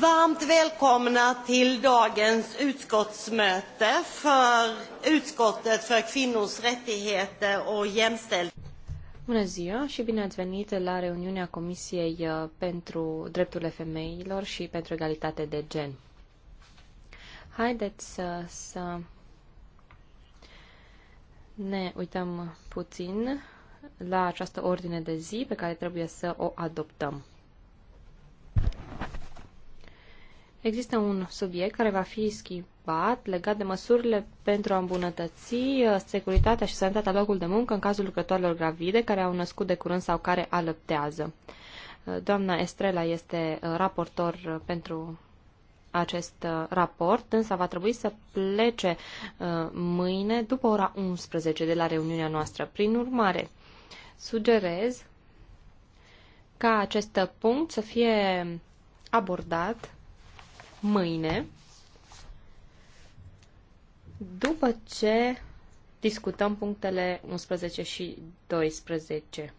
Varmt välkomna till dagens utskottsmöte för utskottet för kvinnors rättigheter och jämställdhet. Bună ziua și bine ați venit la reuniunea Comisiei uh, pentru Drepturile Femeilor și pentru Egalitate de Gen. Haideți să, uh, să ne uităm puțin la această ordine de zi pe care trebuie să o adoptăm. Există un subiect care va fi schimbat legat de măsurile pentru a îmbunătăți uh, securitatea și sănătatea locul de muncă în cazul lucrătorilor gravide care au născut de curând sau care alăptează. Uh, doamna Estrela este uh, raportor pentru acest raport, însă va trebui să plece mâine după ora 11 de la reuniunea noastră. Prin urmare, sugerez ca acest punct să fie abordat mâine, după ce discutăm punctele 11 și 12.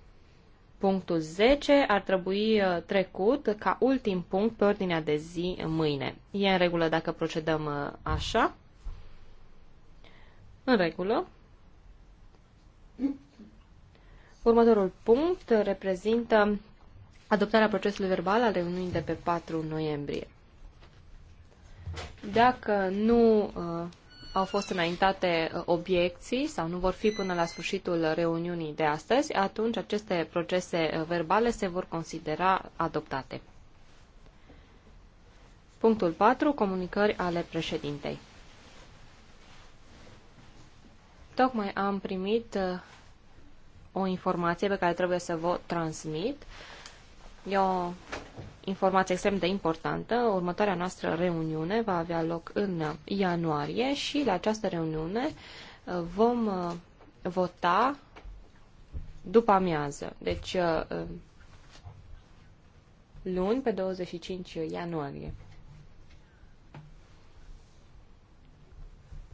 Punctul 10 ar trebui uh, trecut ca ultim punct pe ordinea de zi mâine. E în regulă dacă procedăm uh, așa? În regulă. Următorul punct reprezintă adoptarea procesului verbal al reuniunii de pe 4 noiembrie. Dacă nu uh, au fost înaintate uh, obiecții sau nu vor fi până la sfârșitul reuniunii de astăzi, atunci aceste procese uh, verbale se vor considera adoptate. Punctul 4. Comunicări ale președintei. Tocmai am primit uh, o informație pe care trebuie să vă transmit. E o informație extrem de importantă. Următoarea noastră reuniune va avea loc în ianuarie și la această reuniune uh, vom uh, vota după amiază. Deci uh, luni pe 25 ianuarie.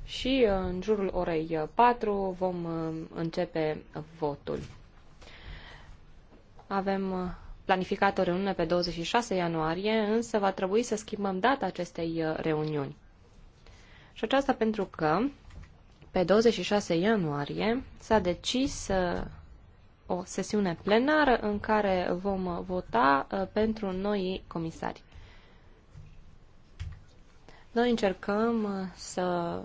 Și în jurul orei 4 vom începe votul. Avem planificat o reuniune pe 26 ianuarie, însă va trebui să schimbăm data acestei uh, reuniuni. Și aceasta pentru că pe 26 ianuarie s-a decis uh, o sesiune plenară în care vom uh, vota pentru noi comisari. Noi încercăm să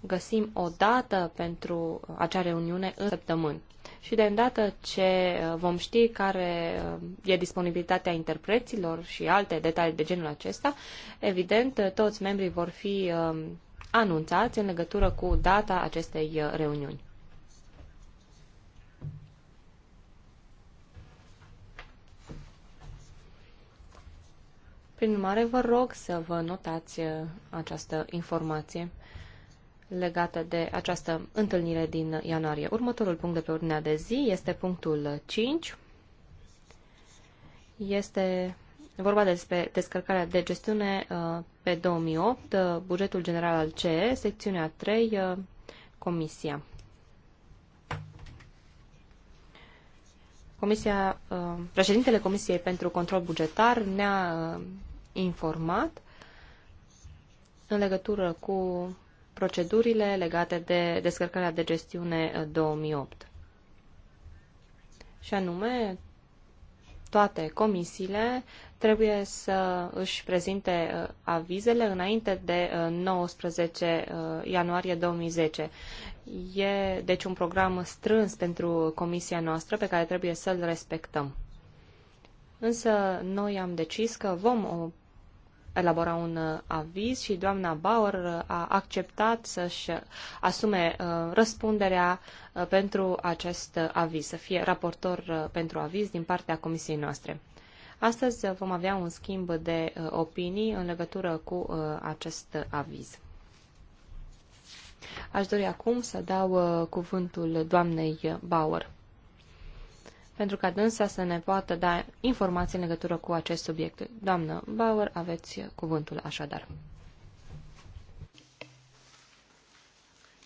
găsim o dată pentru acea reuniune în săptămâni și de îndată ce uh, vom ști care uh, e disponibilitatea interpreților și alte detalii de genul acesta, evident, uh, toți membrii vor fi um, anunțați în legătură cu data acestei reuniuni. Prin urmare, vă rog să vă notați această informație legată de această întâlnire din ianuarie. Următorul punct de pe ordinea de zi este punctul 5. Este vorba despre descărcarea de gestiune uh, pe 2008, uh, bugetul general al CE, secțiunea 3, uh, Comisia. Comisia, președintele Comisiei pentru Control Bugetar ne-a informat în legătură cu procedurile legate de descărcarea de gestiune 2008. Uh, Și anume, toate comisiile trebuie să își prezinte uh, avizele înainte de 19 uh, ianuarie 2010. E deci un program strâns pentru comisia noastră pe care trebuie să-l respectăm. Însă noi am decis că vom elabora un uh, aviz și doamna Bauer uh, a acceptat să-și asume uh, răspunderea pentru acest aviz, să fie raportor pentru aviz din partea comisiei noastre. Astăzi vom avea un schimb de opinii în legătură cu acest aviz. Aș dori acum să dau cuvântul doamnei Bauer pentru ca dânsa să ne poată da informații în legătură cu acest subiect. Doamnă Bauer, aveți cuvântul așadar.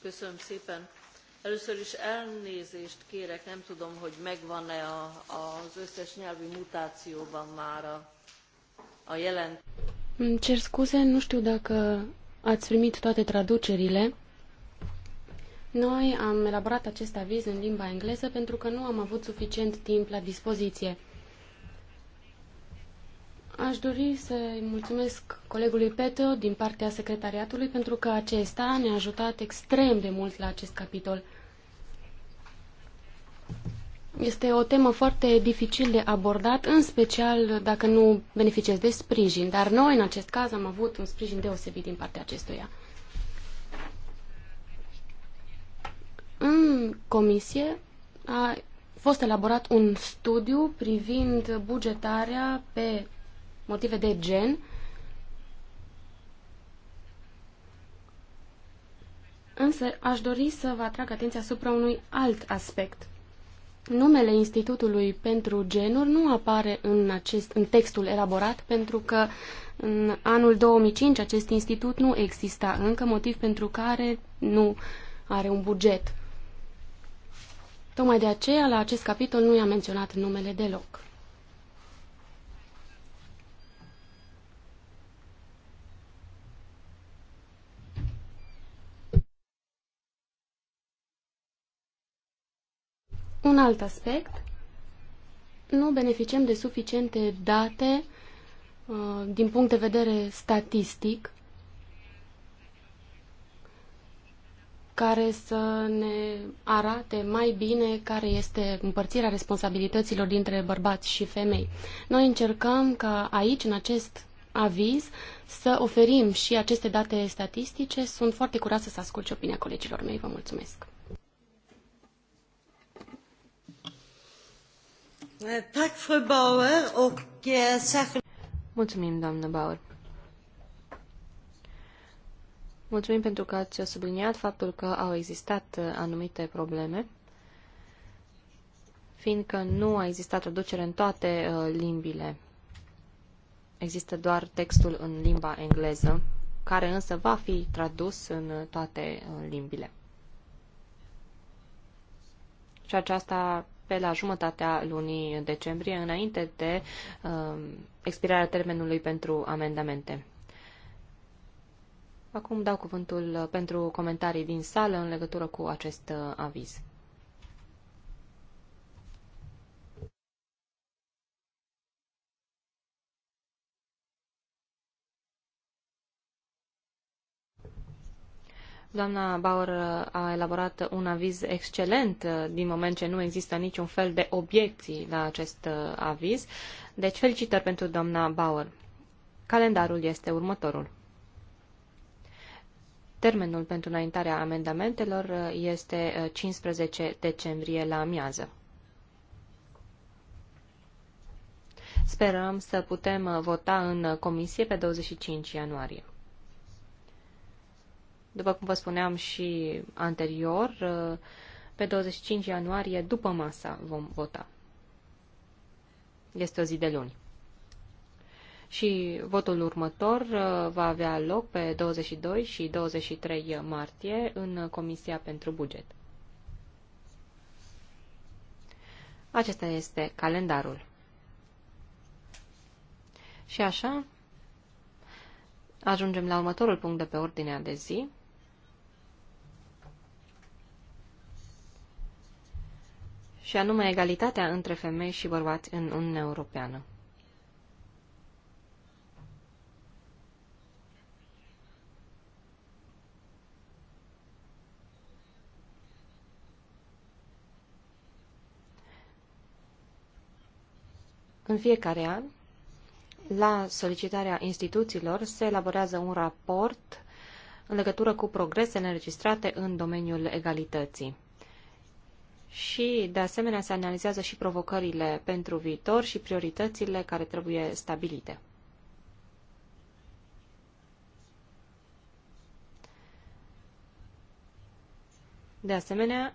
Köszönöm szépen. Először is elnézést kérek, nem tudom, hogy megvan-e az összes nyelvi mutációban már a, a jelent. cer scuze, nu știu dacă ați primit toate traducerile. Noi am elaborat acest aviz în limba engleză pentru că nu am avut suficient timp la dispoziție. Aș dori să-i mulțumesc colegului Peteo din partea secretariatului pentru că acesta ne-a ajutat extrem de mult la acest capitol. Este o temă foarte dificil de abordat, în special dacă nu beneficiez de sprijin, dar noi în acest caz am avut un sprijin deosebit din partea acestuia. În comisie a fost elaborat un studiu privind bugetarea pe motive de gen Însă aș dori să vă atrag atenția asupra unui alt aspect. Numele Institutului pentru Genuri nu apare în, acest, în textul elaborat pentru că în anul 2005 acest institut nu exista încă, motiv pentru care nu are un buget. Tocmai de aceea, la acest capitol nu i-am menționat numele deloc. Un alt aspect, nu beneficiem de suficiente date uh, din punct de vedere statistic care să ne arate mai bine care este împărțirea responsabilităților dintre bărbați și femei. Noi încercăm ca aici, în acest aviz, să oferim și aceste date statistice. Sunt foarte curioasă să ascult și opinia colegilor mei. Vă mulțumesc! Eh, Mulțumim, doamnă Bauer. Mulțumim pentru că ați subliniat faptul că au existat uh, anumite probleme, fiindcă nu a existat traducere în toate uh, limbile. Există doar textul în limba engleză, care însă va fi tradus în uh, toate limbile. Și aceasta pe la jumătatea lunii decembrie, înainte de uh, expirarea termenului pentru amendamente. Acum dau cuvântul uh, pentru comentarii din sală în legătură cu acest uh, aviz. Doamna Bauer uh, a elaborat un aviz excelent din moment ce nu există niciun fel de obiecții la acest aviz. Deci felicitări pentru doamna Bauer. Calendarul este următorul. Termenul pentru înaintarea amendamentelor uh, este 15 uh, decembrie la amiază. Sperăm să putem uh, vota în comisie pe 25 ianuarie. După cum vă spuneam și anterior, pe 25 ianuarie, după masa, vom vota. Este o zi de luni și votul următor uh, va avea loc pe 22 și 23 martie în Comisia pentru Buget. Acesta este calendarul. Și așa, ajungem la următorul punct de pe ordinea de zi. și anume egalitatea între femei și bărbați în Uniunea Europeană. În fiecare an, la solicitarea instituțiilor, se elaborează un raport în legătură cu progresele înregistrate în domeniul egalității. Și, de asemenea, se analizează și provocările pentru viitor și prioritățile care trebuie stabilite. De asemenea,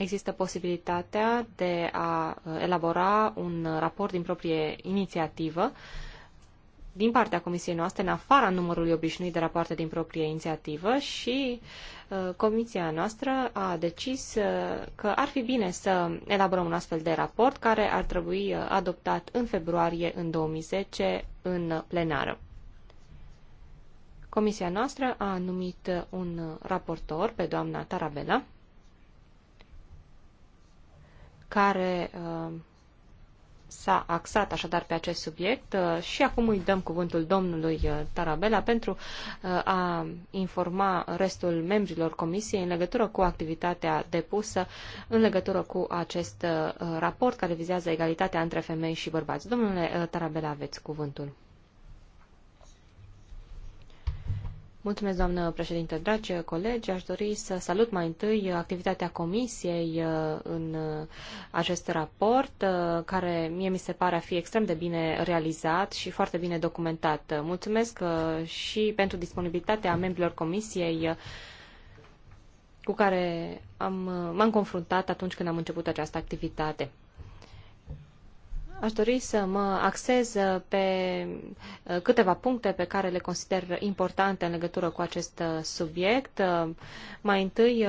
există posibilitatea de a uh, elabora un raport din proprie inițiativă din partea comisiei noastre, în afara numărului obișnuit de rapoarte din proprie inițiativă și uh, comisia noastră a decis uh, că ar fi bine să elaborăm un astfel de raport care ar trebui adoptat în februarie în 2010 în plenară. Comisia noastră a numit un raportor pe doamna Tarabela care uh, s-a axat așadar pe acest subiect uh, și acum îi dăm cuvântul domnului uh, Tarabela pentru a informa restul membrilor comisiei în legătură cu activitatea depusă în legătură cu acest raport care vizează egalitatea între femei și bărbați. Domnule Tarabela, aveți cuvântul. Mulțumesc, doamnă președinte. Dragi colegi, aș dori să salut mai întâi activitatea comisiei uh, în uh, acest raport, uh, care mie mi se pare a fi extrem de bine realizat și foarte bine documentat. Mulțumesc și pentru disponibilitatea membrilor comisiei cu care am, m-am confruntat atunci când am început această activitate. Aș dori să mă axez uh, pe uh, câteva puncte pe care le consider importante în legătură cu acest uh, subiect. Mai întâi,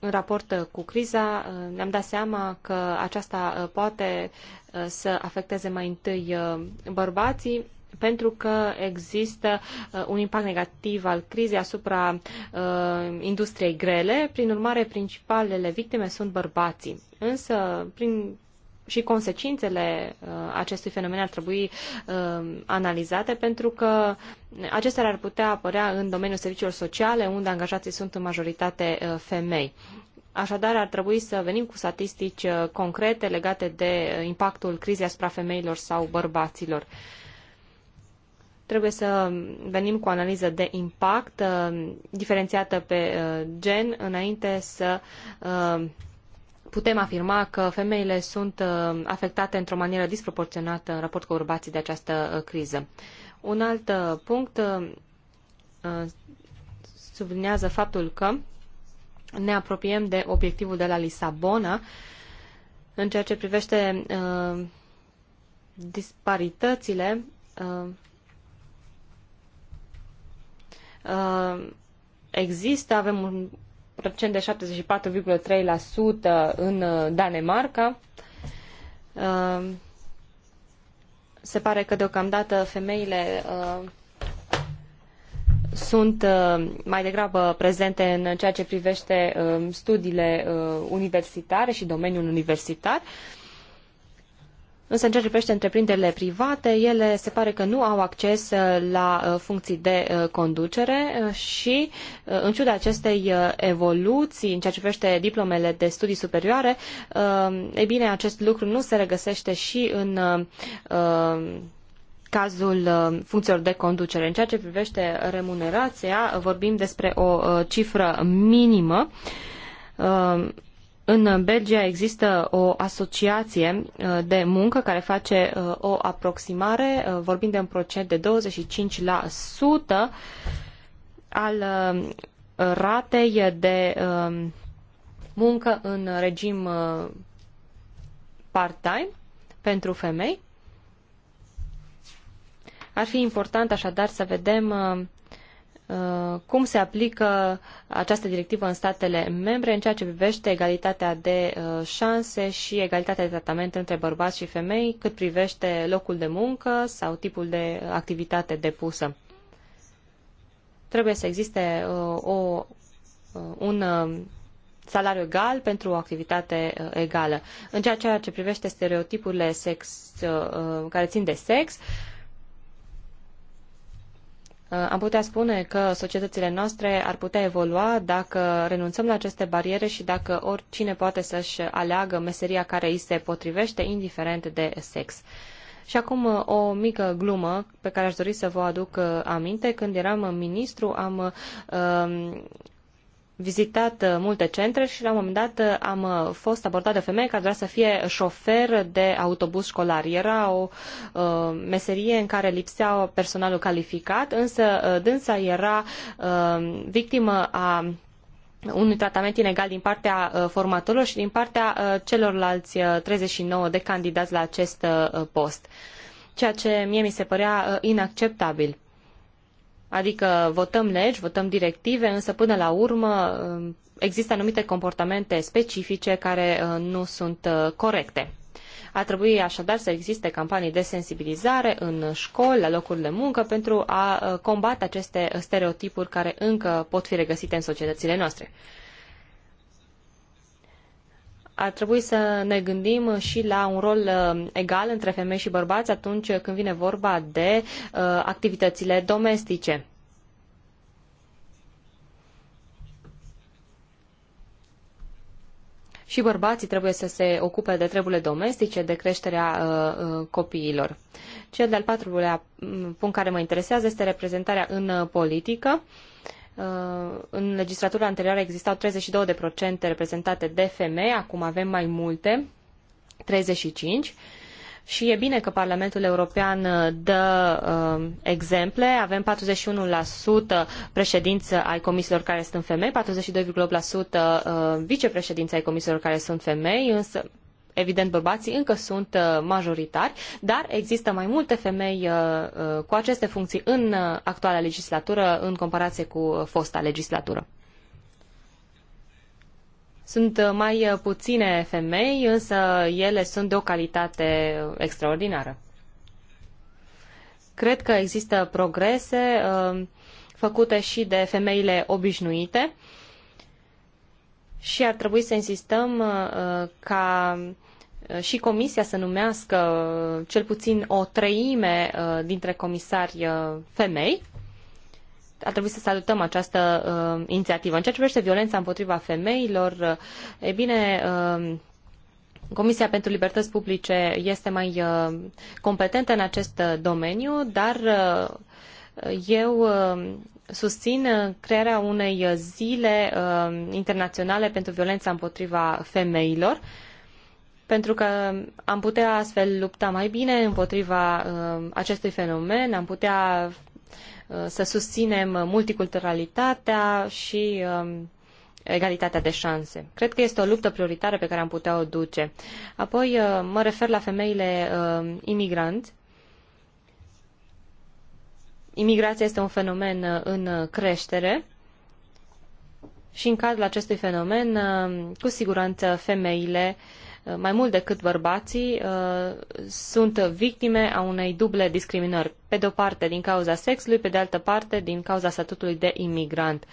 în raport cu criza, ne-am dat seama că aceasta poate să afecteze mai întâi bărbații, pentru că există uh, un impact negativ al crizei asupra uh, industriei grele, prin urmare principalele victime sunt bărbații. Însă, prin și consecințele uh, acestui fenomen ar trebui uh, analizate pentru că acestea ar putea apărea în domeniul serviciilor sociale, unde angajații sunt în majoritate uh, femei. Așadar, ar trebui să venim cu statistici concrete legate de impactul crizei asupra femeilor sau bărbaților. Trebuie să venim cu o analiză de impact diferențiată pe gen înainte să putem afirma că femeile sunt uh, afectate într-o manieră disproporționată în raport cu urbații de această uh, criză. Un alt uh, punct sublinează faptul că ne apropiem de obiectivul de la Lisabona în ceea ce privește uh, disparitățile există, avem un procent de 74,3% în uh, Danemarca. Uh, se pare că deocamdată femeile uh, sunt mai degrabă prezente în ceea ce privește studiile universitare și domeniul universitar. Însă, în ceea ce privește întreprinderile private, ele se pare că nu au acces uh, la uh, funcții de uh, conducere și, în ciuda acestei evoluții, în ceea ce privește diplomele de studii superioare, e bine, acest lucru nu se regăsește și în cazul funcțiilor de conducere. În ceea ce privește remunerația, vorbim despre o cifră minimă în Belgia există o asociație uh, de muncă care face uh, o aproximare, uh, vorbind de un procent de 25% al ratei de um, muncă în regim part-time pentru femei. Ar fi important așadar să vedem Uh, cum se aplică această directivă în statele membre în ceea ce privește egalitatea de uh, șanse și egalitatea de tratament între bărbați și femei, cât privește locul de muncă sau tipul de activitate depusă. Trebuie să existe uh, o, un salariu egal pentru o activitate egală. În ceea ce privește stereotipurile sex, care țin de sex, Uh, am putea spune că societățile noastre ar putea evolua dacă renunțăm la aceste bariere și dacă oricine poate să-și aleagă meseria care îi se potrivește, indiferent de sex. Și acum uh, o mică glumă pe care aș dori să vă aduc uh, aminte. Când eram ministru, am uh, vizitat uh, multe centre și la un moment dat uh, am uh, fost abordat de femeie care vrea să fie șofer de autobuz școlar. Era o uh, meserie în care lipsea personalul calificat, însă dânsa era uh, victimă a unui tratament inegal din partea formatorilor și din partea celorlalți 39 de candidați la acest post, ceea ce mie mi se părea inacceptabil. Adică votăm legi, votăm directive, însă până la urmă um, există anumite comportamente specifice care uh, nu sunt uh, corecte. A trebui așadar să existe campanii de sensibilizare în școli, la locuri de muncă, pentru a uh, combate aceste stereotipuri care încă pot fi regăsite în societățile noastre ar trebui să ne gândim și la un rol uh, egal între femei și bărbați atunci când vine vorba de uh, activitățile domestice. și bărbații trebuie să se ocupe de treburile domestice, de creșterea uh, uh copiilor. Cel de-al patrulea mm, punct care mă interesează este reprezentarea în politică. Uh, Uh, în legislatura anterioară existau 32 de procente reprezentate de femei, acum avem mai multe, 35. Și e bine că Parlamentul European uh, dă uh, exemple. Avem 41% președință ai comisiilor care sunt femei, 42,8% uh, vicepreședință ai comisiilor care sunt femei, însă Evident, bărbații încă sunt uh, majoritari, dar există mai multe femei uh, uh, cu aceste funcții în actuala legislatură în comparație cu fosta legislatură. Sunt mai puține femei, însă ele sunt de o calitate extraordinară. Cred că există progrese făcute și de femeile obișnuite și ar trebui să insistăm ca Uh, și comisia să numească cel puțin o treime uh, dintre comisari uh, femei, ar trebui să salutăm această uh, inițiativă. În ceea ce privește violența împotriva femeilor, uh, e bine, uh, Comisia pentru Libertăți Publice este mai uh, competentă în acest domeniu, dar uh, eu uh, susțin crearea unei zile uh, internaționale pentru violența împotriva femeilor. Uh, pentru că am putea astfel lupta mai bine împotriva uh, acestui fenomen, am putea uh, să susținem multiculturalitatea și uh, egalitatea de șanse. Cred că este o luptă prioritară pe care am putea o duce. Apoi uh, mă refer la femeile uh, imigranți. Imigrația este un fenomen uh, în creștere și în cadrul acestui fenomen, cu siguranță, femeile uh, mai mult decât bărbații, uh, sunt victime a unei duble discriminări. Pe de o parte din cauza sexului, pe de altă parte din cauza statutului de imigrant.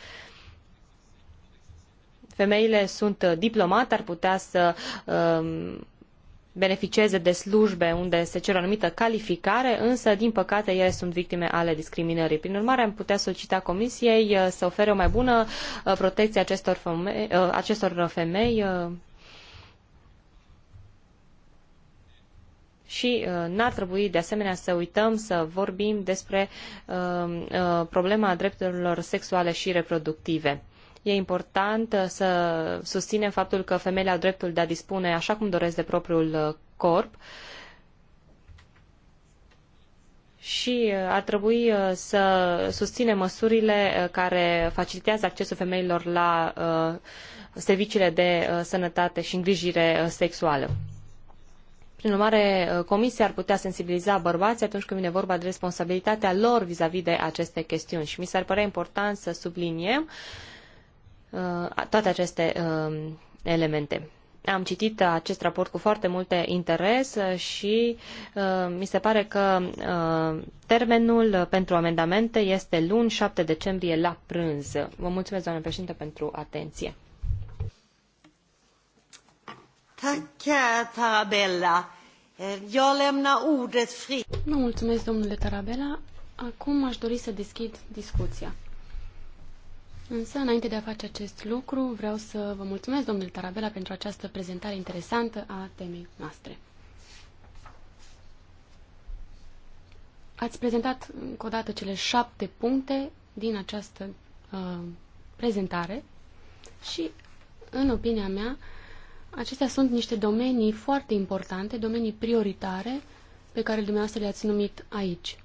Femeile sunt diplomate, ar putea să um, beneficieze de slujbe unde se cer o anumită calificare, însă, din păcate, ele sunt victime ale discriminării. Prin urmare, am putea solicita Comisiei uh, să ofere o mai bună uh, protecție acestor femei, acestor femei și uh, n-ar trebui de asemenea să uităm să vorbim despre um, uh, problema drepturilor sexuale și reproductive e important uh, să susținem faptul că femeile au dreptul de a dispune așa cum doresc de propriul corp și ar trebui să susținem măsurile care facilitează accesul femeilor la serviciile de sănătate și îngrijire sexuală. Prin urmare, uh, comisia ar putea sensibiliza bărbații atunci când vine vorba de responsabilitatea lor vis-a-vis de aceste chestiuni. Și mi s-ar părea important să subliniem uh, toate aceste uh, elemente. Am citit acest raport cu foarte multe interes uh, și uh, mi se pare că uh, termenul pentru amendamente este luni 7 decembrie la prânz. Vă mulțumesc, doamnă președinte, pentru atenție. Tack, Tarabella. Eh, jag lämnar ordet fritt. mulțumesc, domnule Tarabella. Acum aș dori să deschid discuția. Însă, înainte de a face acest lucru, vreau să vă mulțumesc, domnule Tarabella, pentru această prezentare interesantă a temei noastre. Ați prezentat încă o dată cele șapte puncte din această uh, prezentare și, în opinia mea, uh, Acestea sunt niște domenii foarte importante, domenii prioritare, pe care dumneavoastră le-ați numit aici.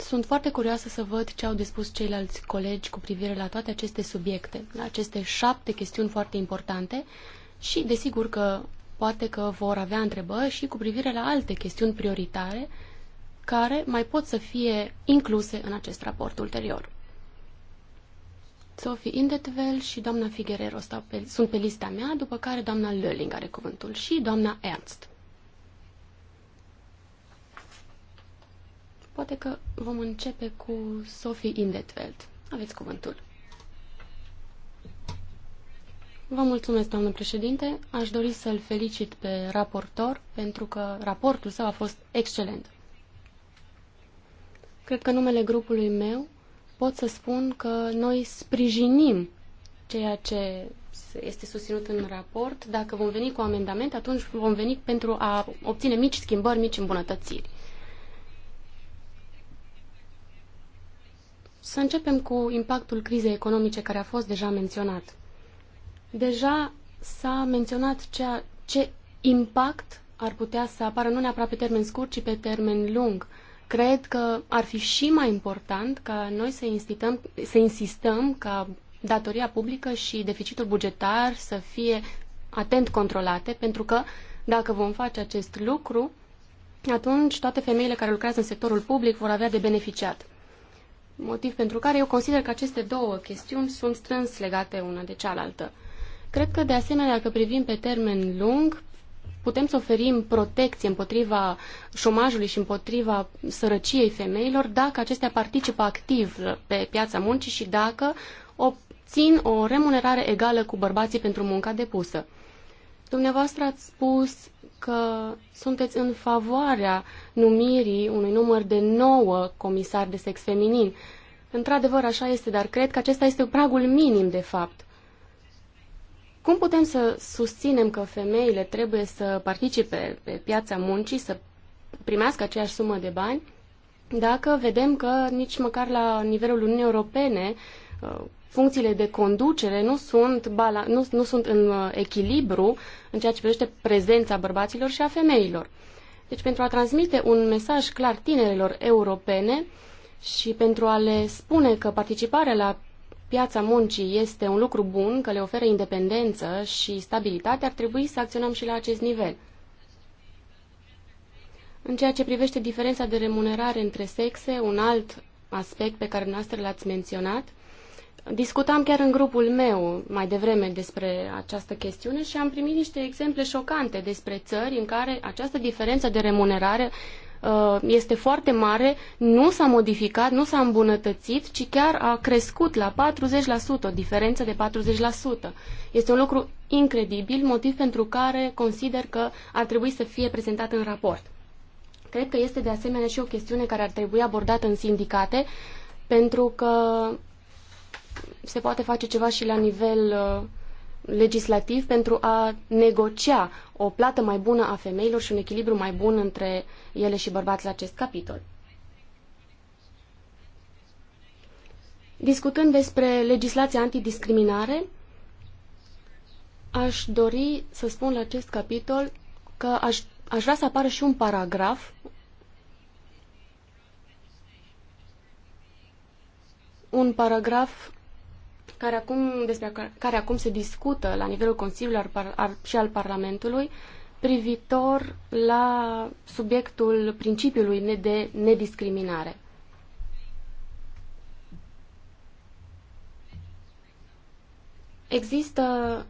Sunt foarte curioasă să văd ce au de spus ceilalți colegi cu privire la toate aceste subiecte, la aceste șapte chestiuni foarte importante și, desigur, că poate că vor avea întrebări și cu privire la alte chestiuni prioritare care mai pot să fie incluse în acest raport ulterior. Sophie Indetvel și doamna Figuerero stau pe, sunt pe lista mea, după care doamna Lölling are cuvântul și doamna Ernst. Poate că vom începe cu Sophie Indetveld. Aveți cuvântul. Vă mulțumesc, doamnă președinte. Aș dori să-l felicit pe raportor pentru că raportul său a fost excelent. Cred că numele grupului meu pot să spun că noi sprijinim ceea ce este susținut în raport. Dacă vom veni cu amendament, atunci vom veni pentru a obține mici schimbări, mici îmbunătățiri. Să începem cu impactul crizei economice care a fost deja menționat. Deja s-a menționat ceea, ce impact ar putea să apară nu neapărat pe termen scurt, ci pe termen lung – Cred că ar fi și mai important ca noi să, insistăm, să insistăm ca datoria publică și deficitul bugetar să fie atent controlate, pentru că dacă vom face acest lucru, atunci toate femeile care lucrează în sectorul public vor avea de beneficiat. Motiv pentru care eu consider că aceste două chestiuni sunt strâns legate una de cealaltă. Cred că, de asemenea, dacă privim pe termen lung, putem să oferim protecție împotriva șomajului și împotriva sărăciei femeilor dacă acestea participă activ pe piața muncii și dacă obțin o remunerare egală cu bărbații pentru munca depusă. Dumneavoastră ați spus că sunteți în favoarea numirii unui număr de nouă comisari de sex feminin. Într-adevăr, așa este, dar cred că acesta este pragul minim, de fapt. Cum putem să susținem că femeile trebuie să participe pe piața muncii, să primească aceeași sumă de bani, dacă vedem că nici măcar la nivelul Uniunii Europene uh, funcțiile de conducere nu sunt, bala, nu, nu sunt în uh, echilibru în ceea ce privește prezența bărbaților și a femeilor. Deci pentru a transmite un mesaj clar tinerilor europene și pentru a le spune că participarea la piața muncii este un lucru bun, că le oferă independență și stabilitate, ar trebui să acționăm și la acest nivel. În ceea ce privește diferența de remunerare între sexe, un alt aspect pe care noastră l-ați menționat, discutam chiar în grupul meu mai devreme despre această chestiune și am primit niște exemple șocante despre țări în care această diferență de remunerare Uh, este foarte mare, nu s-a modificat, nu s-a îmbunătățit, ci chiar a crescut la 40%, o diferență de 40%. Este un lucru incredibil, motiv pentru care consider că ar trebui să fie prezentat în raport. Cred că este de asemenea și o chestiune care ar trebui abordată în sindicate, pentru că se poate face ceva și la nivel uh, legislativ pentru a negocia o plată mai bună a femeilor și un echilibru mai bun între ele și bărbați la acest capitol. Discutând despre legislația antidiscriminare, aș dori să spun la acest capitol că aș, aș vrea să apară și un paragraf un paragraf care acum, despre care acum se discută la nivelul Consiliului și al Parlamentului privitor la subiectul principiului de nediscriminare. Există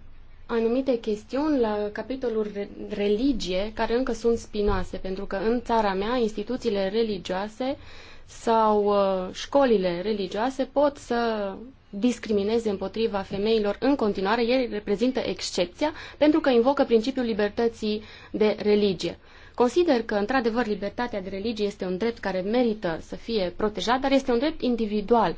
anumite chestiuni la capitolul religie care încă sunt spinoase, pentru că în țara mea instituțiile religioase sau uh, școlile religioase pot să discrimineze împotriva femeilor în continuare, ei reprezintă excepția pentru că invocă principiul libertății de religie. Consider că, într-adevăr, libertatea de religie este un drept care merită să fie protejat, dar este un drept individual.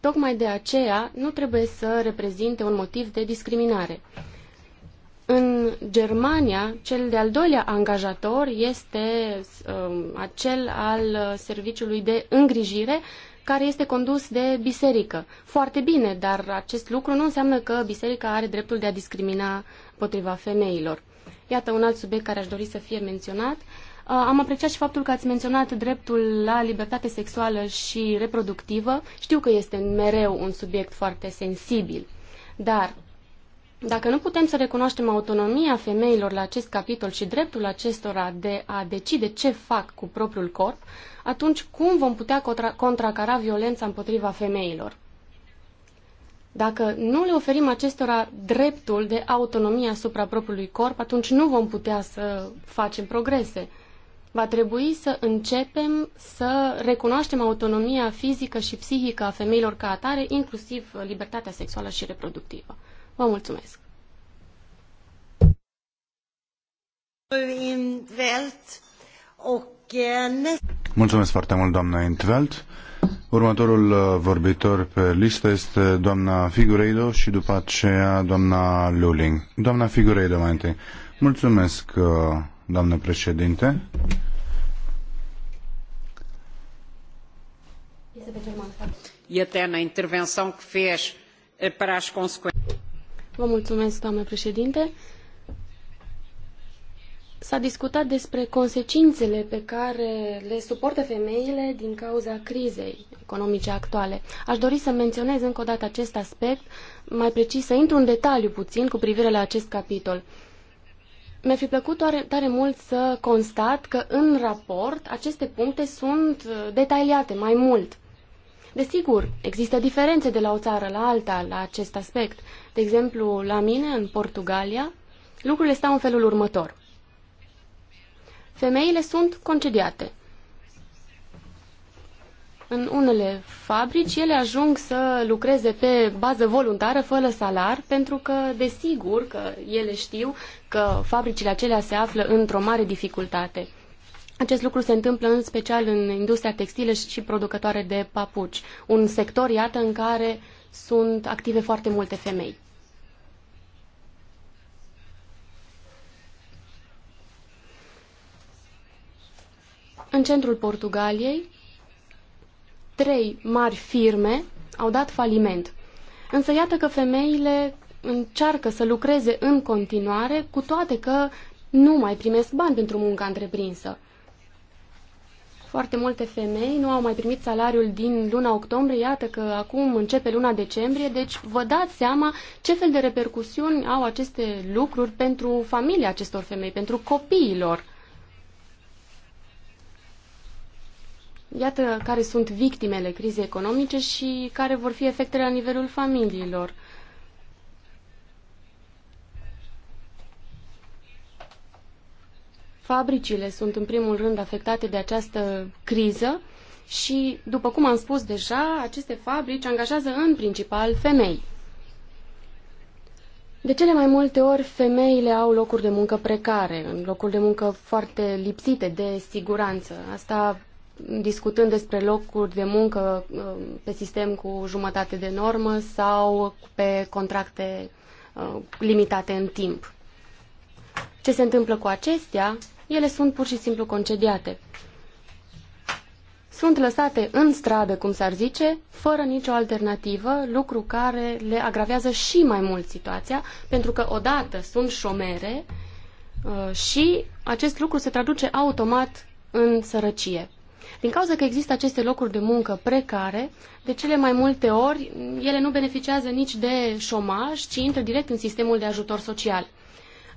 Tocmai de aceea nu trebuie să reprezinte un motiv de discriminare. În Germania, cel de-al doilea angajator este uh, acel al serviciului de îngrijire care este condus de biserică. Foarte bine, dar acest lucru nu înseamnă că biserica are dreptul de a discrimina potriva femeilor. Iată un alt subiect care aș dori să fie menționat. Uh, am apreciat și faptul că ați menționat dreptul la libertate sexuală și reproductivă. Știu că este mereu un subiect foarte sensibil, dar dacă nu putem să recunoaștem autonomia femeilor la acest capitol și dreptul acestora de a decide ce fac cu propriul corp, atunci cum vom putea contra- contracara violența împotriva femeilor? Dacă nu le oferim acestora dreptul de autonomie asupra propriului corp, atunci nu vom putea să facem progrese. Va trebui să începem să recunoaștem autonomia fizică și psihică a femeilor ca atare, inclusiv libertatea sexuală și reproductivă. Vă mulțumesc! Eh, mulțumesc foarte mult, doamna Intveld. Următorul eh, vorbitor pe listă este doamna Figureido și după aceea doamna Luling. Doamna Figureido mai întâi. Mulțumesc, eh, doamnă președinte. E até na intervenção que fez para as consequências. Vă mulțumesc, doamnă președinte. S-a discutat despre consecințele pe care le suportă femeile din cauza crizei economice actuale. Aș dori să menționez încă o dată acest aspect, mai precis să intru în detaliu puțin cu privire la acest capitol. Mi-ar fi plăcut tare, tare mult să constat că în raport aceste puncte sunt detaliate mai mult. Desigur, există diferențe de la o țară la alta la acest aspect. De exemplu, la mine, în Portugalia, lucrurile stau în felul următor. Femeile sunt concediate. În unele fabrici, ele ajung să lucreze pe bază voluntară, fără salar, pentru că, desigur, că ele știu că fabricile acelea se află într-o mare dificultate. Acest lucru se întâmplă în special în industria textilă și producătoare de papuci, un sector, iată, în care sunt active foarte multe femei. În centrul Portugaliei, trei mari firme au dat faliment. Însă iată că femeile încearcă să lucreze în continuare, cu toate că nu mai primesc bani pentru munca întreprinsă. Foarte multe femei nu au mai primit salariul din luna octombrie, iată că acum începe luna decembrie, deci vă dați seama ce fel de repercusiuni au aceste lucruri pentru familia acestor femei, pentru copiilor. Iată care sunt victimele crizei economice și care vor fi efectele la nivelul familiilor. Fabricile sunt în primul rând afectate de această criză și, după cum am spus deja, aceste fabrici angajează în principal femei. De cele mai multe ori, femeile au locuri de muncă precare, în locuri de muncă foarte lipsite de siguranță. Asta discutând despre locuri de muncă um, pe sistem cu jumătate de normă sau pe contracte uh, limitate în timp. Ce se întâmplă cu acestea ele sunt pur și simplu concediate. Sunt lăsate în stradă, cum s-ar zice, fără nicio alternativă, lucru care le agravează și mai mult situația, pentru că odată sunt șomere uh, și acest lucru se traduce automat în sărăcie. Din cauza că există aceste locuri de muncă precare, de cele mai multe ori ele nu beneficiază nici de șomaj, ci intră direct în sistemul de ajutor social.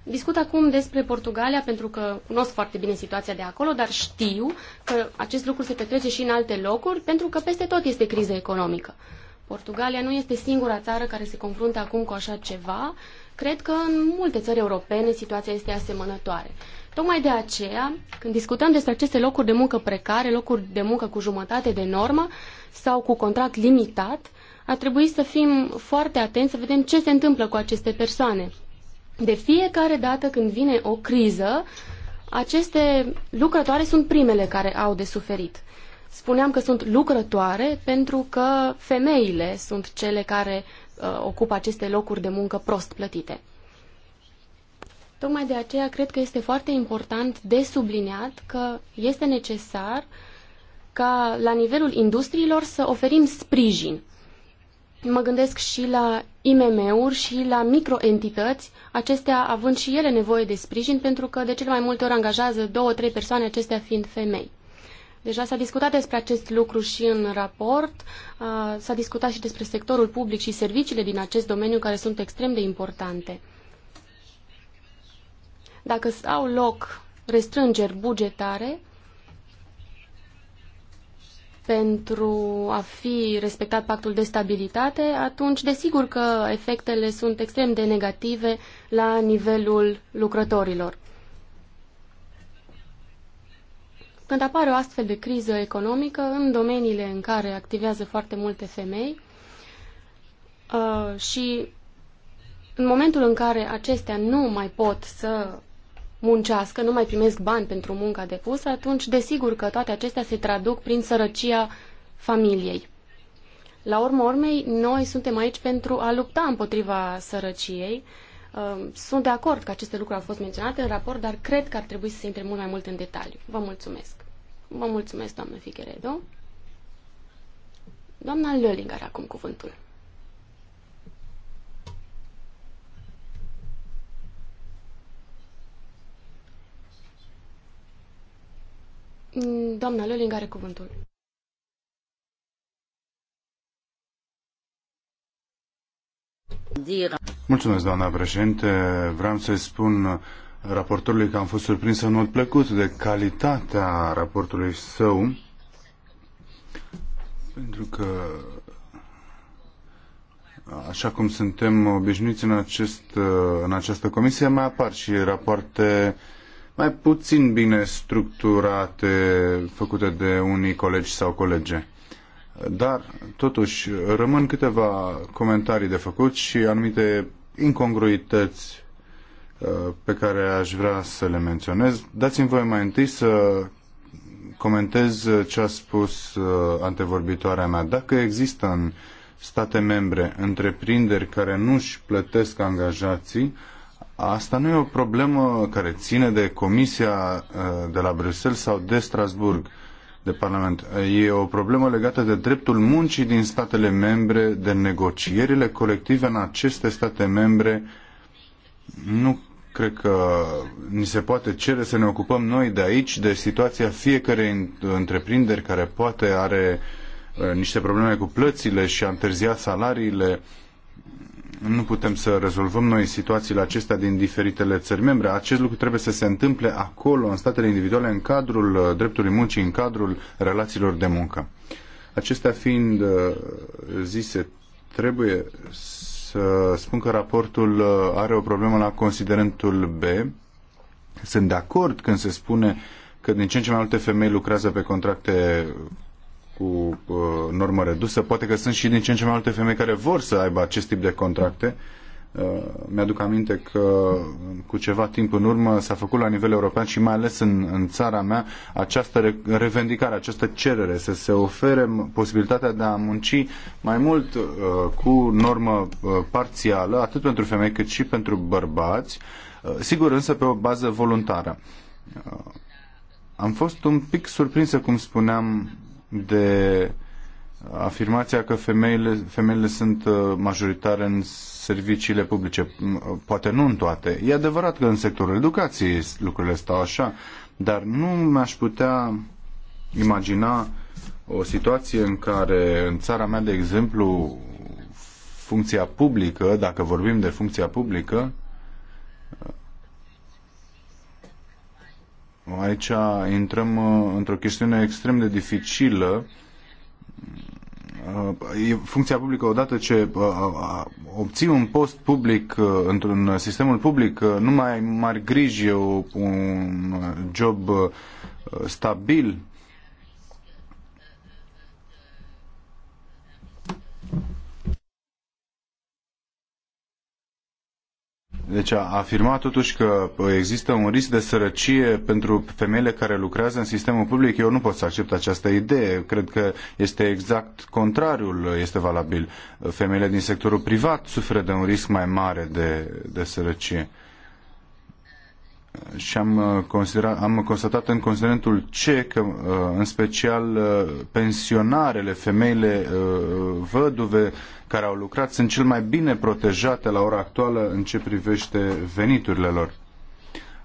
Discut acum despre Portugalia pentru că cunosc foarte bine situația de acolo, dar știu că acest lucru se petrece și în alte locuri pentru că peste tot este criză economică. Portugalia nu este singura țară care se confruntă acum cu așa ceva. Cred că în multe țări europene situația este asemănătoare. Tocmai de aceea, când discutăm despre aceste locuri de muncă precare, locuri de muncă cu jumătate de normă sau cu contract limitat, ar trebui să fim foarte atenți să vedem ce se întâmplă cu aceste persoane. De fiecare dată când vine o criză, aceste lucrătoare sunt primele care au de suferit. Spuneam că sunt lucrătoare pentru că femeile sunt cele care uh, ocupă aceste locuri de muncă prost plătite. Tocmai de aceea cred că este foarte important de subliniat că este necesar ca la nivelul industriilor să oferim sprijin Mă gândesc și la IMM-uri și la microentități, acestea având și ele nevoie de sprijin, pentru că de cele mai multe ori angajează două, trei persoane, acestea fiind femei. Deja s-a discutat despre acest lucru și în raport, s-a discutat și despre sectorul public și serviciile din acest domeniu care sunt extrem de importante. Dacă au loc restrângeri bugetare, pentru a fi respectat pactul de stabilitate, atunci desigur că efectele sunt extrem de negative la nivelul lucrătorilor. Când apare o astfel de criză economică, în domeniile în care activează foarte multe femei uh, și în momentul în care acestea nu mai pot să muncească, nu mai primesc bani pentru munca depusă, atunci desigur că toate acestea se traduc prin sărăcia familiei. La urmă urmei, noi suntem aici pentru a lupta împotriva sărăciei. Um, sunt de acord că aceste lucruri au fost menționate în raport, dar cred că ar trebui să se intre mult mai mult în detaliu. Vă mulțumesc. Vă mulțumesc, doamnă Figueredo. Doamna Lölling are acum cuvântul. Mm, doamna Luling are cuvântul. Mulțumesc, doamna președinte. Vreau să-i spun raportorului că am fost surprins în mod plăcut de calitatea raportului său, pentru că Așa cum suntem obișnuiți în, acest, în această comisie, mai apar și rapoarte uh, mai puțin bine structurate, făcute de unii colegi sau colege. Dar, totuși, rămân câteva comentarii de făcut și anumite incongruități uh, pe care aș vrea să le menționez. Dați-mi voi mai întâi să comentez ce a spus uh, antevorbitoarea mea. Dacă există în state membre întreprinderi care nu își plătesc angajații, Asta nu e o problemă care ține de Comisia uh, de la Bruxelles sau de Strasburg, de Parlament. E o problemă legată de dreptul muncii din statele membre, de negocierile colective în aceste state membre. Nu cred că ni se poate cere să ne ocupăm noi de aici, de situația fiecarei întreprinderi care poate are uh, niște probleme cu plățile și a întârziat salariile nu putem să rezolvăm noi situațiile acestea din diferitele țări membre. Acest lucru trebuie să se întâmple acolo, în statele individuale, în cadrul uh, dreptului muncii, în cadrul relațiilor de muncă. Acestea fiind uh, zise, trebuie să spun că raportul uh, are o problemă la considerentul B. Sunt de acord când se spune că din ce în ce mai multe femei lucrează pe contracte cu uh, normă redusă. Poate că sunt și din ce în ce mai multe femei care vor să aibă acest tip de contracte. Uh, mi-aduc aminte că cu ceva timp în urmă s-a făcut la nivel european și mai ales în, în țara mea această re- revendicare, această cerere să se ofere posibilitatea de a munci mai mult uh, cu normă uh, parțială, atât pentru femei cât și pentru bărbați, uh, sigur însă pe o bază voluntară. Uh, am fost un pic surprinsă, cum spuneam, de afirmația că femeile, femeile sunt uh, majoritare în serviciile publice. Mm, uh, poate nu în toate. E adevărat că în sectorul educației lucrurile stau așa, dar nu mi-aș putea imagina o situație în care în țara mea, de exemplu, funcția publică, dacă vorbim de funcția publică, Aici intrăm uh, într-o chestiune extrem de dificilă. Uh, funcția publică, odată ce uh, obții un post public într-un sistemul public, nu mai mari griji, un job stabil, Deci a afirmat totuși că uh, există un risc de sărăcie pentru femeile care lucrează în sistemul public, eu nu pot să accept această idee. Cred că este exact contrariul, uh, este valabil. Uh, femeile din sectorul privat suferă de un risc mai mare de, de sărăcie și am, uh, considerat, am constatat în considerentul C că, uh, în special, uh, pensionarele, femeile văduve care au lucrat sunt cel mai bine protejate la ora actuală în ce privește veniturile lor.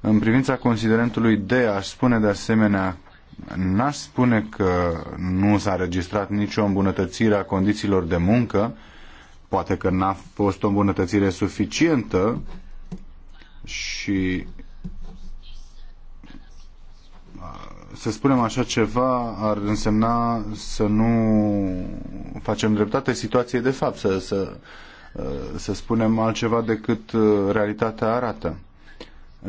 În privința considerentului D, aș spune de asemenea, n-aș spune că nu s-a registrat nicio îmbunătățire a condițiilor de muncă, poate că n-a fost o îmbunătățire suficientă și să spunem așa ceva ar însemna să nu facem dreptate situației de fapt, să, să, uh, să spunem altceva decât uh, realitatea arată.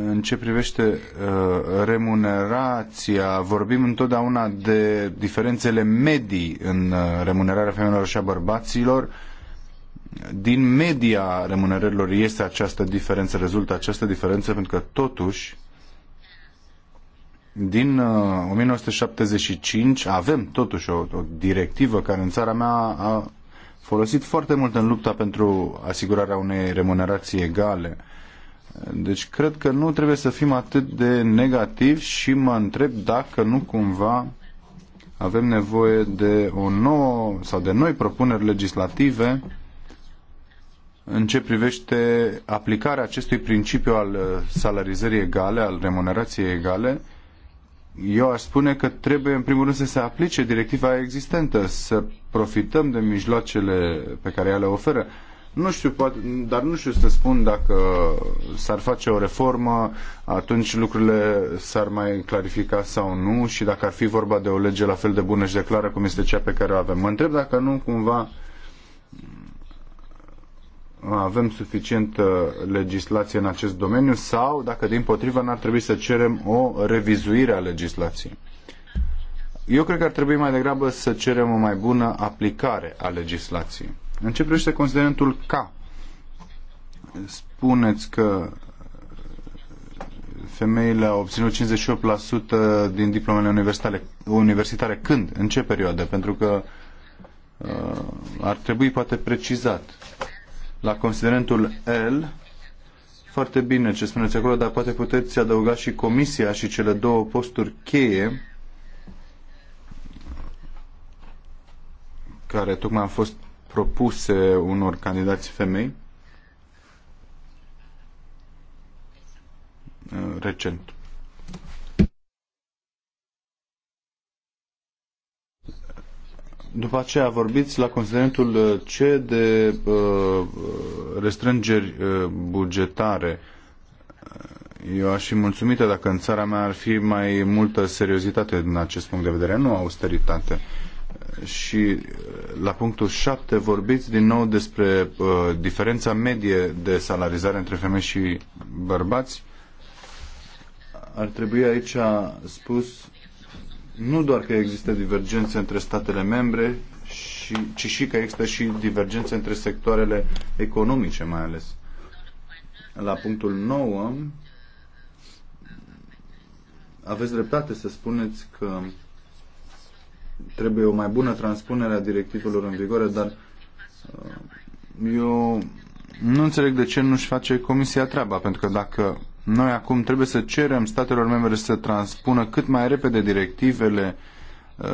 În ce privește uh, remunerația, vorbim întotdeauna de diferențele medii în remunerarea femeilor și a bărbaților. Din media remunerărilor este această diferență, rezultă această diferență pentru că totuși din 1975 uh, avem totuși o, o directivă care în țara mea a folosit foarte mult în lupta pentru asigurarea unei remunerații egale. Deci cred că nu trebuie să fim atât de negativi și mă întreb dacă nu cumva avem nevoie de o nouă sau de noi propuneri legislative în ce privește aplicarea acestui principiu al uh, salarizării egale, al remunerației egale, eu aș spune că trebuie în primul rând să se aplice directiva existentă, să profităm de mijloacele pe care ea le oferă. Nu știu, poate, dar nu știu să spun dacă s-ar face o reformă, atunci lucrurile s-ar mai clarifica sau nu și dacă ar fi vorba de o lege la fel de bună și de clară cum este cea pe care o avem. Mă întreb dacă nu cumva avem suficientă legislație în acest domeniu sau dacă din potrivă n-ar trebui să cerem o revizuire a legislației. Eu cred că ar trebui mai degrabă să cerem o mai bună aplicare a legislației. În ce privește considerentul K, spuneți că femeile au obținut 58% din diplomele universitare, universitare. Când? În ce perioadă? Pentru că uh, ar trebui poate precizat la considerentul L. Foarte bine ce spuneți acolo, dar poate puteți adăuga și comisia și cele două posturi cheie care tocmai au fost propuse unor candidați femei recent. După aceea vorbiți la considerentul uh, C de uh, uh, restrângeri uh, bugetare. Uh, eu aș fi mulțumită dacă în țara mea ar fi mai multă seriozitate din acest punct de vedere, nu austeritate. Și la punctul 7 vorbiți din nou despre uh, diferența medie de salarizare între femei și bărbați. Ar trebui aici spus nu doar că există divergențe între statele membre, și, ci și că există și divergențe între sectoarele economice mai ales. La punctul 9 aveți dreptate să spuneți că trebuie o mai bună transpunere a directivelor în vigoare, dar uh, eu nu înțeleg de ce nu-și face Comisia treaba, pentru că dacă noi acum trebuie să cerem statelor membre să transpună cât mai repede directivele uh,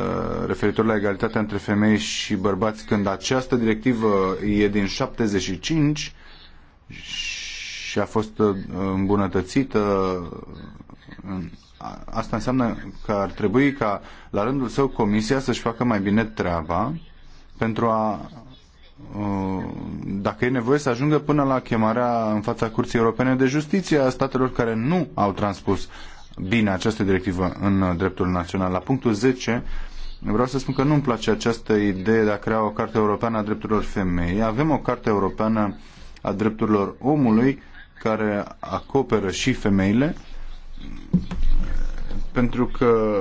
referitor la egalitatea între femei și bărbați, când această directivă e din 75 și a fost uh, îmbunătățită. Uh, asta înseamnă că ar trebui ca, la rândul său, Comisia să-și facă mai bine treaba pentru a Uh, dacă e nevoie să ajungă până la chemarea în fața Curții Europene de Justiție a statelor care nu au transpus bine această directivă în uh, dreptul național. La punctul 10 vreau să spun că nu-mi place această idee de a crea o carte europeană a drepturilor femei. Avem o carte europeană a drepturilor omului care acoperă și femeile pentru că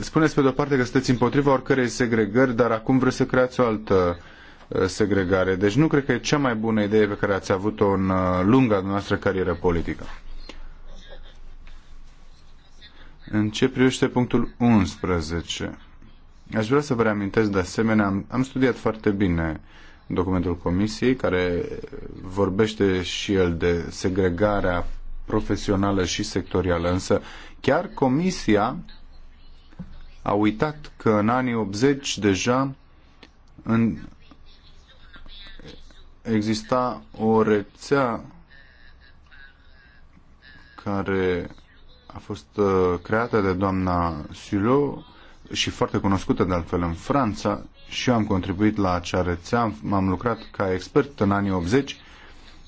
spuneți pe de-o parte că sunteți împotriva oricărei segregări, dar acum vreți să creați o altă uh, segregare. Deci nu cred că e cea mai bună idee pe care ați avut-o în uh, lunga noastră carieră politică. În ce privește punctul 11, aș vrea să vă reamintesc de asemenea, am, am studiat foarte bine documentul Comisiei, care vorbește și el de segregarea profesională și sectorială, însă chiar Comisia a uitat că în anii 80 deja în, exista o rețea care a fost uh, creată de doamna Sulo și foarte cunoscută de altfel în Franța și eu am contribuit la acea rețea, m-am lucrat ca expert în anii 80,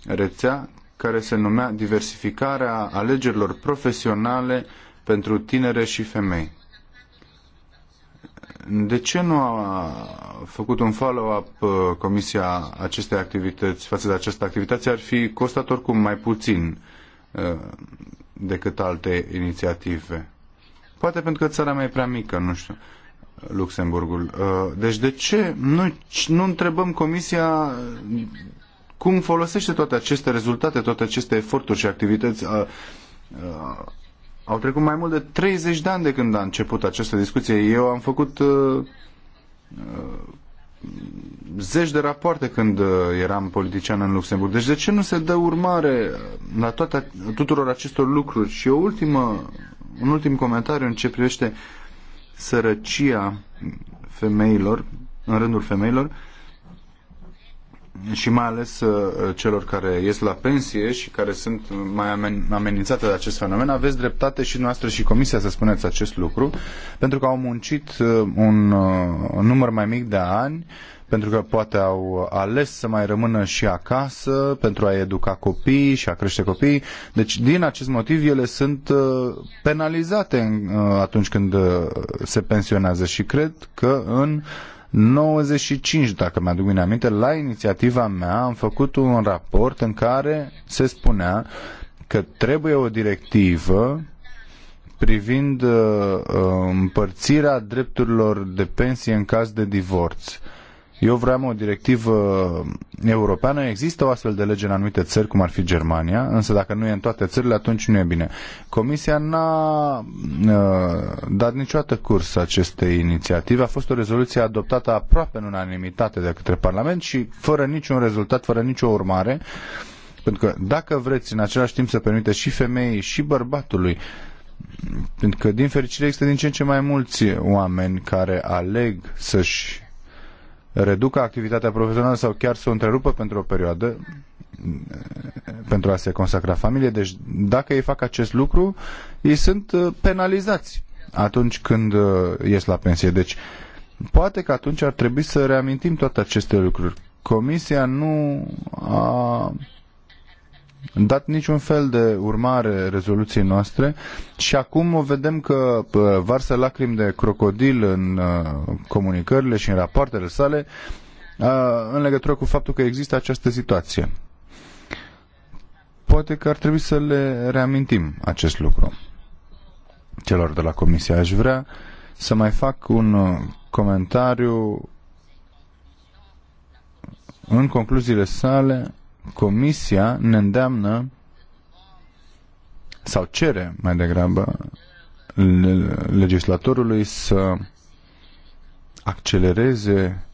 rețea care se numea Diversificarea alegerilor profesionale pentru tinere și femei. De ce nu a făcut un follow-up uh, Comisia acestei activități față de această activitate? Ar fi costat oricum mai puțin uh, decât alte inițiative. Poate pentru că țara mea e prea mică, nu știu, Luxemburgul. Uh, deci de ce nu, nu întrebăm Comisia cum folosește toate aceste rezultate, toate aceste eforturi și activități au trecut mai mult de 30 de ani de când a început această discuție. Eu am făcut uh, uh zeci de rapoarte când uh, eram politician în Luxemburg. Deci de ce nu se dă urmare la toate, tuturor acestor lucruri? Și o ultimă, un ultim comentariu în ce privește sărăcia femeilor, în rândul femeilor. Uh, și mai ales uh, celor care ies la pensie și care sunt mai amenințate de acest fenomen, aveți dreptate și noastră și comisia să spuneți acest lucru, pentru că au muncit uh, uh, un, număr mai mic de ani, pentru că poate au ales să mai rămână și acasă pentru a educa copii și a crește copii. Deci, din acest motiv, ele sunt penalizate atunci când se pensionează și cred că în 95, dacă mi-aduc bine aminte, la inițiativa mea am făcut un raport în care se spunea că trebuie o directivă privind uh, uh împărțirea drepturilor de pensie în caz de divorț. Uh, eu vreau o directivă europeană. Există o astfel de lege în anumite țări, cum ar fi Germania, însă dacă nu e în toate țările, atunci nu e bine. Comisia n-a uh, dat niciodată curs acestei inițiative. A fost o rezoluție adoptată aproape în unanimitate de către Parlament și fără niciun rezultat, fără nicio urmare. Pentru că dacă vreți în același timp să permite și femeii și bărbatului pentru că, din fericire, există din ce în ce mai mulți oameni care aleg să-și reducă activitatea profesională sau chiar să o întrerupă pentru o perioadă pentru a se consacra familie. Deci dacă ei fac acest lucru, ei sunt uh, penalizați atunci când uh, ies la pensie. Deci poate că atunci ar trebui să reamintim toate aceste lucruri. Comisia nu a dat niciun fel de urmare rezoluției noastre și acum o vedem că varsă lacrimi de crocodil în uh, comunicările și în rapoartele sale uh, în legătură cu faptul că există această situație. Poate că ar trebui să le reamintim acest lucru celor de la Comisie. Aș vrea să mai fac un uh, comentariu în concluziile sale Comisia ne îndeamnă sau cere mai degrabă legislatorului să accelereze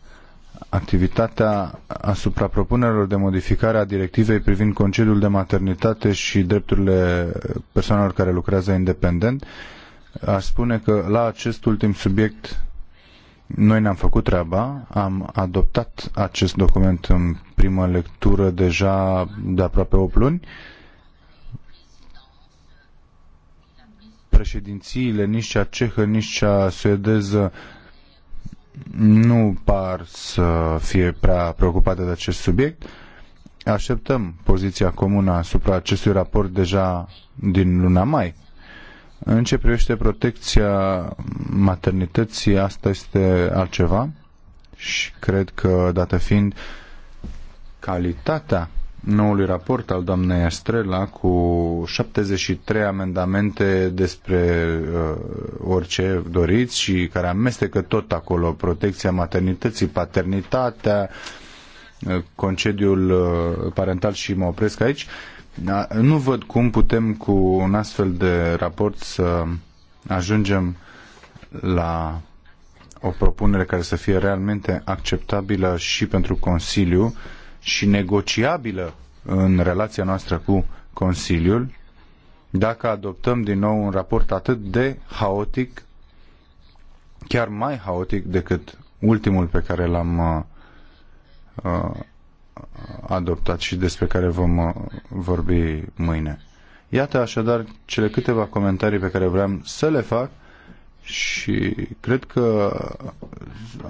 activitatea asupra propunerilor de modificare a directivei privind concediul de maternitate și drepturile persoanelor care lucrează independent, aș spune că la acest ultim subiect noi ne-am făcut treaba, am adoptat acest document în primă lectură deja de aproape 8 luni. Președințiile, nici cea cehă, nici cea suedeză, nu par să fie prea preocupate de acest subiect. Așteptăm poziția comună asupra acestui raport deja din luna mai. În ce privește protecția maternității, asta este altceva și cred că, dată fiind calitatea noului raport al doamnei Estrela cu 73 amendamente despre uh, orice doriți și care amestecă tot acolo protecția maternității, paternitatea, uh, concediul uh, parental și mă opresc aici. Uh, da, nu văd cum putem cu un astfel de raport să ajungem la o propunere care să fie realmente acceptabilă și pentru Consiliu și negociabilă în relația noastră cu Consiliul dacă adoptăm din nou un raport atât de haotic, chiar mai haotic decât ultimul pe care l-am uh, uh adoptat și despre care vom uh, vorbi mâine. Iată așadar cele câteva comentarii pe care vreau să le fac și cred că,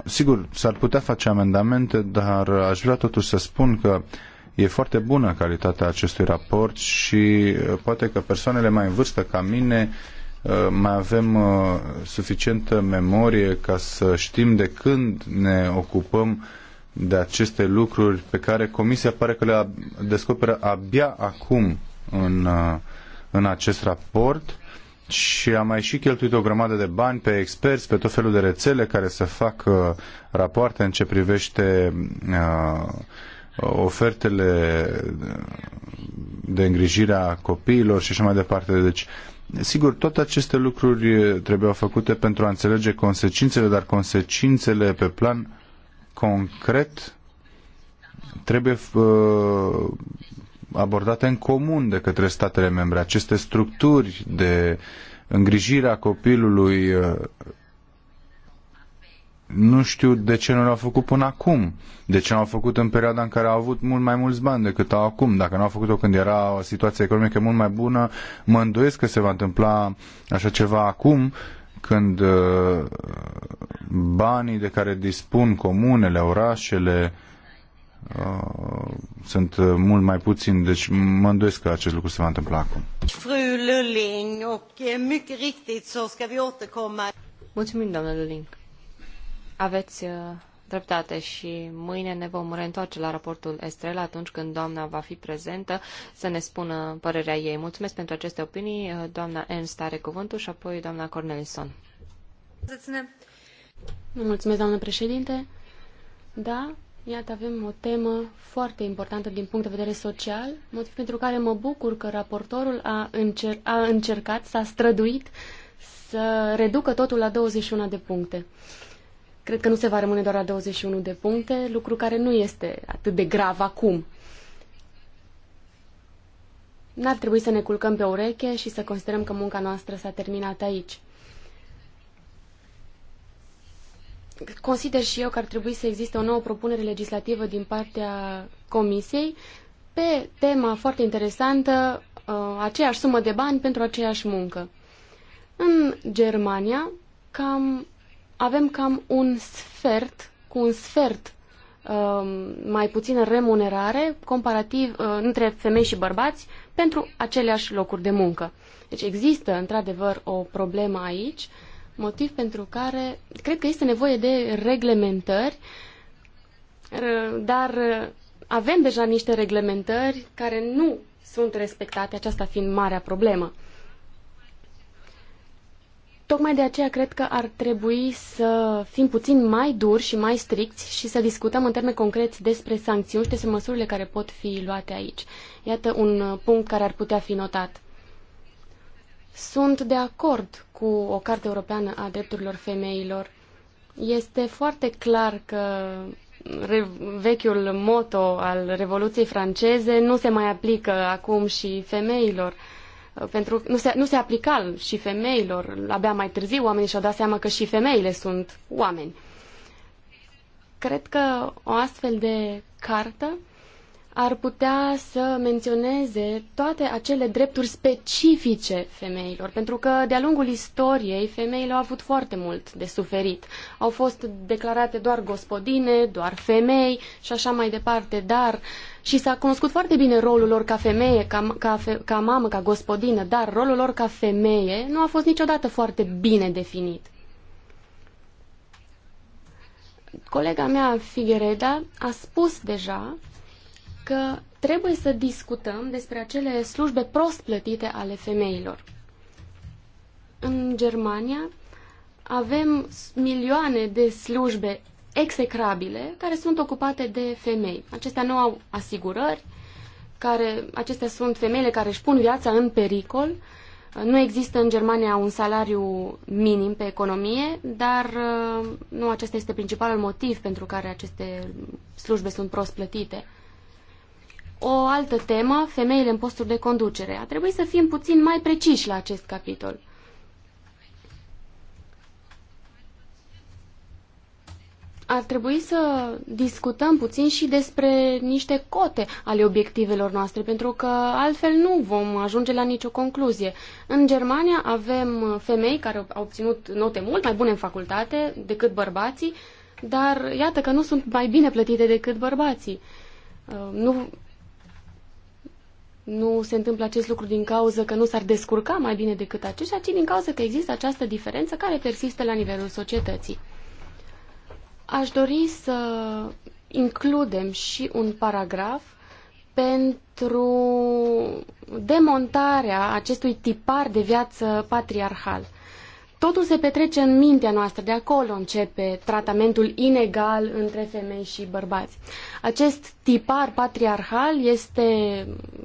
sigur, s-ar putea face amendamente, dar aș vrea totuși să spun că e foarte bună calitatea acestui raport și uh, poate că persoanele mai în vârstă ca mine uh, mai avem suficientă memorie ca să știm de când ne ocupăm de aceste lucruri pe care Comisia pare că le descoperă abia acum în, uh, în acest raport și a mai și cheltuit o grămadă de bani pe experți, pe tot felul de rețele care să facă rapoarte în ce privește uh, ofertele de îngrijire a copiilor și așa mai departe. Deci, sigur, toate aceste lucruri trebuiau făcute pentru a înțelege consecințele, dar consecințele pe plan concret trebuie uh, abordate în comun de către statele membre. Aceste structuri de îngrijire a copilului uh, nu știu de ce nu l-au făcut până acum, de ce nu au făcut în perioada în care au avut mult mai mulți bani decât au acum. Dacă nu au făcut-o când era o situație economică mult mai bună, mă îndoiesc că se va întâmpla așa ceva acum când uh, banii de care dispun comunele, orașele, uh, sunt mult mai puțini, deci mă îndoiesc că acest lucru se va întâmpla acum. Mulțumim, doamnă Luling. Aveți uh, dreptate și mâine ne vom reîntoarce la raportul Estrela atunci când doamna va fi prezentă să ne spună părerea ei. Mulțumesc pentru aceste opinii. Doamna Ernst are cuvântul și apoi doamna Cornelison. Mulțumesc, doamnă președinte. Da, Iată, avem o temă foarte importantă din punct de vedere social, motiv pentru care mă bucur că raportorul a, încer- a încercat, s-a străduit să reducă totul la 21 de puncte. Cred că nu se va rămâne doar la 21 de puncte, lucru care nu este atât de grav acum. N-ar trebui să ne culcăm pe ureche și să considerăm că munca noastră s-a terminat aici. Consider și eu că ar trebui să existe o nouă propunere legislativă din partea Comisiei pe tema foarte interesantă, uh, aceeași sumă de bani pentru aceeași muncă. În Germania, cam avem cam un sfert, cu un sfert um, mai puțină remunerare comparativ uh, între femei și bărbați pentru aceleași locuri de muncă. Deci există într-adevăr o problemă aici, motiv pentru care cred că este nevoie de reglementări, uh, dar uh, avem deja niște reglementări care nu sunt respectate, aceasta fiind marea problemă. Tocmai de aceea cred că ar trebui să fim puțin mai duri și mai stricți și să discutăm în termeni concreți despre sancțiuni și despre măsurile care pot fi luate aici. Iată un punct care ar putea fi notat. Sunt de acord cu o carte europeană a drepturilor femeilor. Este foarte clar că vechiul moto al Revoluției franceze nu se mai aplică acum și femeilor. Uh, pentru nu se, nu se aplica și femeilor. Abia mai târziu oamenii și-au dat seama că și femeile sunt oameni. Cred că o astfel de cartă ar putea să menționeze toate acele drepturi specifice femeilor, pentru că de-a lungul istoriei femeile au avut foarte mult de suferit. Au fost declarate doar gospodine, doar femei și așa mai departe, dar uh, și s-a cunoscut foarte bine rolul lor ca femeie, ca, ca, ca mamă, ca gospodină, dar rolul lor ca femeie nu a fost niciodată foarte bine definit. Colega mea, Figuereda, a spus deja că trebuie să discutăm despre acele slujbe prost plătite ale femeilor. În Germania avem milioane de slujbe execrabile care sunt ocupate de femei. Acestea nu au asigurări, care, acestea sunt femeile care își pun viața în pericol. Nu există în Germania un salariu minim pe economie, dar uh, nu acesta este principalul motiv pentru care aceste slujbe sunt prost plătite. O altă temă, femeile în posturi de conducere. A trebuit să fim puțin mai preciși la acest capitol. ar trebui să discutăm puțin și despre niște cote ale obiectivelor noastre, pentru că altfel nu vom ajunge la nicio concluzie. În Germania avem femei care au obținut note mult mai bune în facultate decât bărbații, dar iată că nu sunt mai bine plătite decât bărbații. Uh, nu, nu se întâmplă acest lucru din cauza că nu s-ar descurca mai bine decât aceștia, ci din cauza că există această diferență care persistă la nivelul societății. Aș dori să includem și un paragraf pentru demontarea acestui tipar de viață patriarhal. Totul se petrece în mintea noastră, de acolo începe tratamentul inegal între femei și bărbați. Acest tipar patriarhal este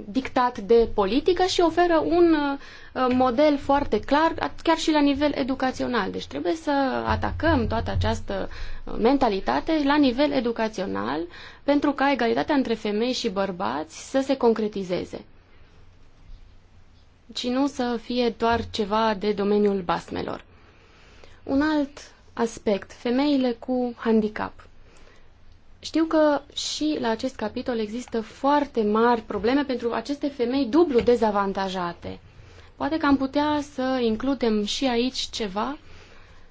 dictat de politică și oferă un uh, model foarte clar, chiar și la nivel educațional. Deci trebuie să atacăm toată această mentalitate la nivel educațional pentru ca egalitatea între femei și bărbați să se concretizeze și nu să fie doar ceva de domeniul basmelor. Un alt aspect, femeile cu handicap. Știu că și la acest capitol există foarte mari probleme pentru aceste femei dublu dezavantajate. Poate că am putea să includem și aici ceva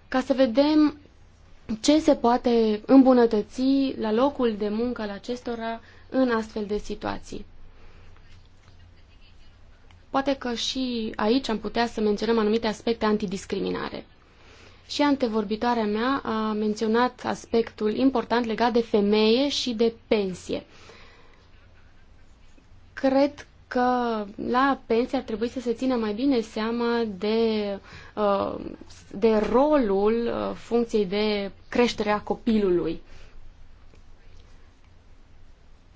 ca să vedem ce se poate îmbunătăți la locul de muncă al acestora în astfel de situații. Poate că și aici am putea să menționăm anumite aspecte antidiscriminare. Și antevorbitoarea mea a menționat aspectul important legat de femeie și de pensie. Cred că la pensie ar trebui să se țină mai bine seama de, uh, de rolul uh, funcției de creștere a copilului.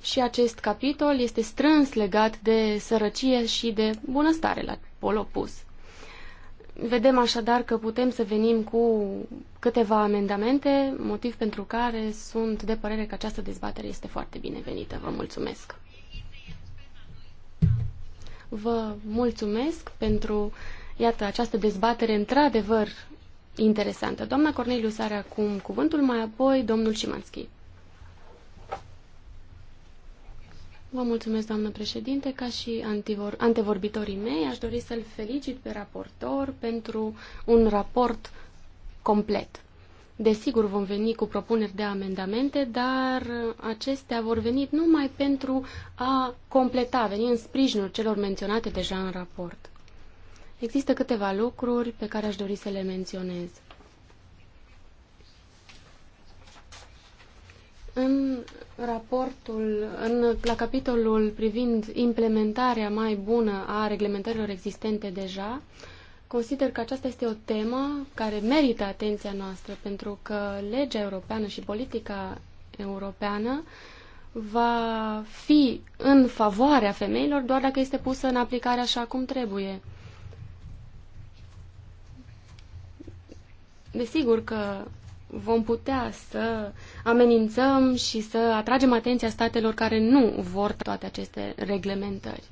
Și acest capitol este strâns legat de sărăcie și de bunăstare la pol opus. Vedem așadar că putem să venim cu câteva amendamente, motiv pentru care sunt de părere că această dezbatere este foarte binevenită. Vă mulțumesc! Vă mulțumesc pentru, iată, această dezbatere într-adevăr interesantă. Doamna Cornelius are acum cuvântul, mai apoi domnul Șimanski. Vă mulțumesc, doamnă președinte, ca și antevorbitorii mei, aș dori să-l felicit pe raportor pentru un raport complet. Desigur, vom veni cu propuneri de amendamente, dar acestea vor veni numai pentru a completa, veni în sprijinul celor menționate deja în raport. Există câteva lucruri pe care aș dori să le menționez. În raportul, în, la capitolul privind implementarea mai bună a reglementărilor existente deja, uh, Consider că aceasta este o temă care merită atenția noastră, pentru că legea europeană și politica europeană va fi în favoarea femeilor doar dacă este pusă în aplicare așa cum trebuie. Desigur că vom putea să amenințăm și să atragem atenția statelor care nu vor toate aceste reglementări.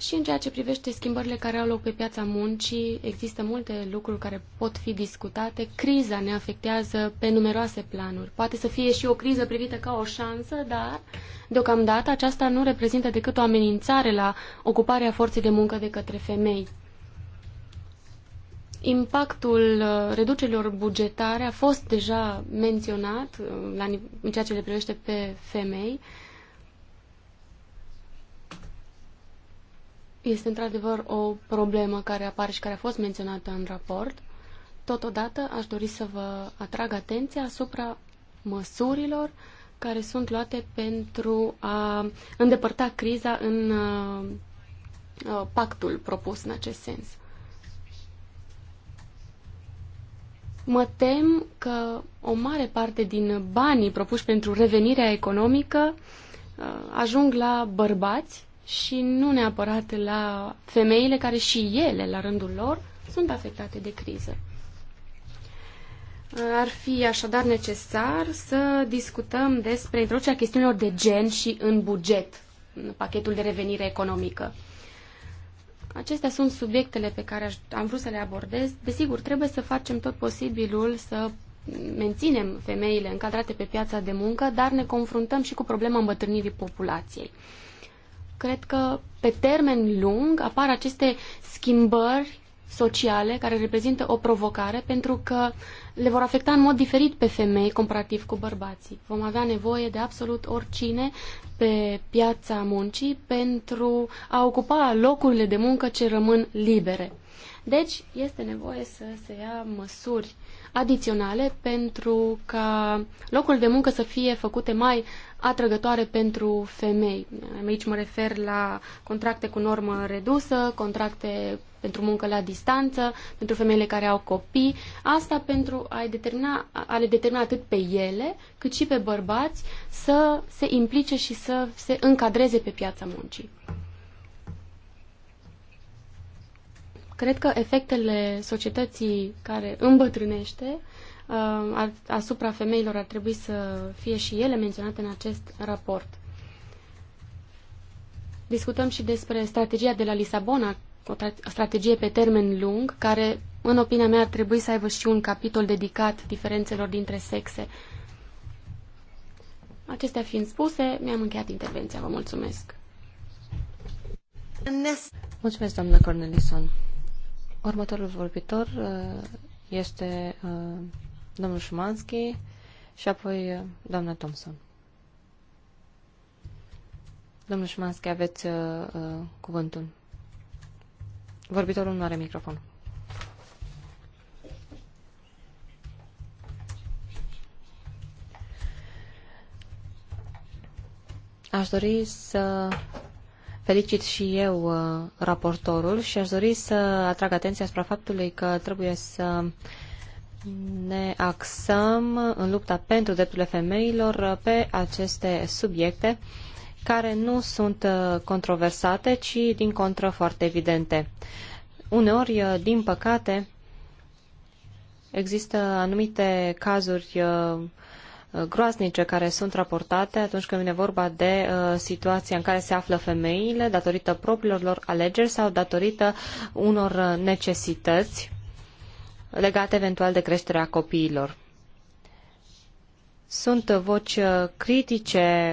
Și în ceea ce privește schimbările care au loc pe piața muncii, există multe lucruri care pot fi discutate. Criza ne afectează pe numeroase planuri. Poate să fie și o criză privită ca o șansă, dar deocamdată aceasta nu reprezintă decât o amenințare la ocuparea forței de muncă de către femei. Impactul uh, reducerilor bugetare a fost deja menționat uh, la, în ceea ce le privește pe femei. Uh, Este într-adevăr o problemă care apare și care a fost menționată în raport. Totodată aș dori să vă atrag atenția asupra măsurilor care sunt luate pentru a îndepărta criza în uh, uh, pactul propus în acest sens. Mă tem că o mare parte din banii propuși pentru revenirea economică uh, ajung la bărbați și nu neapărat la femeile care și ele, la rândul lor, sunt afectate de criză. Ar fi așadar necesar să discutăm despre introducerea chestiunilor de gen și în buget, în pachetul de revenire economică. Acestea sunt subiectele pe care am vrut să le abordez. Desigur, trebuie să facem tot posibilul să menținem femeile încadrate pe piața de muncă, dar ne confruntăm și cu problema îmbătrânirii populației cred că pe termen lung apar aceste schimbări sociale care reprezintă o provocare pentru că le vor afecta în mod diferit pe femei comparativ cu bărbații. Vom avea nevoie de absolut oricine pe piața muncii pentru a ocupa locurile de muncă ce rămân libere. Deci este nevoie să se ia măsuri adiționale pentru ca locul de muncă să fie făcute mai atrăgătoare pentru femei. Aici mă refer la contracte cu normă redusă, contracte pentru muncă la distanță, pentru femeile care au copii. Asta pentru a, determina, a le determina atât pe ele, cât și pe bărbați să se implice și să se încadreze pe piața muncii. Cred că efectele societății care îmbătrânește uh, asupra femeilor ar trebui să fie și ele menționate în acest raport. Discutăm și despre strategia de la Lisabona, o strategie pe termen lung, care, în opinia mea, ar trebui să aibă și un capitol dedicat diferențelor dintre sexe. Acestea fiind spuse, mi-am încheiat intervenția. Vă mulțumesc! Mulțumesc, doamnă Cornelison! Următorul vorbitor uh, este uh, domnul Șumanski și apoi uh, doamna Thompson. Domnul Șumanski, aveți cuvântul. Vorbitorul nu are microfon. Aș dori să Felicit și eu uh, raportorul și aș dori să atrag atenția asupra faptului că trebuie să ne axăm în lupta pentru drepturile femeilor pe aceste subiecte care nu sunt uh, controversate, ci din contră foarte evidente. Uneori, uh, din păcate, există anumite cazuri Uh, groaznice care sunt raportate atunci când vine vorba de uh, situația în care se află femeile datorită propriilor lor alegeri sau datorită unor uh, necesități legate eventual de creșterea copiilor. Sunt voci critice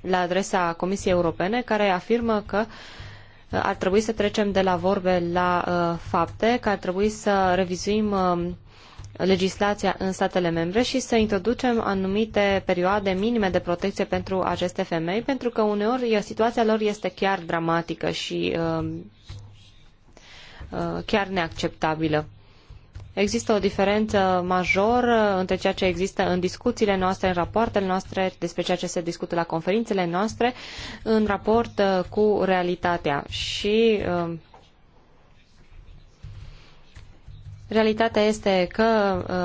la adresa Comisiei Europene care afirmă că ar trebui să trecem de la vorbe la fapte, că ar trebui să revizuim legislația în statele membre și să introducem anumite perioade minime de protecție pentru aceste femei, pentru că uneori situația lor este chiar dramatică și um, uh, chiar neacceptabilă. Există o diferență majoră între ceea ce există în discuțiile noastre, în rapoartele noastre, despre ceea ce se discută la conferințele noastre, în raport uh, cu realitatea. Și um, Realitatea este că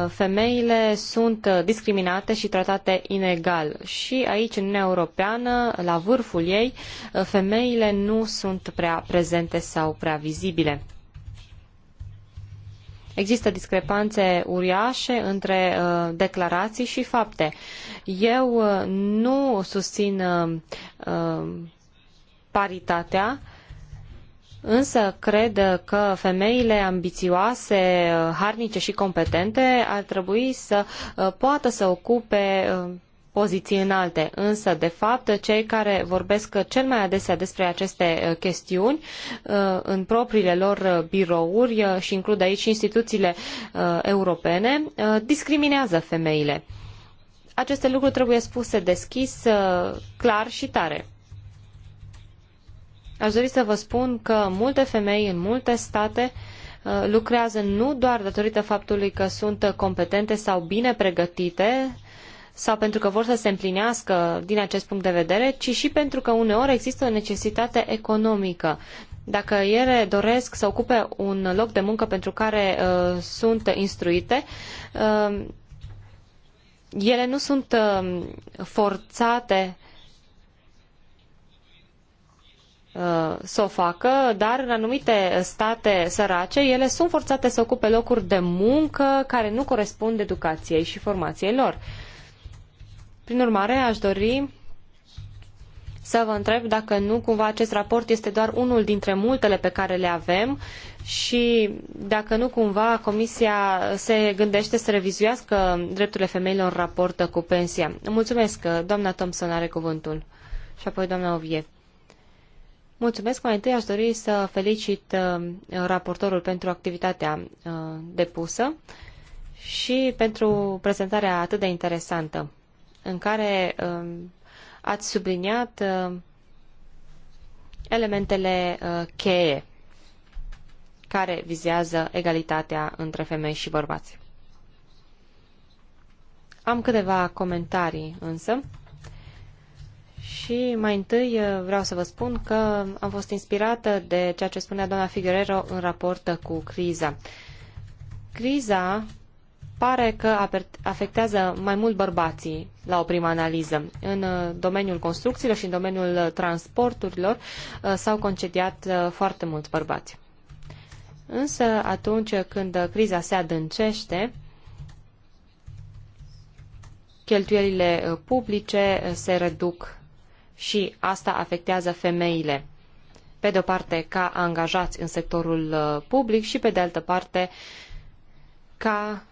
uh, femeile sunt uh, discriminate și tratate inegal și aici, în Uniunea Europeană, la vârful ei, uh, femeile nu sunt prea prezente sau prea vizibile. Există discrepanțe uriașe între uh, declarații și fapte. Eu uh, nu susțin uh, paritatea uh, Însă cred că femeile ambițioase, harnice și competente ar trebui să uh, poată să ocupe uh, poziții înalte. Însă, de fapt, cei care vorbesc cel mai adesea despre aceste uh, chestiuni în propriile lor birouri și includ aici instituțiile europene, discriminează femeile. Aceste lucruri trebuie spuse deschis, clar și tare. Aș dori să vă spun că multe femei în multe state uh, lucrează nu doar datorită faptului că sunt competente sau bine pregătite sau pentru că vor să se împlinească din acest punct de vedere, ci și pentru că uneori există o necesitate economică. Dacă ele doresc să ocupe un loc de muncă pentru care uh, sunt instruite, uh, ele nu sunt uh, forțate uh, Uh, să o facă, dar în anumite state sărace, ele sunt forțate să ocupe locuri de muncă care nu corespund educației și formației lor. Prin urmare, aș dori să vă întreb dacă nu cumva acest raport este doar unul dintre multele pe care le avem și dacă nu cumva Comisia se gândește să revizuiască drepturile femeilor în raport cu pensia. Mulțumesc, doamna Thompson are cuvântul și apoi doamna Ovie. Mulțumesc. Mai întâi aș dori să felicit uh, raportorul pentru activitatea uh, depusă și pentru prezentarea atât de interesantă în care um, ați subliniat uh, elementele cheie care vizează egalitatea între femei și bărbați. Am câteva comentarii însă și mai întâi uh, vreau să vă spun că am fost inspirată de ceea ce spunea doamna Figuerero în raport cu criza. Criza pare că afectează mai mult bărbații la o primă analiză. În uh, domeniul construcțiilor și în domeniul uh, transporturilor s-au concediat foarte mulți bărbați. Însă atunci când criza se adâncește, cheltuielile publice se reduc și asta afectează femeile pe de-o parte ca angajați în sectorul uh, public și pe de altă parte ca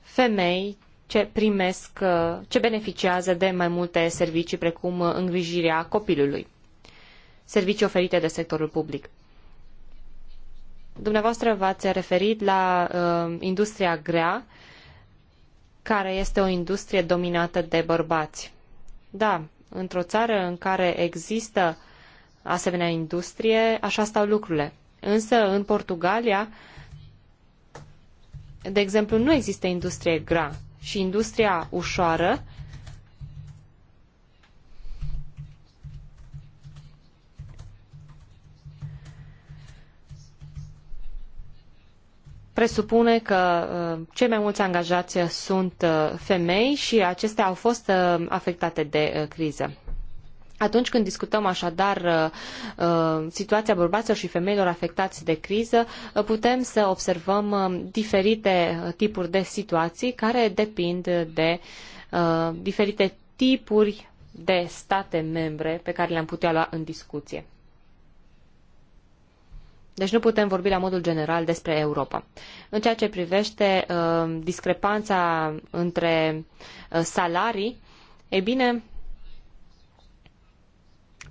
femei ce primesc, uh, ce beneficiază de mai multe servicii precum uh, îngrijirea copilului, servicii oferite de sectorul public. Dumneavoastră v-ați referit la uh, industria grea, care este o industrie dominată de bărbați da, într-o țară în care există asemenea industrie, așa stau lucrurile. Însă, în Portugalia, de exemplu, nu există industrie grea și industria ușoară presupune că uh, cei mai mulți angajați sunt uh, femei și acestea au fost uh, afectate de criză. Atunci când discutăm așadar situația bărbaților și femeilor afectați de criză, putem să observăm diferite tipuri de situații care depind de diferite tipuri de state membre pe care le-am putea lua în discuție. Deci nu putem vorbi la modul general despre Europa. În ceea ce privește uh, discrepanța între uh, salarii, e bine,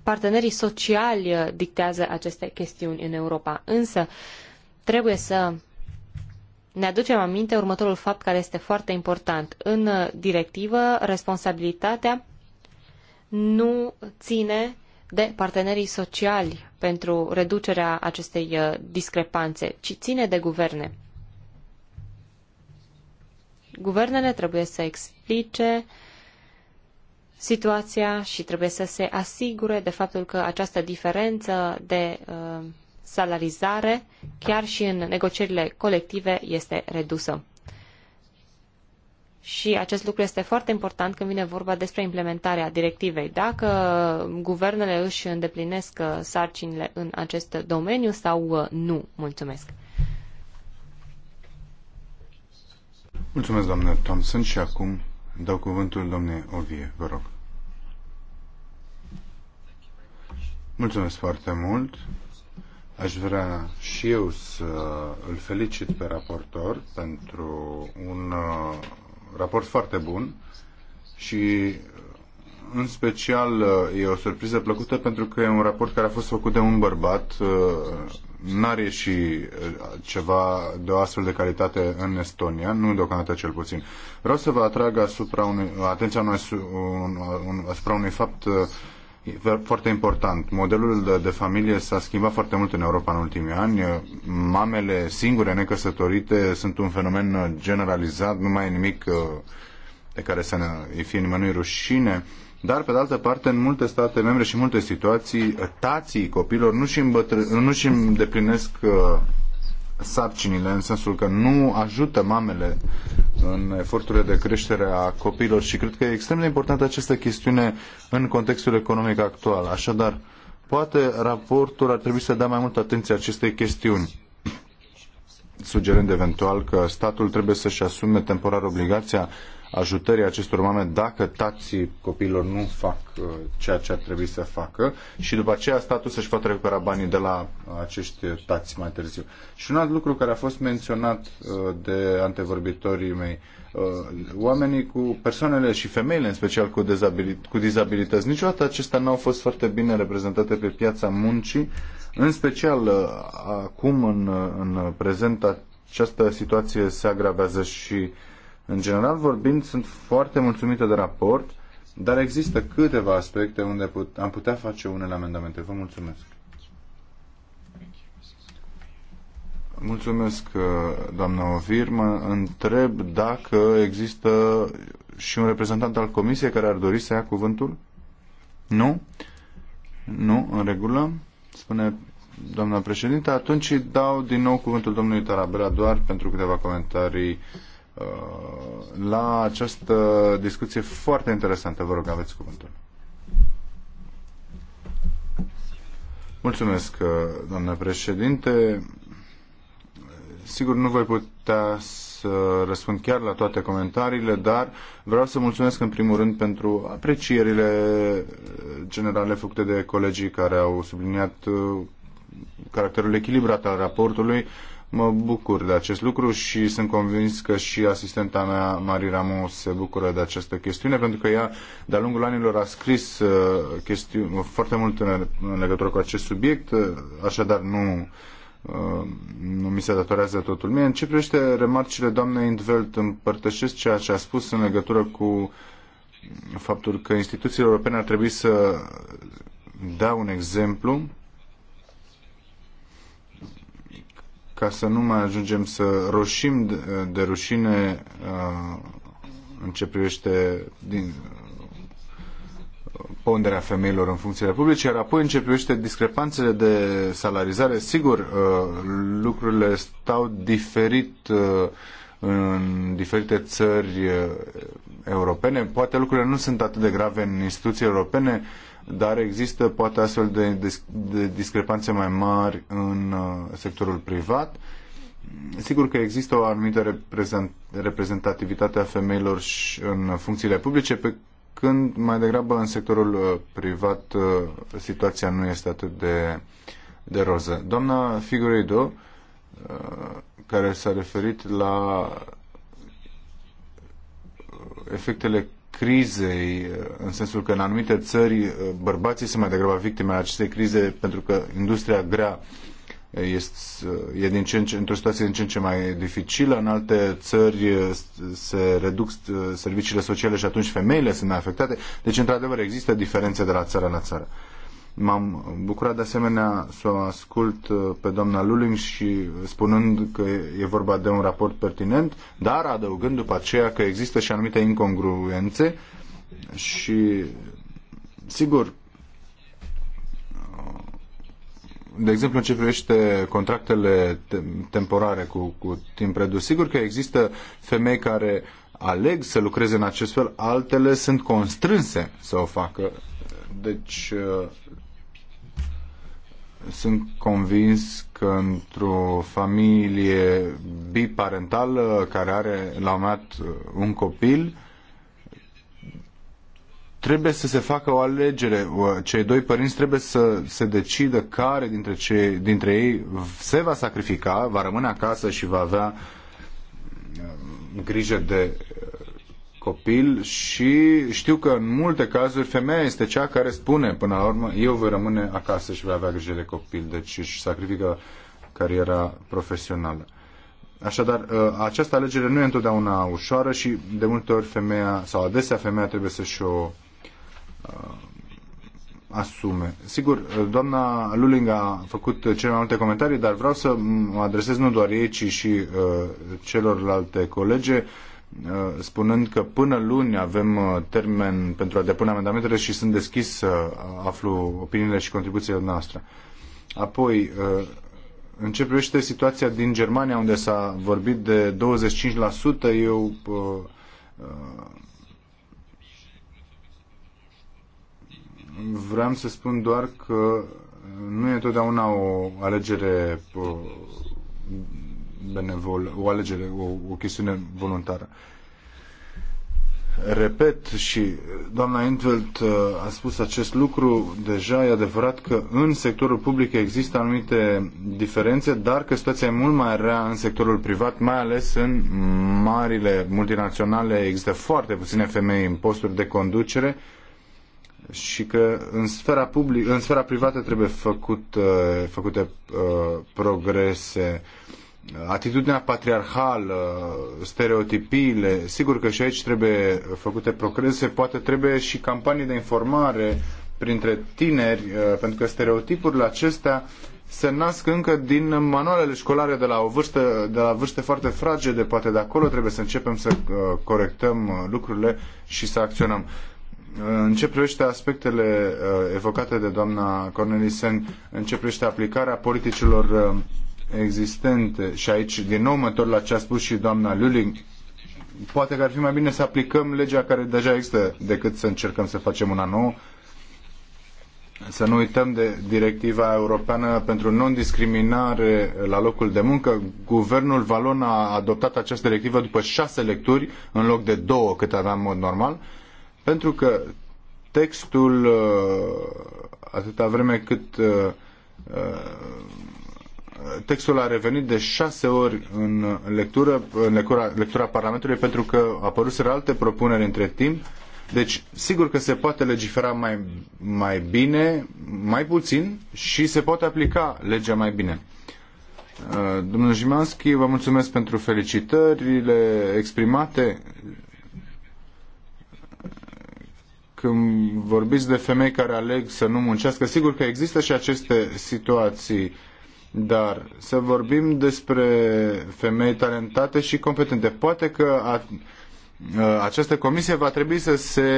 partenerii sociali uh, dictează aceste chestiuni în Europa. Însă trebuie să ne aducem aminte următorul fapt care este foarte important. În uh, directivă, responsabilitatea nu ține de partenerii sociali pentru reducerea acestei uh, discrepanțe, ci ține de guverne. Guvernele trebuie să explice situația și trebuie să se asigure de faptul că această diferență de uh, salarizare, chiar și în negocierile colective, este redusă. Și acest lucru este foarte important când vine vorba despre implementarea directivei. Dacă guvernele își îndeplinesc uh, sarcinile în acest domeniu sau uh, nu. Mulțumesc. Mulțumesc, doamnă Thompson, și acum dau cuvântul domnului Ovie, vă rog. Mulțumesc foarte mult. Aș vrea și eu să îl felicit pe raportor pentru un uh, raport foarte bun și în special e o surpriză plăcută pentru că e un raport care a fost făcut de un bărbat, uh, n-are și uh, ceva de o astfel de calitate în Estonia, nu deocamdată cel puțin. Vreau să vă atrag asupra unui, atenția unui, un, un, asupra unui fapt uh, foarte important. Modelul de, de familie s-a schimbat foarte mult în Europa în ultimii ani. Mamele singure necăsătorite sunt un fenomen generalizat, nu mai e nimic uh, de care să ne, fie nimănui rușine. Dar, pe de altă parte, în multe state membre și în multe situații, tații copilor nu și, îmbătr- nu și îndeplinesc uh, sarcinile, în sensul că nu ajută mamele în eforturile de creștere a copiilor și cred că e extrem de importantă această chestiune în contextul economic actual. Așadar, poate raportul ar trebui să dea mai multă atenție acestei chestiuni, sugerând eventual că statul trebuie să-și asume temporar obligația ajutării acestor mame dacă tații copiilor nu fac uh, ceea ce ar trebui să facă și după aceea statul să-și poată recupera banii de la uh, acești tați mai târziu. Și un alt lucru care a fost menționat uh, de antevorbitorii mei, oamenii cu persoanele și femeile în special cu, dezabilit- cu dizabilități, niciodată acestea n-au fost foarte bine reprezentate pe piața muncii, în special acum în, în prezent această situație se agravează și uh, în general vorbind, sunt foarte mulțumită de raport, dar există câteva aspecte unde put, am putea face unele amendamente. Vă mulțumesc. Mulțumesc, uh, doamna Ovir. Mă întreb dacă există și un reprezentant al comisiei care ar dori să ia cuvântul? Nu? Nu, în regulă, spune doamna președinte. Atunci dau din nou cuvântul domnului Tarabela doar pentru câteva comentarii Uh, la această discuție foarte interesantă. Vă rog, aveți cuvântul. Mulțumesc, uh, doamnă președinte. Sigur, nu voi putea să răspund chiar la toate comentariile, dar vreau să mulțumesc în primul rând pentru aprecierile uh, generale făcute de colegii care au subliniat caracterul echilibrat al raportului Mă bucur de acest lucru și sunt convins că și asistenta mea, Mari Ramos, se bucură de această chestiune, pentru că ea, de-a lungul anilor, a scris uh, chesti- foarte mult în, în legătură cu acest subiect, uh, așadar nu, uh, nu mi se datorează totul mie. În ce privește remarcile doamnei Indveld, împărtășesc ceea ce a spus în legătură cu faptul că instituțiile europene ar trebui să dea un exemplu ca să nu mai ajungem să roșim de rușine uh, în ce privește din ponderea femeilor în funcțiile publice, iar apoi în ce privește discrepanțele de salarizare, sigur, uh, lucrurile stau diferit uh, în diferite țări europene. Poate lucrurile nu sunt atât de grave în instituții europene, dar există poate astfel de, de discrepanțe mai mari în uh, sectorul privat. Sigur că există o anumită reprezentativitate a femeilor și în funcțiile publice, pe când mai degrabă în sectorul uh, privat uh, situația nu este atât de, de roză. Doamna Figueiredo, care s-a referit la efectele crizei, în sensul că în anumite țări bărbații sunt mai degrabă victime ale acestei crize pentru că industria grea este, e din ce în ce, într-o situație din ce în ce mai dificilă. În alte țări se reduc serviciile sociale și atunci femeile sunt mai afectate. Deci, într-adevăr, există diferențe de la țară la țară. M-am bucurat de asemenea să o ascult uh, pe doamna Luling și spunând că e vorba de un raport pertinent, dar adăugând după aceea că există și anumite incongruențe și sigur de exemplu, în ce privește contractele temporare cu, cu timp redus, sigur că există femei care aleg să lucreze în acest fel, altele sunt constrânse să o facă. Deci uh, sunt convins că într-o familie biparentală care are la un moment un copil, trebuie să se facă o alegere. Cei doi părinți trebuie să se decidă care dintre, cei, dintre ei se va sacrifica, va rămâne acasă și va avea uh, grijă de copil și știu că în multe cazuri femeia este cea care spune până la urmă eu voi rămâne acasă și voi avea grijă de copil, deci își sacrifică cariera profesională. Așadar, ă, această alegere nu e întotdeauna ușoară și de multe ori femeia sau adesea femeia trebuie să-și o ă, asume. Sigur, doamna Luling a făcut cele mai multe comentarii, dar vreau să mă adresez nu doar ei, ci și uh, celorlalte colege. Uh, spunând că până luni avem uh, termen pentru a depune amendamentele și sunt deschis să uh, aflu opiniile și contribuțiile noastre. Apoi, în ce privește situația din Germania, unde s-a vorbit de 25%, eu vreau să spun doar că nu e întotdeauna o alegere benevol, o alegere, o, o chestiune voluntară. Repet și doamna Entveld uh, a spus acest lucru, deja e adevărat că în sectorul public există anumite diferențe, dar că situația e mult mai rea în sectorul privat, mai ales în marile multinaționale există foarte puține femei în posturi de conducere, și că în sfera, public, în sfera privată trebuie făcut, uh, făcute uh, progrese atitudinea patriarhală, stereotipiile, sigur că și aici trebuie făcute progrese, poate trebuie și campanii de informare printre tineri, uh, pentru că stereotipurile acestea se nasc încă din manualele școlare de la, o vârstă, de la vârste foarte fragede, poate de acolo trebuie să începem să uh, corectăm uh, lucrurile și să acționăm. În ce privește aspectele evocate de doamna Cornelisen, în ce privește aplicarea politicilor existente și aici din nou mă întorc la ce a spus și doamna Luling poate că ar fi mai bine să aplicăm legea care deja există decât să încercăm să facem una nouă să nu uităm de directiva europeană pentru non-discriminare la locul de muncă. Guvernul Valon a adoptat această directivă după șase lecturi, în loc de două cât aveam în mod normal, pentru că textul, uh, atâta vreme cât uh, uh, textul a revenit de șase ori în lectură, în lectura, lectura Parlamentului pentru că apăruseră alte propuneri între timp. Deci, sigur că se poate legifera mai, mai bine, mai puțin și se poate aplica legea mai bine. Uh, domnul Jimanski, vă mulțumesc pentru felicitările exprimate. Când vorbiți de femei care aleg să nu muncească, sigur că există și aceste situații dar să vorbim despre femei talentate și competente. Poate că a, această comisie va trebui să se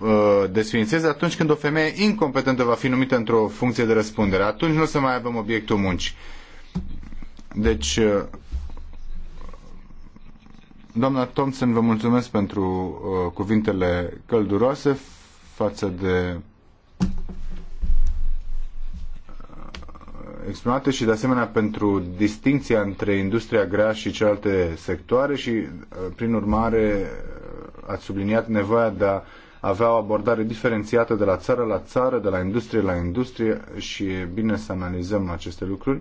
a, desfințeze atunci când o femeie incompetentă va fi numită într-o funcție de răspundere. Atunci nu o să mai avem obiectul muncii. Deci, uh, doamna Thompson, vă mulțumesc pentru uh, cuvintele călduroase față de exprimate și de asemenea pentru distinția între industria grea și celelalte sectoare și uh, prin urmare uh, ați subliniat nevoia de a avea o abordare diferențiată de la țară la țară, de la industrie la industrie și e bine să analizăm aceste lucruri.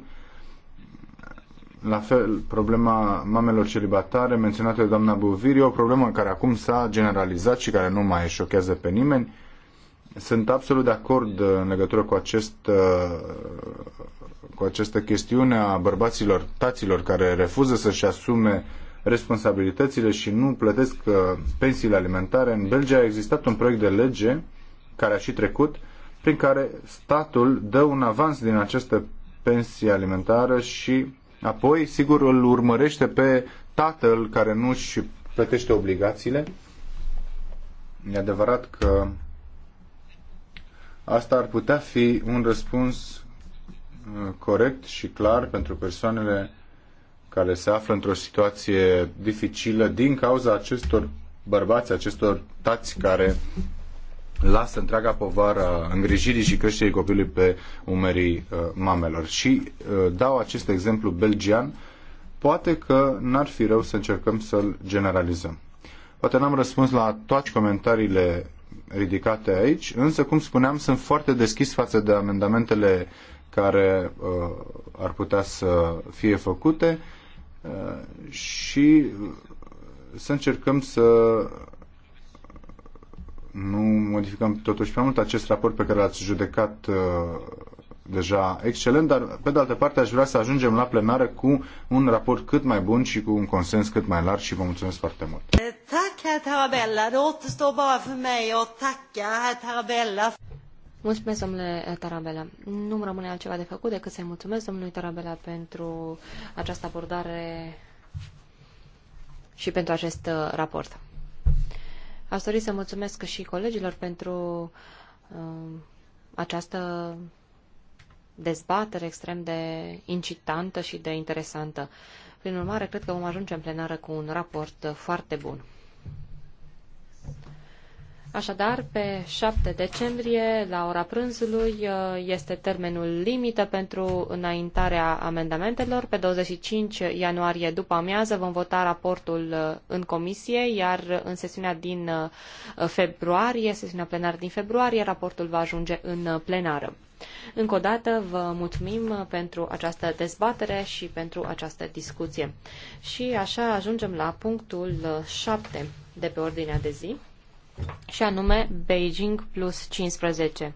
La fel, problema mamelor celibatare menționată de doamna buviri o problemă care acum s-a generalizat și care nu mai șochează pe nimeni. Sunt absolut de acord uh, în legătură cu acest cu această chestiune a bărbaților, taților care refuză să-și asume responsabilitățile și nu plătesc uh, pensiile alimentare. În Belgia a existat un proiect de lege care a și trecut, prin care statul dă un avans din această pensie alimentară și apoi, sigur, îl urmărește pe tatăl care nu își plătește obligațiile. E adevărat că asta ar putea fi un răspuns corect și clar pentru persoanele care se află într-o situație dificilă din cauza acestor bărbați, acestor tați care lasă întreaga povară îngrijirii și creșterii copilului pe umerii uh, mamelor. Și uh, dau acest exemplu belgian, poate că n-ar fi rău să încercăm să-l generalizăm. Poate n-am răspuns la toate comentariile ridicate aici, însă, cum spuneam, sunt foarte deschis față de amendamentele care uh, ar putea să fie făcute uh, și uh, să încercăm să nu modificăm totuși prea mult acest raport pe care l-ați judecat deja excelent, dar pe de altă parte aș vrea să ajungem la plenară cu un raport cât mai bun și cu un consens cât mai larg și vă mulțumesc foarte mult. Mulțumesc, domnule Tarabela. Nu-mi rămâne altceva de făcut decât să-i mulțumesc domnului Tarabela pentru această abordare și pentru acest uh, raport. Aș dori să mulțumesc și colegilor pentru uh, această dezbatere extrem de incitantă și de interesantă. Prin urmare, cred că vom ajunge în plenară cu un raport foarte bun. Așadar, pe 7 decembrie, la ora prânzului, uh, este termenul limită pentru înaintarea amendamentelor. Pe 25 ianuarie, după amiază, vom vota raportul uh, în comisie, iar în sesiunea din uh, februarie, sesiunea plenară din februarie, raportul va ajunge în plenară. Încă o dată vă mulțumim pentru această dezbatere și pentru această discuție. Și așa ajungem la punctul 7 de pe ordinea de zi și anume Beijing plus 15,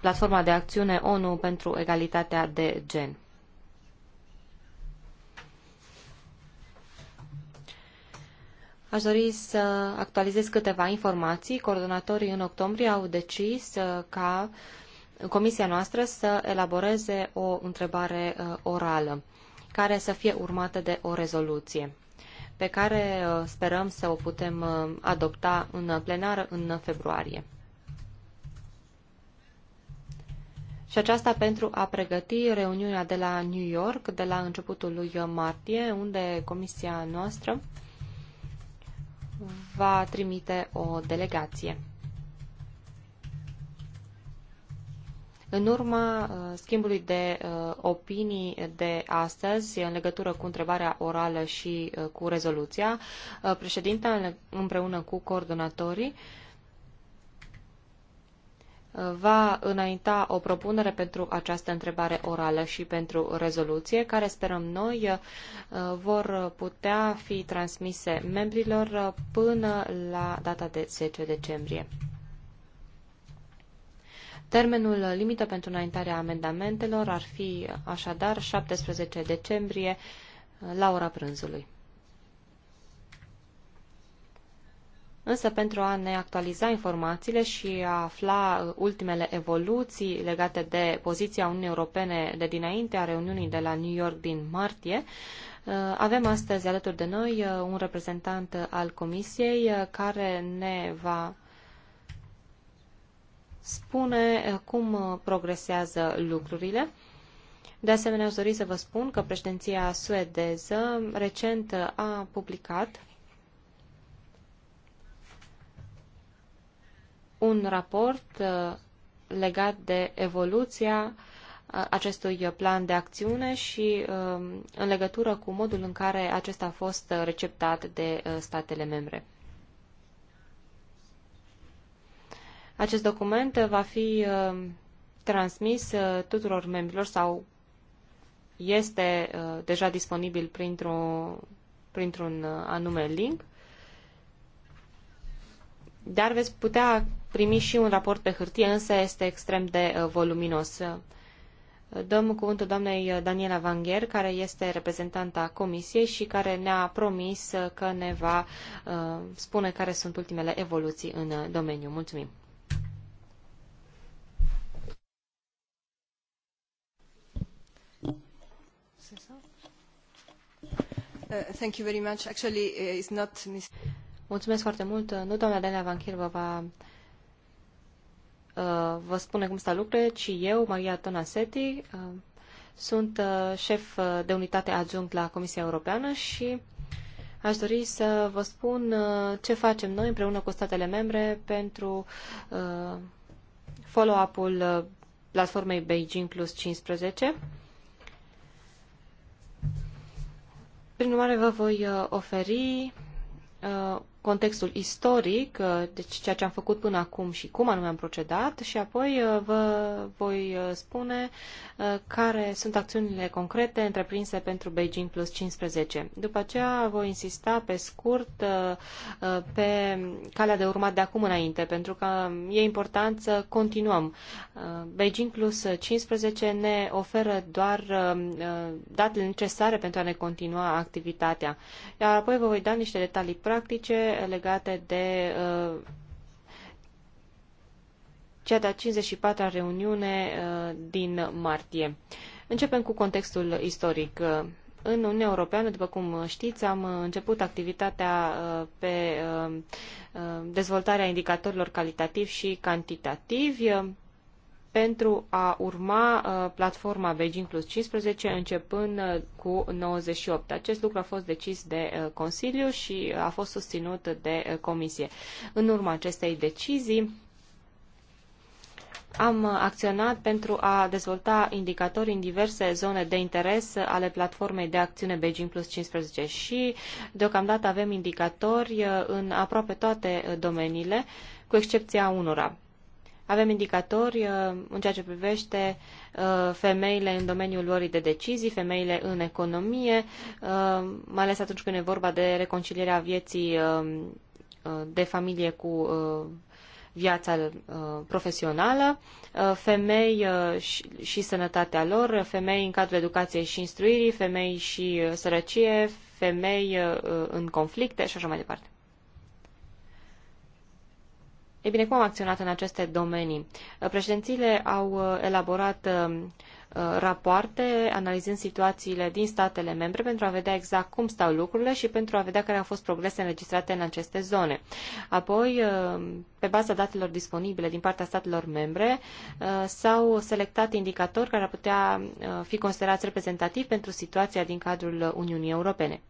platforma de acțiune ONU pentru egalitatea de gen. Aș dori să actualizez câteva informații. Coordonatorii în octombrie au decis uh, ca comisia noastră să elaboreze o întrebare uh, orală care să fie urmată de o rezoluție pe care uh, sperăm să o putem uh, adopta în plenară în februarie. Și aceasta pentru a pregăti reuniunea de la New York de la începutul lui martie, unde comisia noastră va trimite o delegație. În urma uh, schimbului de uh, opinii de astăzi, în legătură cu întrebarea orală și uh, cu rezoluția, președinta împreună cu coordonatorii va înainta o propunere pentru această întrebare orală și pentru rezoluție, care sperăm noi vor putea fi transmise membrilor până la data de 10 decembrie. Termenul limită pentru înaintarea amendamentelor ar fi așadar 17 decembrie la ora prânzului. Însă pentru a ne actualiza informațiile și a afla ultimele evoluții legate de poziția Uniunii Europene de dinainte a reuniunii de la New York din martie, avem astăzi alături de noi uh, un reprezentant al Comisiei uh, care ne va spune eh, cum eh, progresează lucrurile. De asemenea, aș dori să vă spun că președinția suedeză recent eh, a publicat un raport legat de evoluția acestui plan de acțiune și în legătură cu modul în care acesta a fost receptat de statele membre. Acest document uh, va fi uh, transmis uh, tuturor membrilor sau este deja disponibil printr-un printr anume link, dar veți putea primi și un raport pe hârtie, însă este extrem de voluminos. Dăm cuvântul doamnei Daniela Vangher, care este reprezentanta Comisiei și care ne-a promis că ne va spune care sunt ultimele evoluții în domeniu. Mulțumim! Uh, thank you very much. Actually, uh, it's not mis- Mulțumesc foarte mult. Uh, nu doamna Dana Van Kirva vă spune cum stau lucrurile, ci eu, Maria Tonasetti, sunt șef de unitate adjunct la Comisia Europeană și aș dori să vă spun ce facem noi împreună cu statele membre pentru follow-up-ul platformei Beijing Plus 15 Prin urmare, vă voi uh, oferi uh, contextul istoric, uh, deci ceea ce am făcut până acum și cum anume am procedat și apoi uh, vă voi uh, spune care sunt acțiunile concrete întreprinse pentru Beijing plus 15. După aceea voi insista pe scurt pe calea de urmat de acum înainte, pentru că e important să continuăm. Beijing plus 15 ne oferă doar datele necesare pentru a ne continua activitatea. Iar apoi vă voi da niște detalii practice legate de uh, cea de-a 54-a reuniune uh, din martie. Începem cu contextul istoric. Uh, în Uniunea Europeană, după cum știți, am început activitatea pe dezvoltarea indicatorilor calitativ și cantitativi pentru a urma uh, platforma Beijing Plus 15 începând uh, cu 98. Acest lucru a fost decis de uh, Consiliu și a fost susținut de Comisie. În urma acestei decizii, am acționat pentru a dezvolta indicatori în diverse zone de interes ale platformei de acțiune Beijing Plus 15 și deocamdată avem indicatori în aproape toate domeniile, cu excepția unora. Avem indicatori uh, în ceea ce privește uh, femeile în domeniul lor de decizii, femeile în economie, uh, mai ales atunci când e vorba de reconcilierea vieții de familie cu viața profesională, femei și sănătatea lor, femei în cadrul educației și instruirii, femei și sărăcie, femei în conflicte și așa mai departe. Ei bine, cum am acționat în aceste domenii? Uh, președințiile au uh, elaborat uh, rapoarte analizând situațiile din statele membre pentru a vedea exact cum stau lucrurile și pentru a vedea care au fost progrese înregistrate în aceste zone. Apoi, pe baza datelor disponibile din partea statelor membre, s-au selectat indicatori care ar putea fi considerați reprezentativi pentru situația din cadrul Uniunii Europene.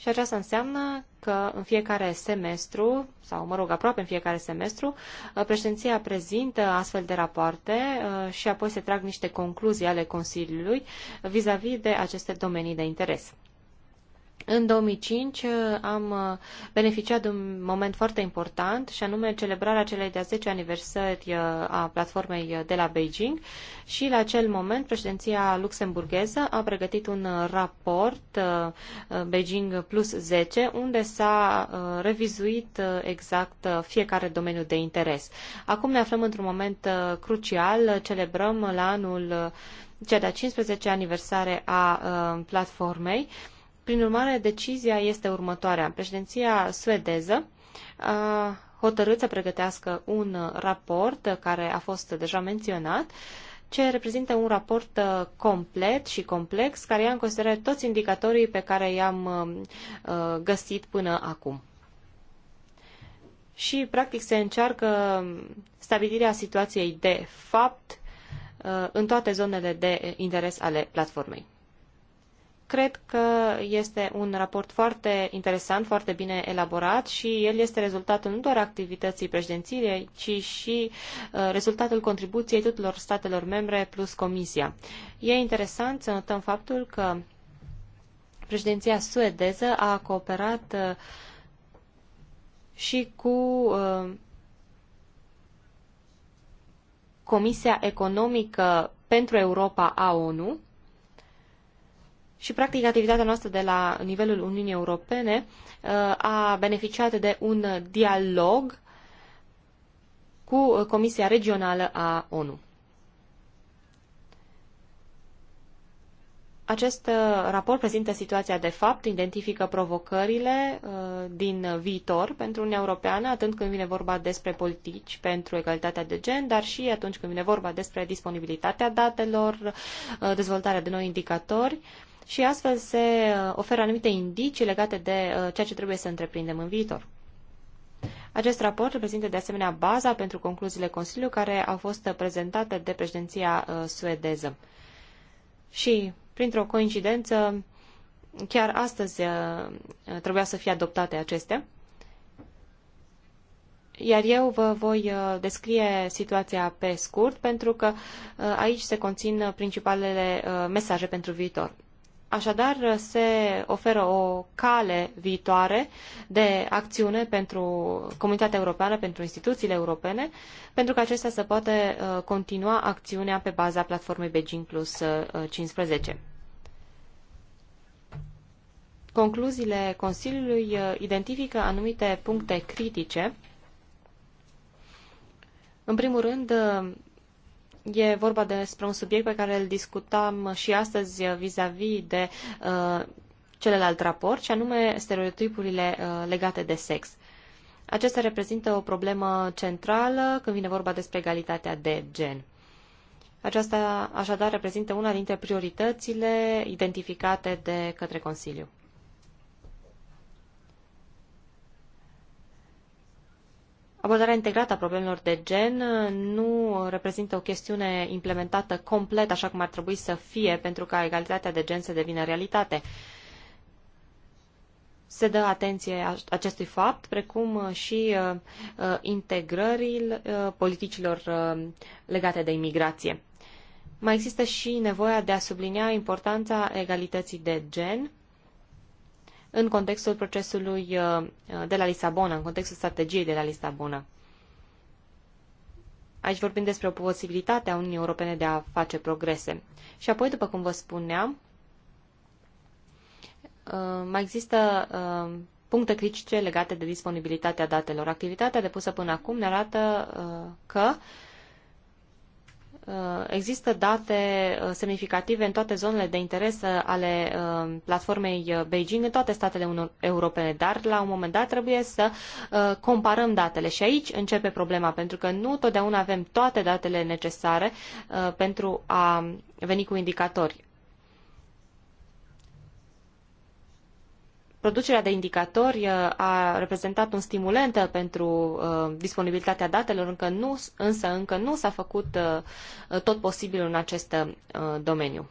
Și aceasta înseamnă că în fiecare semestru, sau mă rog, aproape în fiecare semestru, uh, președinția prezintă astfel de rapoarte uh, și apoi se trag niște concluzii ale Consiliului vis-a-vis -vis de aceste domenii de interes. În 2005 uh, am uh, beneficiat de un moment foarte important și anume celebrarea celei de-a 10 aniversări uh, a platformei de la Beijing și la acel moment președinția luxemburgheză a pregătit un raport Beijing plus 10 unde s-a revizuit exact fiecare domeniu de interes. Acum ne aflăm într-un moment crucial, celebrăm la anul cea de-a 15 aniversare a platformei prin urmare, decizia este următoarea. Președinția suedeză a hotărât să pregătească un raport care a fost deja menționat ce reprezintă un raport complet și complex, care ia în considerare toți indicatorii pe care i-am uh, găsit până acum. Și, practic, se încearcă stabilirea situației de fapt uh, în toate zonele de interes ale platformei. Cred că este un raport foarte interesant, foarte bine elaborat și el este rezultatul nu doar activității președinției, ci și uh, rezultatul contribuției tuturor statelor membre plus Comisia. E interesant să notăm faptul că președinția suedeză a cooperat uh, și cu uh, Comisia Economică pentru Europa a ONU, și, practic, activitatea noastră de la nivelul Uniunii Europene uh, a beneficiat de un dialog cu Comisia Regională a ONU. Acest uh, raport prezintă situația de fapt, identifică provocările uh, din viitor pentru Uniunea Europeană, atât când vine vorba despre politici pentru egalitatea de gen, dar și atunci când vine vorba despre disponibilitatea datelor, dezvoltarea de noi indicatori, și astfel se uh, oferă anumite indicii legate de uh, ceea ce trebuie să întreprindem în viitor. Acest raport reprezintă de asemenea baza pentru concluziile Consiliului care au fost prezentate de președinția uh, suedeză. Și, printr-o coincidență, chiar astăzi trebuia să fie adoptate acestea. Iar eu vă voi descrie situația pe scurt, pentru că aici se conțin principalele mesaje pentru viitor. Așadar, se oferă o cale viitoare de acțiune pentru comunitatea europeană, pentru instituțiile europene, pentru că acestea să poată uh, continua acțiunea pe baza platformei Beijing Plus 15. Uh, Concluziile Consiliului uh, identifică anumite puncte critice. În primul rând, E vorba despre un subiect pe care îl discutam și astăzi vis-a-vis de uh, celălalt raport, și anume stereotipurile uh, legate de sex. Acestea reprezintă o problemă centrală când vine vorba despre egalitatea de gen. Aceasta așadar reprezintă una dintre prioritățile identificate de către Consiliu. Abordarea integrată a problemelor de gen uh, nu reprezintă o chestiune implementată complet așa cum ar trebui să fie pentru ca egalitatea de gen să devină realitate. Se dă atenție acestui fapt, precum uh, și uh, integrării politicilor legate de imigrație. Mai există și nevoia de a sublinia importanța egalității de gen în contextul procesului uh, de la Lisabona, în contextul strategiei de la Lisabona. Aici vorbim despre posibilitatea Uniunii Europene de a face progrese. Și apoi, după cum vă spuneam, uh, mai există uh, puncte critice legate de disponibilitatea datelor. Activitatea depusă până acum ne arată că Uh, există date uh, semnificative în toate zonele de interes uh, ale platformei Beijing, în toate statele europene, dar la un moment dat trebuie să comparăm datele și aici începe problema, pentru că nu totdeauna avem toate datele necesare pentru a veni cu indicatori. Producerea de indicatori uh, a reprezentat un stimulent uh, pentru uh, disponibilitatea datelor, încă nu, însă încă nu s-a făcut tot posibilul în acest domeniu.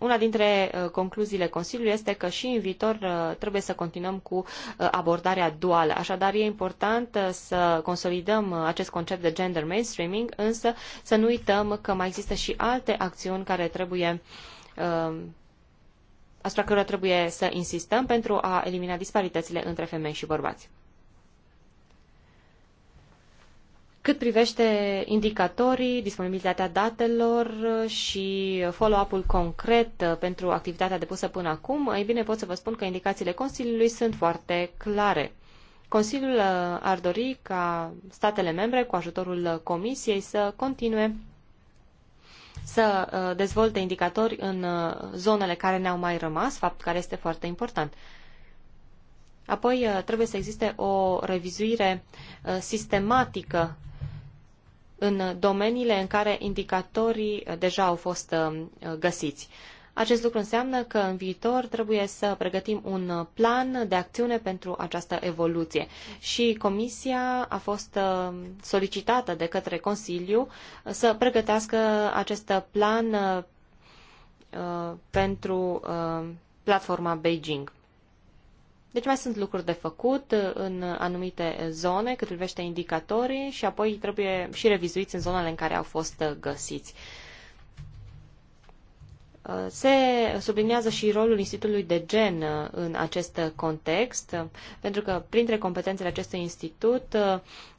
Una dintre concluziile Consiliului este că și în viitor trebuie să continuăm cu abordarea duală. Așadar, e important să consolidăm acest concept de gender mainstreaming, însă să nu uităm că mai există și alte acțiuni care trebuie asupra cărora trebuie să insistăm pentru a elimina disparitățile între femei și bărbați. Cât privește indicatorii, disponibilitatea datelor și follow-up-ul concret uh, pentru activitatea depusă până acum, ei bine pot să vă spun că indicațiile Consiliului sunt foarte clare. Consiliul uh, ar dori ca statele membre, cu ajutorul uh, Comisiei, să continue să uh, dezvolte indicatori în uh, zonele care ne-au mai rămas, fapt care este foarte important. Apoi uh, trebuie să existe o revizuire sistematică în domeniile în care indicatorii deja au fost găsiți. Acest lucru înseamnă că în viitor trebuie să pregătim un uh, plan de acțiune pentru această evoluție și Comisia a fost uh, solicitată de către Consiliu uh, să pregătească acest plan pentru platforma Beijing. Deci mai sunt lucruri de făcut în anumite zone cât privește indicatorii și apoi trebuie și revizuiți în zonele în care au fost găsiți. Se subliniază și rolul Institutului de Gen uh, în acest context, uh, pentru că printre competențele acestui institut uh,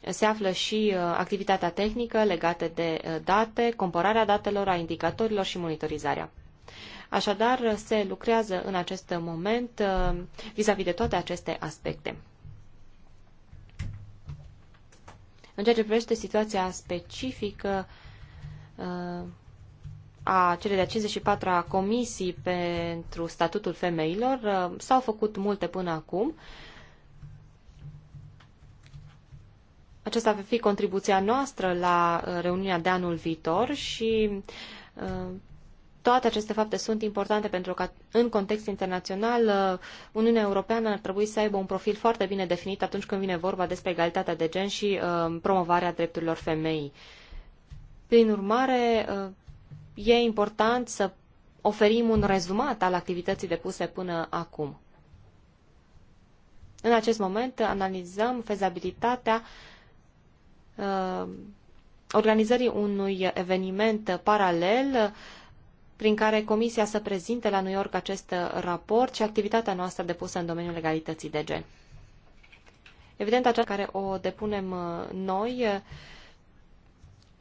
se află și activitatea tehnică legată de date, compararea datelor, a indicatorilor și monitorizarea. Așadar, se lucrează în acest moment vis a -vis de toate aceste aspecte. În ceea ce privește situația specifică a cele de-a 54-a comisii pentru statutul femeilor. Uh, s-au făcut multe până acum. Aceasta va fi contribuția noastră la uh, reuniunea de anul viitor și uh, toate aceste fapte sunt importante pentru că în context internațional Uniunea Europeană ar trebui să aibă un profil foarte bine definit atunci când vine vorba despre egalitatea de gen și promovarea drepturilor femeii. Prin urmare, e important să oferim un rezumat al activității depuse până acum. În acest moment analizăm fezabilitatea uh, organizării unui eveniment paralel uh, prin care Comisia să prezinte la New York acest raport și activitatea noastră depusă în domeniul legalității de gen. Evident, aceasta care o depunem uh, noi uh,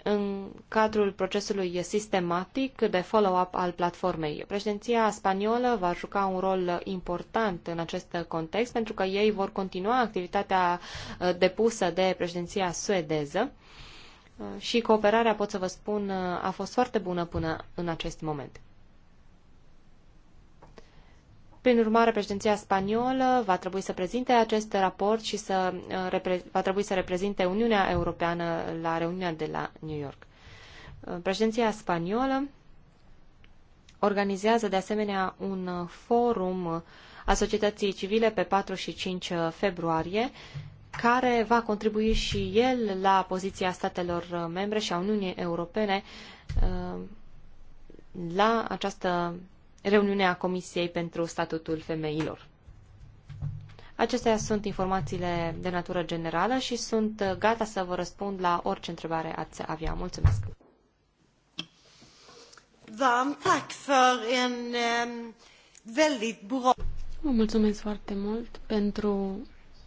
în cadrul procesului sistematic de follow-up al platformei. Președinția spaniolă va juca un rol important în acest context pentru că ei vor continua activitatea uh, depusă de președinția suedeză uh, și cooperarea, pot să vă spun, uh, a fost foarte bună până în acest moment. Prin urmare, președinția spaniolă va trebui să prezinte acest raport și să, uh, va trebui să reprezinte Uniunea Europeană la reuniunea de la New York. Uh, președinția spaniolă organizează de asemenea un uh, forum a societății civile pe 4 și 5 februarie, care va contribui și el la poziția statelor membre și a Uniunii Europene la această reuniunea Comisiei pentru Statutul Femeilor. Acestea sunt informațiile de natură generală și sunt uh, gata să vă răspund la orice întrebare ați avea. Mulțumesc! Um, vă mulțumesc foarte mult pentru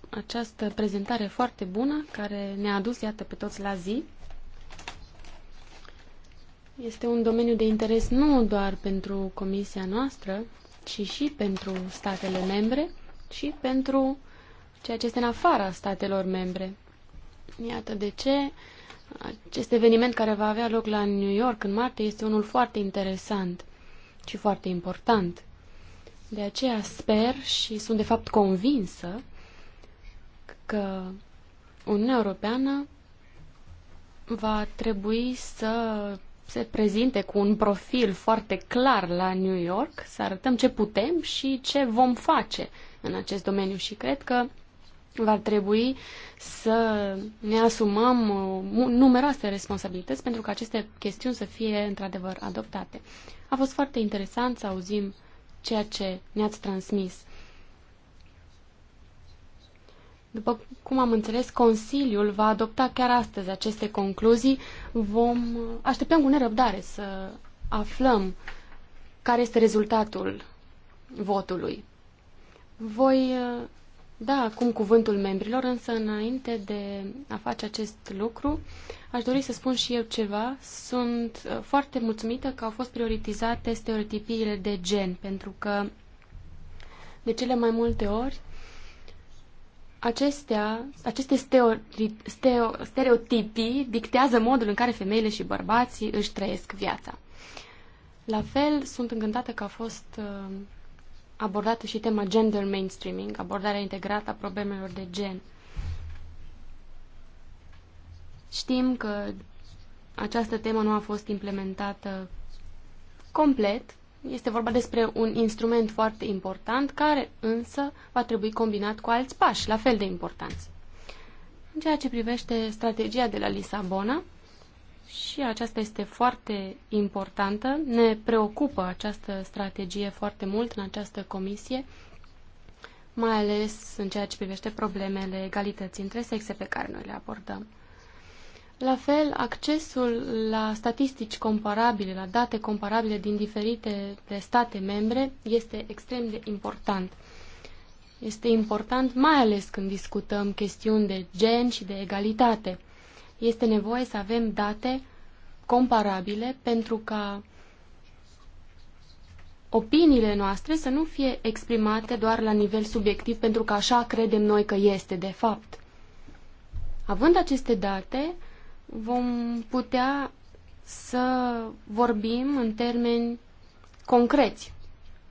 această prezentare foarte bună care ne-a adus, iată, pe toți la zi. Este un domeniu de interes nu doar pentru comisia noastră, ci și pentru statele membre și pentru ceea ce este în afara statelor membre. Iată de ce acest eveniment care va avea loc la New York în martie este unul foarte interesant și foarte important. De aceea sper și sunt de fapt convinsă că Uniunea Europeană va trebui să se prezinte cu un profil foarte clar la New York, să arătăm ce putem și ce vom face în acest domeniu și cred că va trebui să ne asumăm uh, numeroase responsabilități pentru că aceste chestiuni să fie într-adevăr adoptate. A fost foarte interesant să auzim ceea ce ne-ați transmis. După cum am înțeles, Consiliul va adopta chiar astăzi aceste concluzii. Vom așteptăm cu nerăbdare să aflăm care este rezultatul votului. Voi da acum cuvântul membrilor, însă înainte de a face acest lucru, aș dori să spun și eu ceva. Sunt uh, foarte mulțumită că au fost prioritizate stereotipiile de gen, pentru că de cele mai multe ori Acestea, aceste stereotipii dictează modul în care femeile și bărbații își trăiesc viața. La fel, sunt încântată că a fost uh, abordată și tema gender mainstreaming, abordarea integrată a problemelor de gen. Știm că această temă nu a fost implementată complet este vorba despre un instrument foarte important, care însă va trebui combinat cu alți pași, la fel de importanți. În ceea ce privește strategia de la Lisabona, și aceasta este foarte importantă, ne preocupă această strategie foarte mult în această comisie, mai ales în ceea ce privește problemele egalității între sexe pe care noi le abordăm. La fel, accesul la statistici comparabile, la date comparabile din diferite state membre este extrem de important. Este important mai ales când discutăm chestiuni de gen și de egalitate. Este nevoie să avem date comparabile pentru ca opiniile noastre să nu fie exprimate doar la nivel subiectiv pentru că așa credem noi că este de fapt. Având aceste date, vom putea să vorbim în termeni concreți,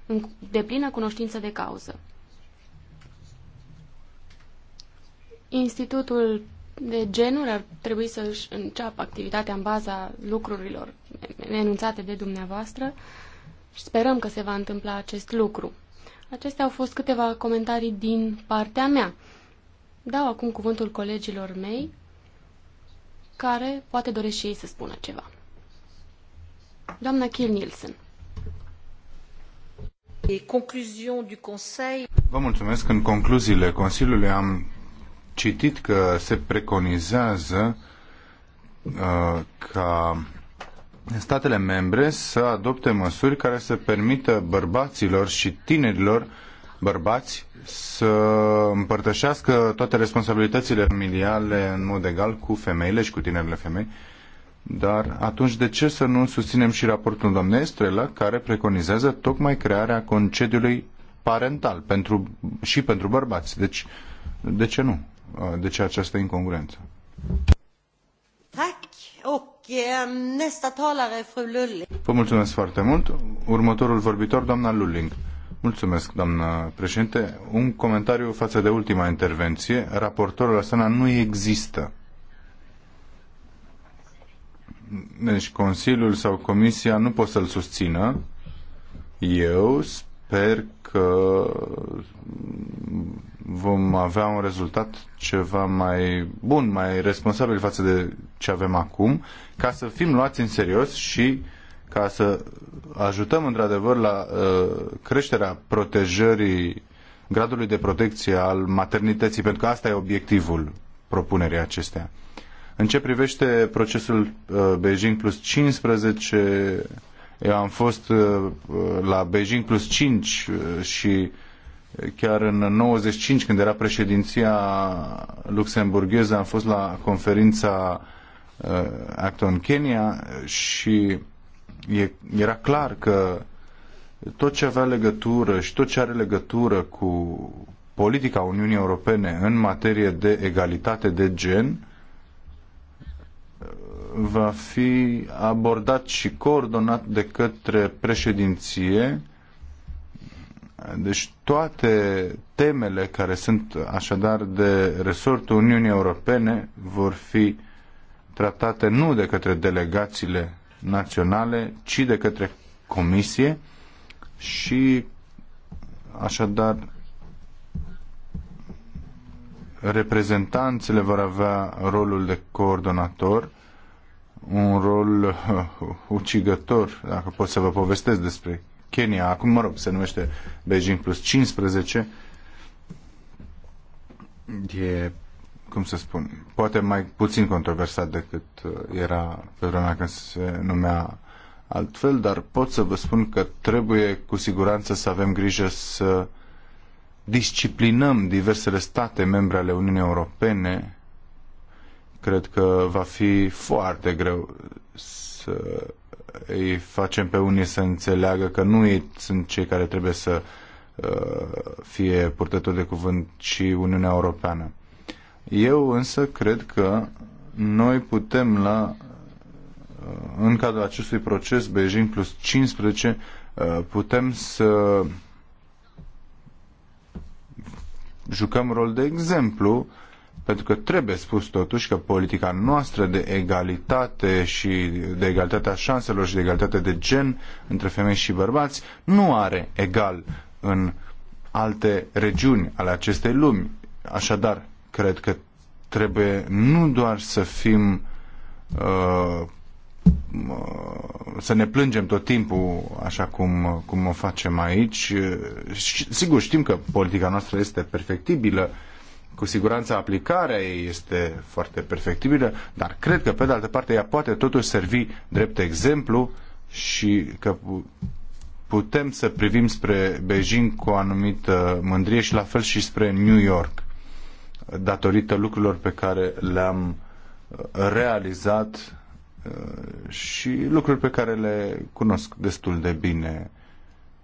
în deplină cunoștință de cauză. Institutul de genuri ar trebui să își înceapă activitatea în baza lucrurilor enunțate de dumneavoastră și sperăm că se va întâmpla acest lucru. Acestea au fost câteva comentarii din partea mea. Dau acum cuvântul colegilor mei care poate dorește și ei să spună ceva. Doamna Kiel Nielsen. Vă mulțumesc. În concluziile Consiliului am citit că se preconizează uh, ca statele membre să adopte măsuri care să permită bărbaților și tinerilor bărbați să împărtășească toate responsabilitățile familiale în mod egal cu femeile și cu tinerile femei. Dar atunci de ce să nu susținem și raportul doamnei Estrela care preconizează tocmai crearea concediului parental pentru, și pentru bărbați? Deci, de ce nu? De ce această incongruență? Ehm, talare, fru Lulling. Vă mulțumesc foarte mult. Următorul vorbitor, doamna Lulling. Mulțumesc, doamnă președinte. Un comentariu față de ultima intervenție. Raportorul Asana nu există. Deci Consiliul sau Comisia nu pot să-l susțină. Eu sper că vom avea un rezultat ceva mai bun, mai responsabil față de ce avem acum, ca să fim luați în serios și uh, ca să ajutăm într-adevăr la uh, creșterea protejării, gradului de protecție al maternității, pentru că asta e obiectivul propunerii acestea. În ce privește procesul uh, Beijing plus 15, eu am fost uh, la Beijing plus 5 și chiar în 95, când era președinția luxemburgheză, am fost la conferința Acton Kenya și e, era clar că tot ce avea legătură și tot ce are legătură cu politica Uniunii Europene în materie de egalitate de gen va fi abordat și coordonat de către președinție. Deci toate temele care sunt așadar de resortul Uniunii Europene vor fi tratate nu de către delegațiile naționale, ci de către comisie și așadar reprezentanțele vor avea rolul de coordonator, un rol uh, ucigător, dacă pot să vă povestesc despre Kenya, acum mă rog, se numește Beijing plus 15, e cum să spun, poate mai puțin controversat decât uh, era pe vremea când se numea altfel, dar pot să vă spun că trebuie cu siguranță să avem grijă să disciplinăm diversele state membre ale Uniunii Europene. Cred că va fi foarte greu să îi facem pe unii să înțeleagă că nu ei sunt cei care trebuie să uh, fie purtători de cuvânt, ci Uniunea Europeană. Eu însă cred că noi putem la uh, în cadrul acestui proces Beijing plus 15 uh, putem să jucăm rol de exemplu pentru că trebuie spus totuși că politica noastră de egalitate și de egalitatea șanselor și de egalitate de gen între femei și bărbați nu are egal în alte regiuni ale acestei lumi. Așadar, cred că trebuie nu doar să fim uh, să ne plângem tot timpul așa cum, cum o facem aici. Sigur, știm că politica noastră este perfectibilă, cu siguranță aplicarea ei este foarte perfectibilă, dar cred că, pe de altă parte, ea poate totuși servi drept exemplu și că putem să privim spre Beijing cu o anumită mândrie și la fel și spre New York datorită lucrurilor pe care le-am uh, realizat uh, și lucruri pe care le cunosc destul de bine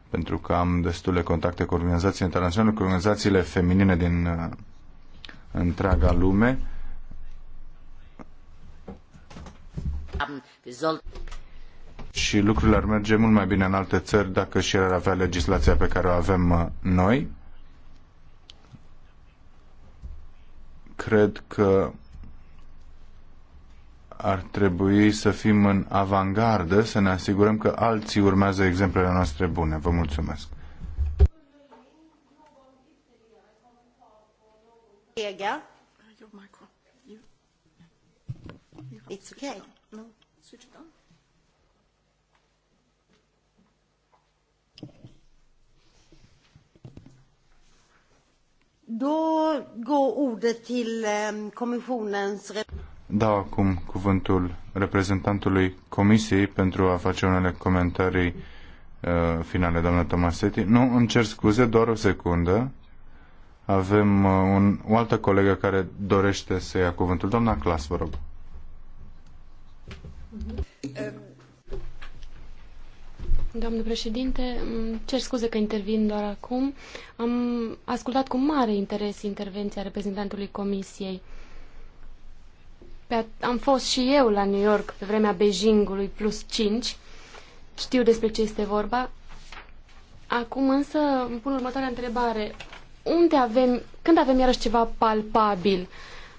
pentru că am destule contacte cu organizații internaționale, cu organizațiile feminine din uh, întreaga lume. Și lucrurile ar merge mult mai bine în alte țări dacă și ar avea legislația pe care o avem noi. cred că ar trebui să fim în avangardă, să ne asigurăm că alții urmează exemplele noastre bune. Vă mulțumesc. It's okay. Då går ordet till ehm, kommissionens... Da acum cuvântul reprezentantului Comisiei pentru a face unele comentarii uh, finale, doamna Tomasetti. Nu, îmi cer scuze, doar o secundă. Avem uh, un, o altă colegă care dorește să ia cuvântul. Doamna Clas, vă rog. Uh mm-hmm. -huh. Doamnă președinte, cer scuze că intervin doar acum. Am ascultat cu mare interes intervenția reprezentantului Comisiei. Pe am fost și eu la New York pe vremea Beijingului plus 5. Știu despre ce este vorba. Acum însă îmi pun următoarea întrebare. Unde avem, când avem iarăși ceva palpabil?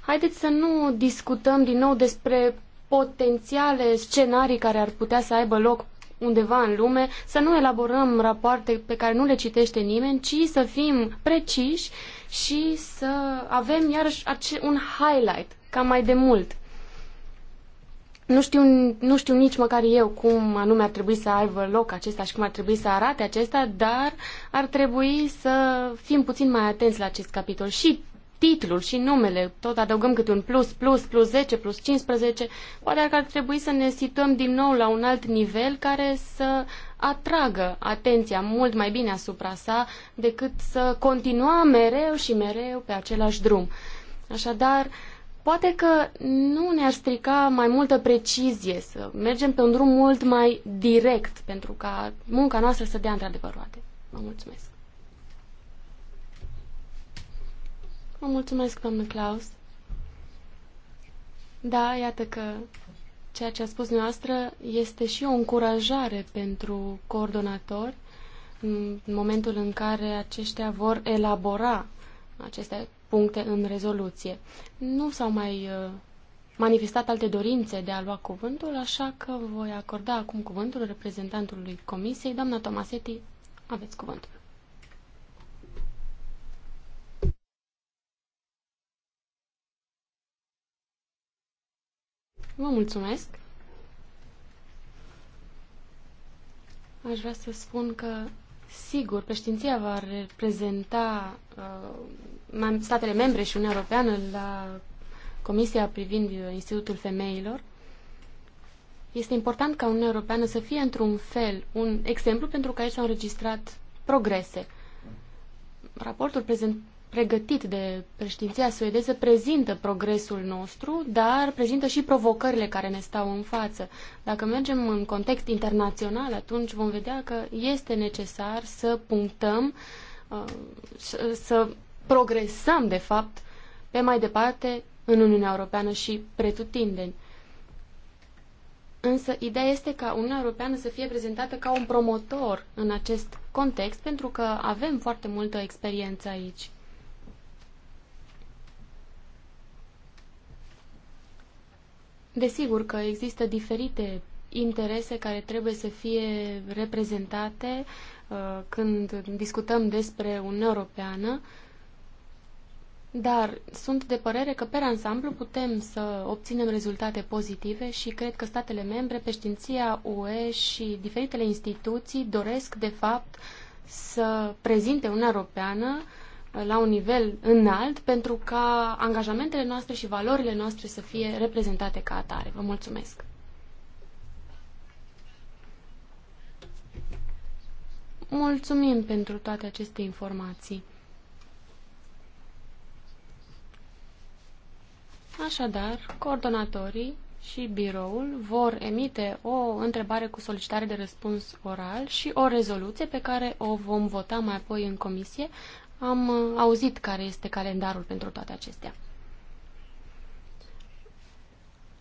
Haideți să nu discutăm din nou despre potențiale scenarii care ar putea să aibă loc undeva în lume, să nu elaborăm rapoarte pe care nu le citește nimeni, ci să fim preciși și să avem iarăși un highlight, cam mai de mult. Nu știu, nu știu nici măcar eu cum anume ar trebui să aibă loc acesta și cum ar trebui să arate acesta, dar ar trebui să fim puțin mai atenți la acest capitol. Și titlul și numele, tot adăugăm câte un plus, plus, plus 10, plus 15, poate că ar trebui să ne situăm din nou la un alt nivel care să atragă atenția mult mai bine asupra sa decât să continua mereu și mereu pe același drum. Așadar, poate că nu ne-ar strica mai multă precizie, să mergem pe un drum mult mai direct pentru ca munca noastră să dea într-adevăr roade. Vă mulțumesc! Vă mulțumesc, doamnă Claus. Da, iată că ceea ce a spus noastră este și o încurajare pentru coordonatori în momentul în care aceștia vor elabora aceste puncte în rezoluție. Nu s-au mai uh, manifestat alte dorințe de a lua cuvântul, așa că voi acorda acum cuvântul reprezentantului Comisiei, doamna Tomasetti, aveți cuvântul. Vă mulțumesc. Aș vrea să spun că, sigur, preștinția va reprezenta uh, statele membre și Uniunea Europeană la Comisia privind uh, Institutul Femeilor. Este important ca Uniunea Europeană să fie, într-un fel, un exemplu pentru că aici s-au înregistrat progrese. Raportul prezent pregătit de președinția suedeză prezintă progresul nostru, dar prezintă și provocările care ne stau în față. Dacă mergem în context internațional, atunci vom vedea că este necesar să punctăm, uh, să progresăm, de fapt, pe mai departe în Uniunea Europeană și pretutindeni. Însă, ideea este ca Uniunea Europeană să fie prezentată ca un promotor în acest context, pentru că avem foarte multă experiență aici. Desigur că există diferite interese care trebuie să fie reprezentate uh, când discutăm despre Uniunea Europeană, dar sunt de părere că, pe ansamblu, putem să obținem rezultate pozitive și cred că statele membre, peștinția UE și diferitele instituții doresc, de fapt, să prezinte Uniunea Europeană uh, la un nivel înalt pentru ca angajamentele noastre și valorile noastre să fie reprezentate ca atare. Vă mulțumesc! Mulțumim pentru toate aceste informații. Așadar, coordonatorii și biroul vor emite o întrebare cu solicitare de răspuns oral și o rezoluție pe care o vom vota mai apoi în comisie, am uh, auzit care este calendarul pentru toate acestea.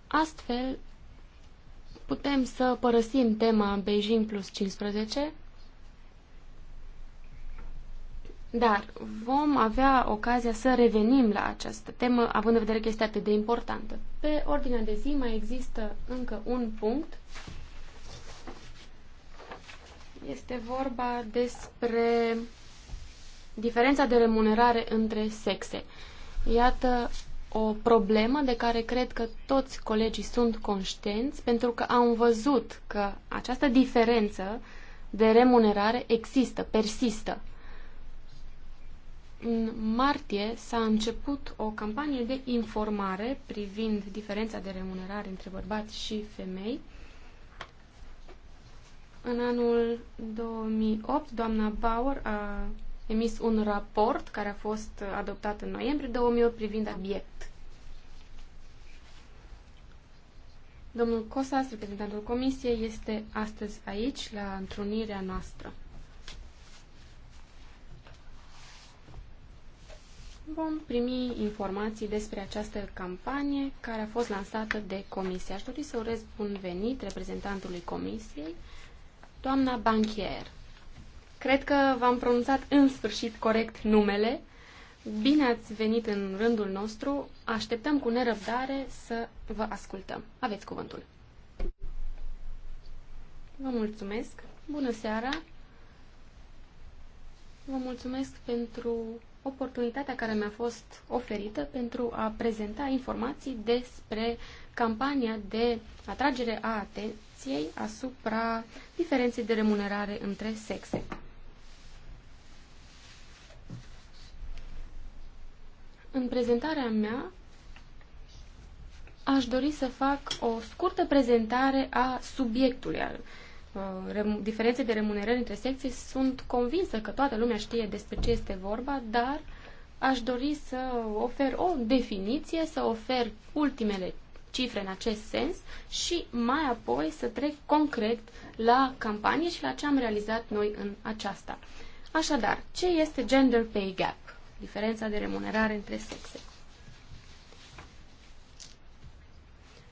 Astfel, putem să părăsim tema Beijing plus 15, dar vom avea ocazia să revenim la această temă, având în vedere că este atât de importantă. Pe ordinea de zi mai există încă un punct. Este vorba despre diferența de remunerare între sexe. Iată o problemă de care cred că toți colegii sunt conștienți pentru că au văzut că această diferență de remunerare există, persistă. În martie s-a început o campanie de informare privind diferența de remunerare între bărbați și femei. În anul 2008, doamna Bauer a emis un raport care a fost adoptat în noiembrie 2008 privind obiect. Domnul Cosas, reprezentantul Comisiei, este astăzi aici, la întrunirea noastră. Vom primi informații despre această campanie care a fost lansată de Comisie. Aș dori să urez bun venit reprezentantului Comisiei, doamna Banchier. Cred că v-am pronunțat în sfârșit corect numele. Bine ați venit în rândul nostru. Așteptăm cu nerăbdare să vă ascultăm. Aveți cuvântul. Vă mulțumesc. Bună seara. Vă mulțumesc pentru oportunitatea care mi-a fost oferită pentru a prezenta informații despre campania de atragere a atenției asupra diferenței de remunerare între sexe. În prezentarea mea aș dori să fac o scurtă prezentare a subiectului, al uh, diferențe de remunerări între secții. Sunt convinsă că toată lumea știe despre ce este vorba, dar aș dori să ofer o definiție, să ofer ultimele cifre în acest sens și mai apoi să trec concret la campanie și la ce am realizat noi în aceasta. Așadar, ce este Gender Pay Gap? diferența de remunerare între sexe.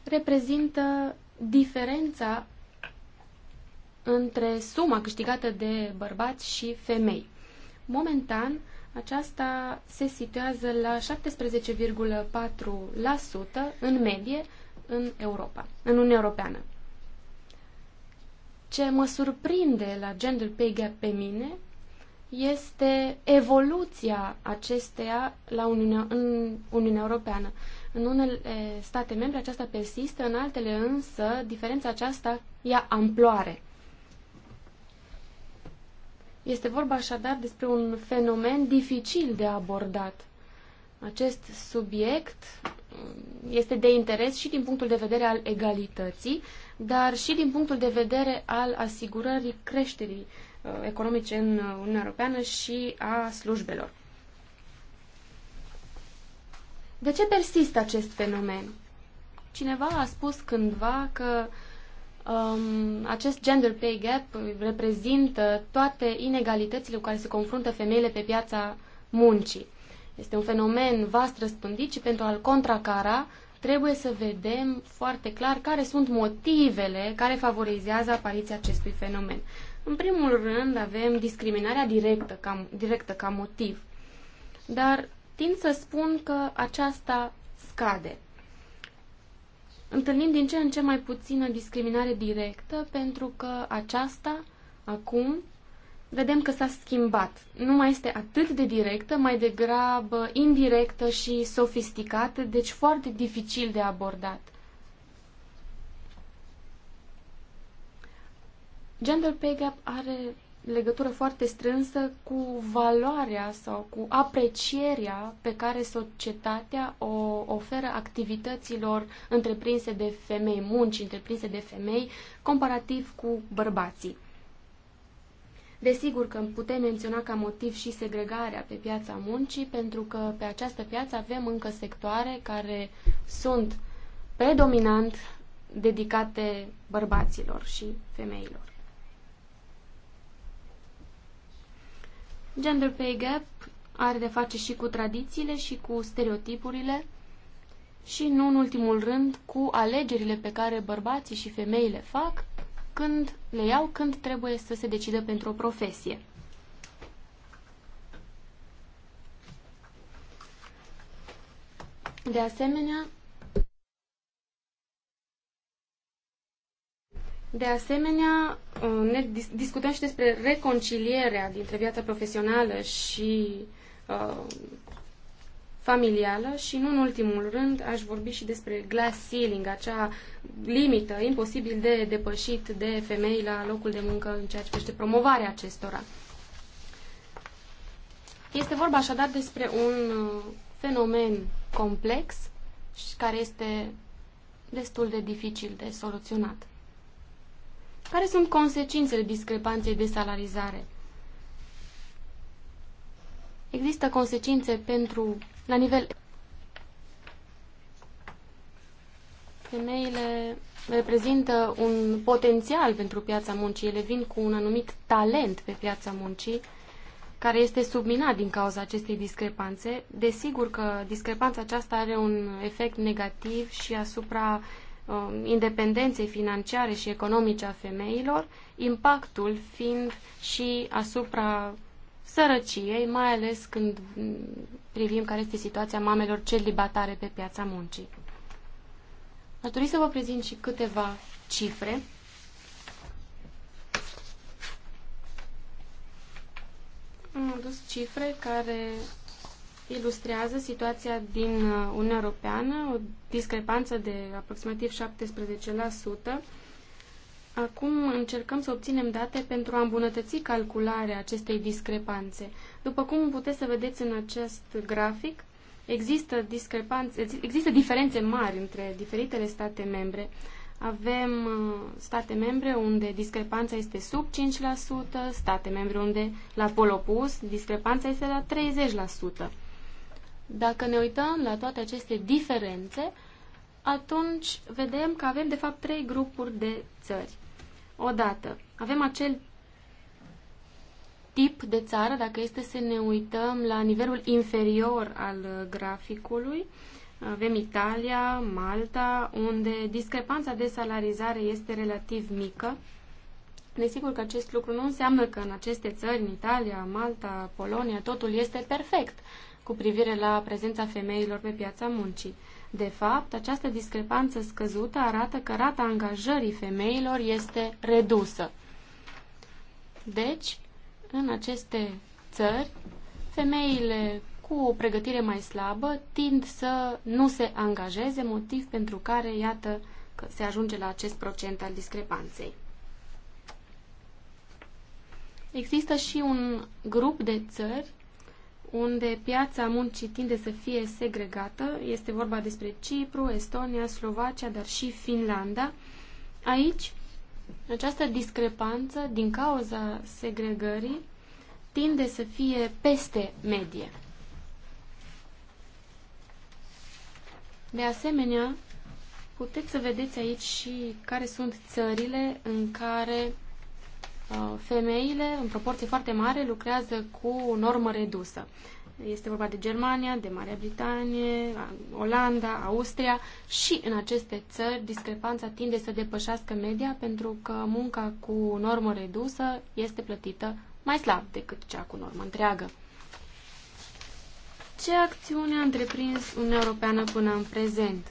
Reprezintă diferența între suma câștigată de bărbați și femei. Momentan, aceasta se situează la 17,4% în medie în Europa, în Uniunea Europeană. Ce mă surprinde la Gender Pay Gap pe mine este evoluția acesteia la Uniunea, în Uniunea Europeană. În unele state membre aceasta persistă, în altele însă diferența aceasta ia amploare. Este vorba așadar despre un fenomen dificil de abordat. Acest subiect este de interes și din punctul de vedere al egalității, dar și din punctul de vedere al asigurării creșterii Uh, economice în uh, Uniunea Europeană și a slujbelor. De ce persistă acest fenomen? Cineva a spus cândva că um, acest gender pay gap reprezintă toate inegalitățile cu care se confruntă femeile pe piața muncii. Este un fenomen vast răspândit și pentru a-l contracara trebuie să vedem foarte clar care sunt motivele care favorizează apariția acestui fenomen. În primul rând avem discriminarea directă ca, directă ca motiv, dar tind să spun că aceasta scade. Întâlnim din ce în ce mai puțină discriminare directă pentru că aceasta, acum, vedem că s-a schimbat. Nu mai este atât de directă, mai degrabă indirectă și sofisticată, deci foarte dificil de abordat. Gender pay gap are legătură foarte strânsă cu valoarea sau cu aprecierea pe care societatea o oferă activităților întreprinse de femei, munci întreprinse de femei, comparativ cu bărbații. Desigur că putem menționa ca motiv și segregarea pe piața muncii, pentru că pe această piață avem încă sectoare care sunt predominant dedicate bărbaților și femeilor. Gender pay gap are de face și cu tradițiile și cu stereotipurile și, nu în ultimul rând, cu alegerile pe care bărbații și femeile fac când le iau când trebuie să se decidă pentru o profesie. De asemenea, De asemenea, uh, ne discutăm și despre reconcilierea dintre viața profesională și uh, familială și, nu în ultimul rând, aș vorbi și despre glass ceiling, acea limită imposibil de depășit de femei la locul de muncă în ceea ce privește promovarea acestora. Este vorba așadar despre un uh, fenomen complex și care este destul de dificil de soluționat. Care sunt consecințele discrepanței de salarizare? Există consecințe pentru, la nivel... Femeile reprezintă un potențial pentru piața muncii. Ele vin cu un anumit talent pe piața muncii care este subminat din cauza acestei discrepanțe. Desigur că discrepanța aceasta are un efect negativ și asupra Um, independenței financiare și economice a femeilor, impactul fiind și asupra sărăciei, mai ales când privim care este situația mamelor celibatare pe piața muncii. Aș dori să vă prezint și câteva cifre. Am adus cifre care ilustrează situația din uh, Uniunea Europeană, o discrepanță de aproximativ 17%. Acum încercăm să obținem date pentru a îmbunătăți calcularea acestei discrepanțe. După cum puteți să vedeți în acest grafic, există, discrepanțe, există diferențe mari între diferitele state membre. Avem uh, state membre unde discrepanța este sub 5%, state membre unde, la polopus discrepanța este la dacă ne uităm la toate aceste diferențe, atunci vedem că avem, de fapt, trei grupuri de țări. Odată, avem acel tip de țară, dacă este să ne uităm la nivelul inferior al graficului, avem Italia, Malta, unde discrepanța de salarizare este relativ mică. Desigur că acest lucru nu înseamnă că în aceste țări, în Italia, Malta, Polonia, totul este perfect cu privire la prezența femeilor pe piața muncii. De fapt, această discrepanță scăzută arată că rata angajării femeilor este redusă. Deci, în aceste țări, femeile cu o pregătire mai slabă tind să nu se angajeze, motiv pentru care, iată, că se ajunge la acest procent al discrepanței. Există și un grup de țări unde piața muncii tinde să fie segregată. Este vorba despre Cipru, Estonia, Slovacia, dar și Finlanda. Aici, această discrepanță din cauza segregării tinde să fie peste medie. De asemenea, puteți să vedeți aici și care sunt țările în care Uh, femeile, în proporție foarte mare, lucrează cu normă redusă. Este vorba de Germania, de Marea Britanie, Olanda, Austria și în aceste țări discrepanța tinde să depășească media pentru că munca cu normă redusă este plătită mai slab decât cea cu normă întreagă. Ce acțiune a întreprins Uniunea Europeană până în prezent?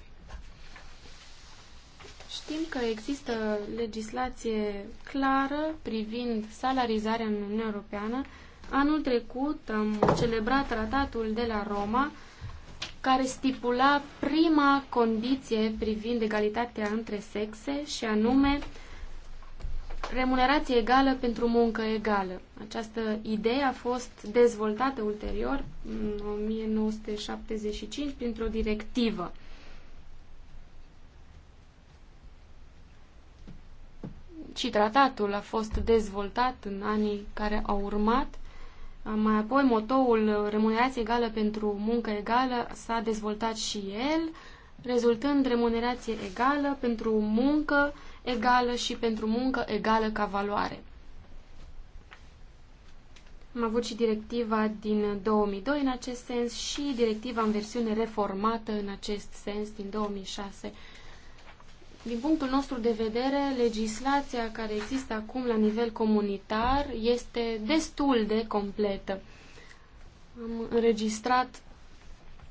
Știm că există legislație clară privind salarizarea în Uniunea Europeană. Anul trecut am celebrat tratatul de la Roma, care stipula prima condiție privind egalitatea între sexe și anume remunerație egală pentru muncă egală. Această idee a fost dezvoltată ulterior în 1975 printr-o directivă. și tratatul a fost dezvoltat în anii care au urmat. Mai apoi, motoul remunerație egală pentru muncă egală s-a dezvoltat și el, rezultând remunerație egală pentru muncă egală și pentru muncă egală ca valoare. Am avut și directiva din 2002 în acest sens și directiva în versiune reformată în acest sens din 2006. Din punctul nostru de vedere, legislația care există acum la nivel comunitar este destul de completă. Am înregistrat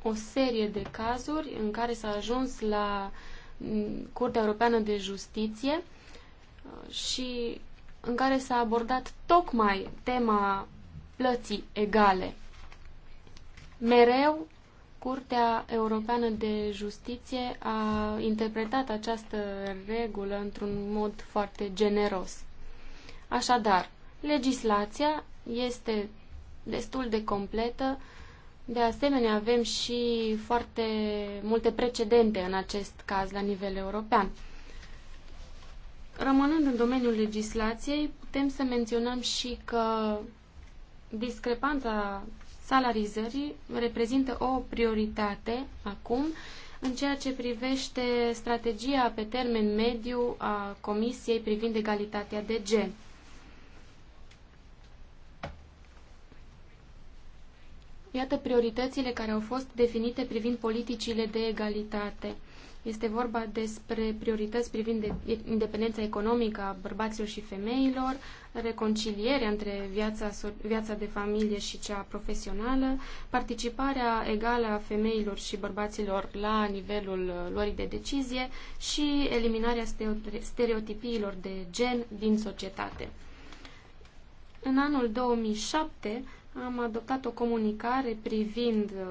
o serie de cazuri în care s-a ajuns la mm, Curtea Europeană de Justiție uh, și în care s-a abordat tocmai tema plății egale. Mereu Curtea Europeană de Justiție a interpretat această regulă într-un mod foarte generos. Așadar, legislația este destul de completă. De asemenea, avem și foarte multe precedente în acest caz la nivel european. Rămânând în domeniul legislației, putem să menționăm și că discrepanța salarizării reprezintă o prioritate acum în ceea ce privește strategia pe termen mediu a Comisiei privind egalitatea de gen. Iată prioritățile care au fost definite privind politicile de egalitate. Este vorba despre priorități privind de independența economică a bărbaților și femeilor, reconcilierea între viața, viața de familie și cea profesională, participarea egală a femeilor și bărbaților la nivelul uh, lor de decizie și eliminarea stereotipiilor de gen din societate. În anul 2007 am adoptat o comunicare privind uh,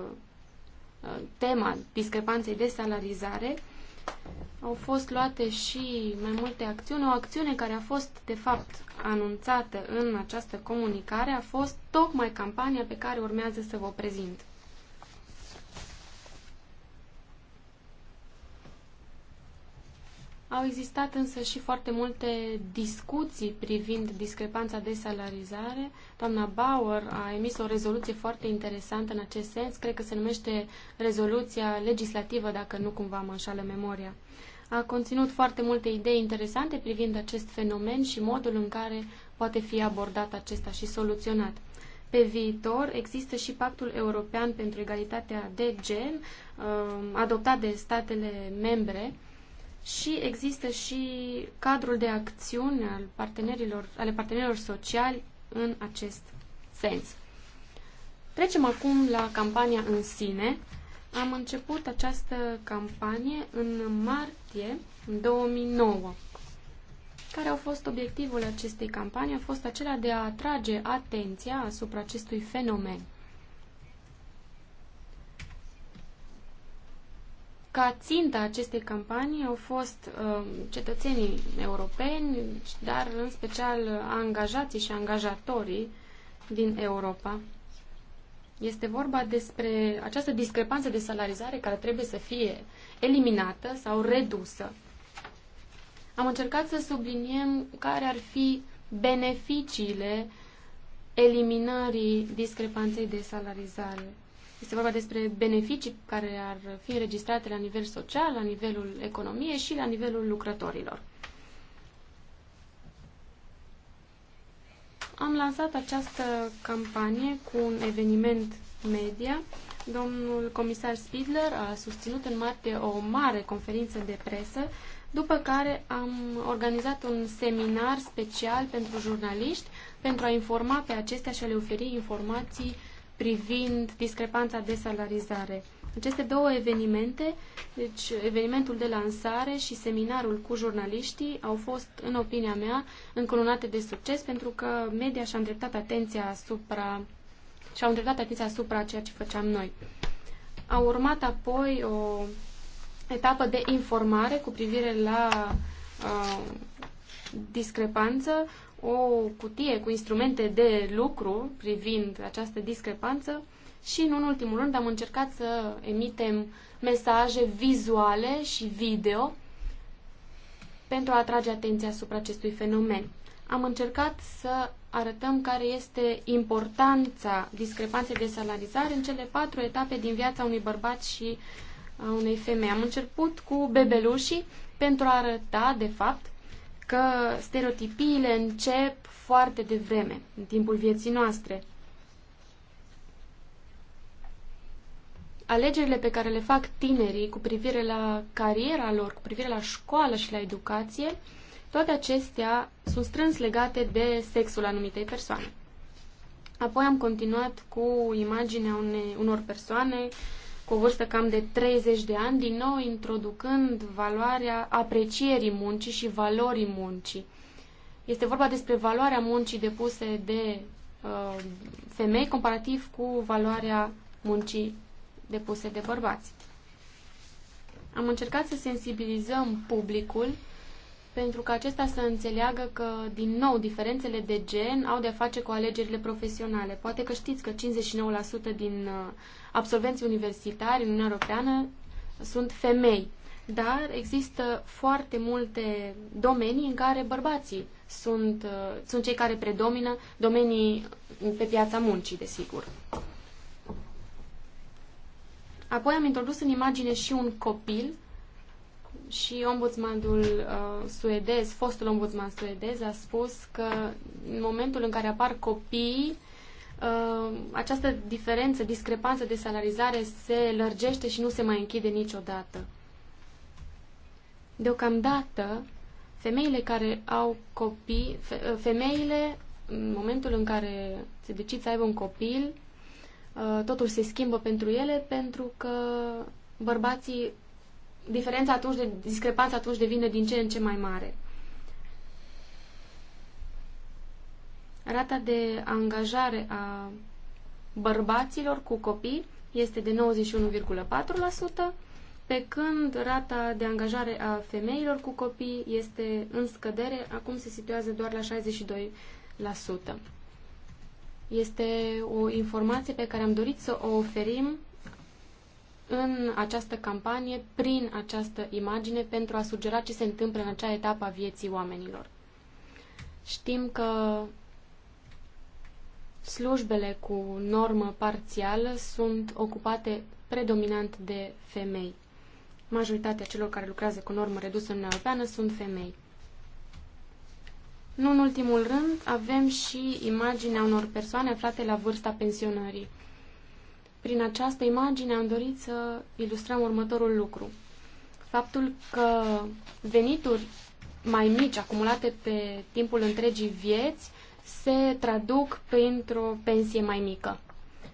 tema discrepanței de salarizare, au fost luate și mai multe acțiuni. O acțiune care a fost, de fapt, anunțată în această comunicare a fost tocmai campania pe care urmează să vă prezint. Au existat însă și foarte multe discuții privind discrepanța de salarizare. Doamna Bauer a emis o rezoluție foarte interesantă în acest sens. Cred că se numește rezoluția legislativă, dacă nu cumva mă înșală memoria. A conținut foarte multe idei interesante privind acest fenomen și modul în care poate fi abordat acesta și soluționat. Pe viitor există și Pactul European pentru Egalitatea de Gen, um, adoptat de statele membre, și există și cadrul de acțiune al partenerilor, ale partenerilor sociali în acest sens. Trecem acum la campania în sine. Am început această campanie în martie 2009. Care au fost obiectivul acestei campanii? A fost acela de a atrage atenția asupra acestui fenomen. Ca țintă acestei campanii au fost uh, cetățenii europeni, dar în special angajații și angajatorii din Europa. Este vorba despre această discrepanță de salarizare care trebuie să fie eliminată sau redusă. Am încercat să subliniem care ar fi beneficiile eliminării discrepanței de salarizare. Este vorba despre beneficii care ar fi înregistrate la nivel social, la nivelul economiei și la nivelul lucrătorilor. Am lansat această campanie cu un eveniment media. Domnul comisar Spidler a susținut în martie o mare conferință de presă, după care am organizat un seminar special pentru jurnaliști pentru a informa pe acestea și a le oferi informații uh, privind discrepanța de salarizare. Aceste două evenimente, deci evenimentul de lansare și seminarul cu jurnaliștii, au fost, în opinia mea, încolunate de succes pentru că media și-a îndreptat atenția asupra și au îndreptat atenția asupra ceea ce făceam noi. A urmat apoi o etapă de informare cu privire la uh, discrepanță, o cutie cu instrumente de lucru privind această discrepanță și, în ultimul rând, am încercat să emitem mesaje vizuale și video pentru a atrage atenția asupra acestui fenomen. Am încercat să arătăm care este importanța discrepanței de salarizare în cele patru etape din viața unui bărbat și a unei femei. Am început cu bebelușii pentru a arăta, de fapt, că stereotipiile încep foarte devreme, în timpul vieții noastre. Alegerile pe care le fac tinerii cu privire la cariera lor, cu privire la școală și la educație, toate acestea sunt strâns legate de sexul anumitei persoane. Apoi am continuat cu imaginea unei, unor persoane uh, cu o vârstă cam de 30 de ani, din nou introducând valoarea aprecierii muncii și valorii muncii. Este vorba despre valoarea muncii depuse de uh, femei comparativ cu valoarea muncii depuse de bărbați. Am încercat să sensibilizăm publicul pentru ca acesta să înțeleagă că, din nou, diferențele de gen au de-a face cu alegerile profesionale. Poate că știți că 59% din uh, absolvenții universitari în Uniunea Europeană sunt femei, dar există foarte multe domenii în care bărbații sunt, uh, sunt cei care predomină, domenii pe piața muncii, desigur. Apoi am introdus în imagine și un copil și ombudsmanul uh, suedez, fostul ombudsman suedez, a spus că în momentul în care apar copii, uh, această diferență, discrepanță de salarizare se lărgește și nu se mai închide niciodată. Deocamdată, femeile care au copii, fe, uh, femeile, în momentul în care se decid să aibă un copil, uh, totul se schimbă pentru ele pentru că bărbații diferența atunci, de, discrepanța atunci devine din ce în ce mai mare. Rata de angajare a bărbaților cu copii este de 91,4%, pe când rata de angajare a femeilor cu copii este în scădere, acum se situează doar la 62%. Este o informație pe care am dorit să o oferim în această campanie, prin această imagine, pentru a sugera ce se întâmplă în acea etapă a vieții oamenilor. Știm că slujbele cu normă parțială sunt ocupate predominant de femei. Majoritatea celor care lucrează cu normă redusă în Europeană sunt femei. Nu în ultimul rând, avem și imaginea unor persoane aflate la vârsta pensionării. Prin această imagine am dorit să ilustrăm următorul lucru. Faptul că venituri mai mici acumulate pe timpul întregii vieți se traduc printr-o pensie mai mică.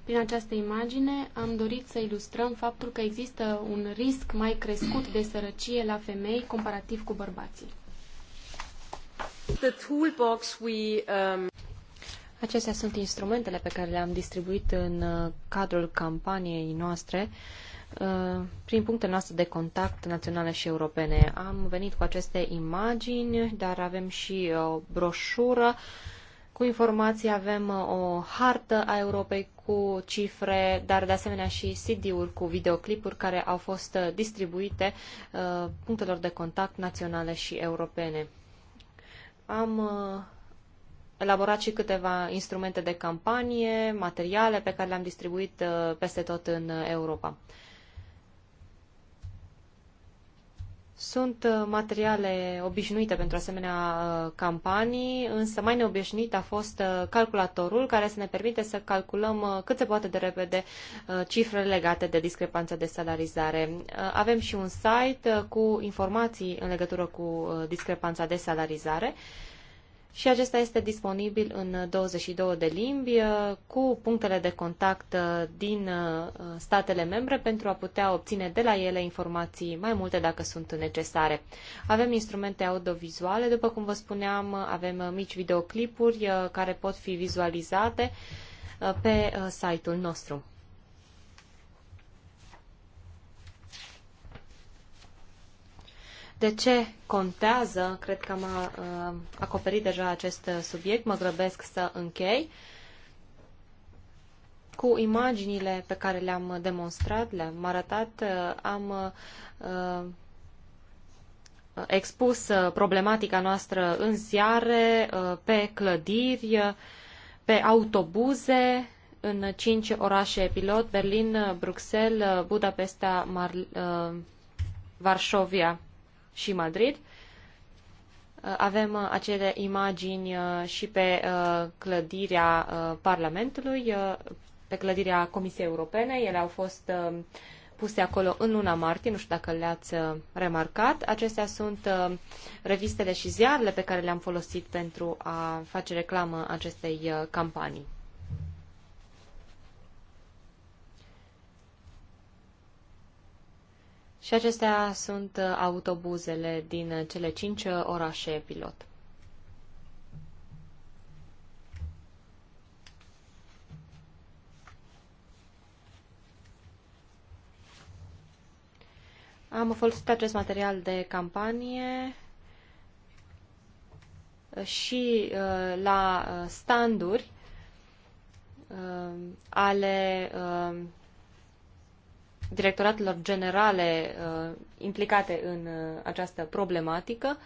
Prin această imagine am dorit să ilustrăm faptul că există un risc mai crescut de sărăcie la femei comparativ cu bărbații. The toolbox we, um... Acestea sunt instrumentele pe care le-am distribuit în uh, cadrul campaniei noastre uh, prin punctele noastre de contact naționale și europene. Am venit cu aceste imagini, dar avem și uh, o broșură cu informații, avem o hartă a Europei cu cifre, dar de asemenea și CD-uri cu videoclipuri care au fost distribuite punctelor de contact naționale și europene. Am elaborat și câteva instrumente de campanie, materiale pe care le-am distribuit uh, peste tot în uh, Europa. Sunt uh, materiale obișnuite pentru asemenea campanii, însă mai neobișnuit a fost calculatorul care să ne permite să calculăm cât se poate de repede cifrele legate de discrepanța de salarizare. Avem și un site cu informații în legătură cu discrepanța de salarizare și acesta este disponibil în 22 uh, de limbi uh, cu punctele de contact uh, din statele membre pentru a putea obține de la ele informații mai multe dacă sunt necesare. Avem instrumente audiovizuale, după cum vă spuneam, avem mici videoclipuri care pot fi vizualizate pe site-ul nostru. De ce contează? Cred că am uh, acoperit deja acest uh, subiect, mă grăbesc să închei. Cu imaginile pe care le-am demonstrat, le-am arătat, uh, am uh, expus uh, problematica noastră în ziare, pe clădiri, pe autobuze, în cinci orașe pilot, Berlin, Bruxelles, Budapesta, Mar- Varșovia și Madrid. Uh, avem uh, acele imagini uh, și pe clădirea Parlamentului, pe clădirea Comisiei Europene. Ele au fost puse acolo în luna martie, nu știu dacă le-ați remarcat. Acestea sunt revistele și ziarele pe care le-am folosit pentru a face reclamă acestei campanii. Și acestea sunt uh, autobuzele din uh, cele cinci uh, orașe pilot. Am folosit acest material de campanie și la standuri ale directoratelor generale uh, implicate în uh, această problematică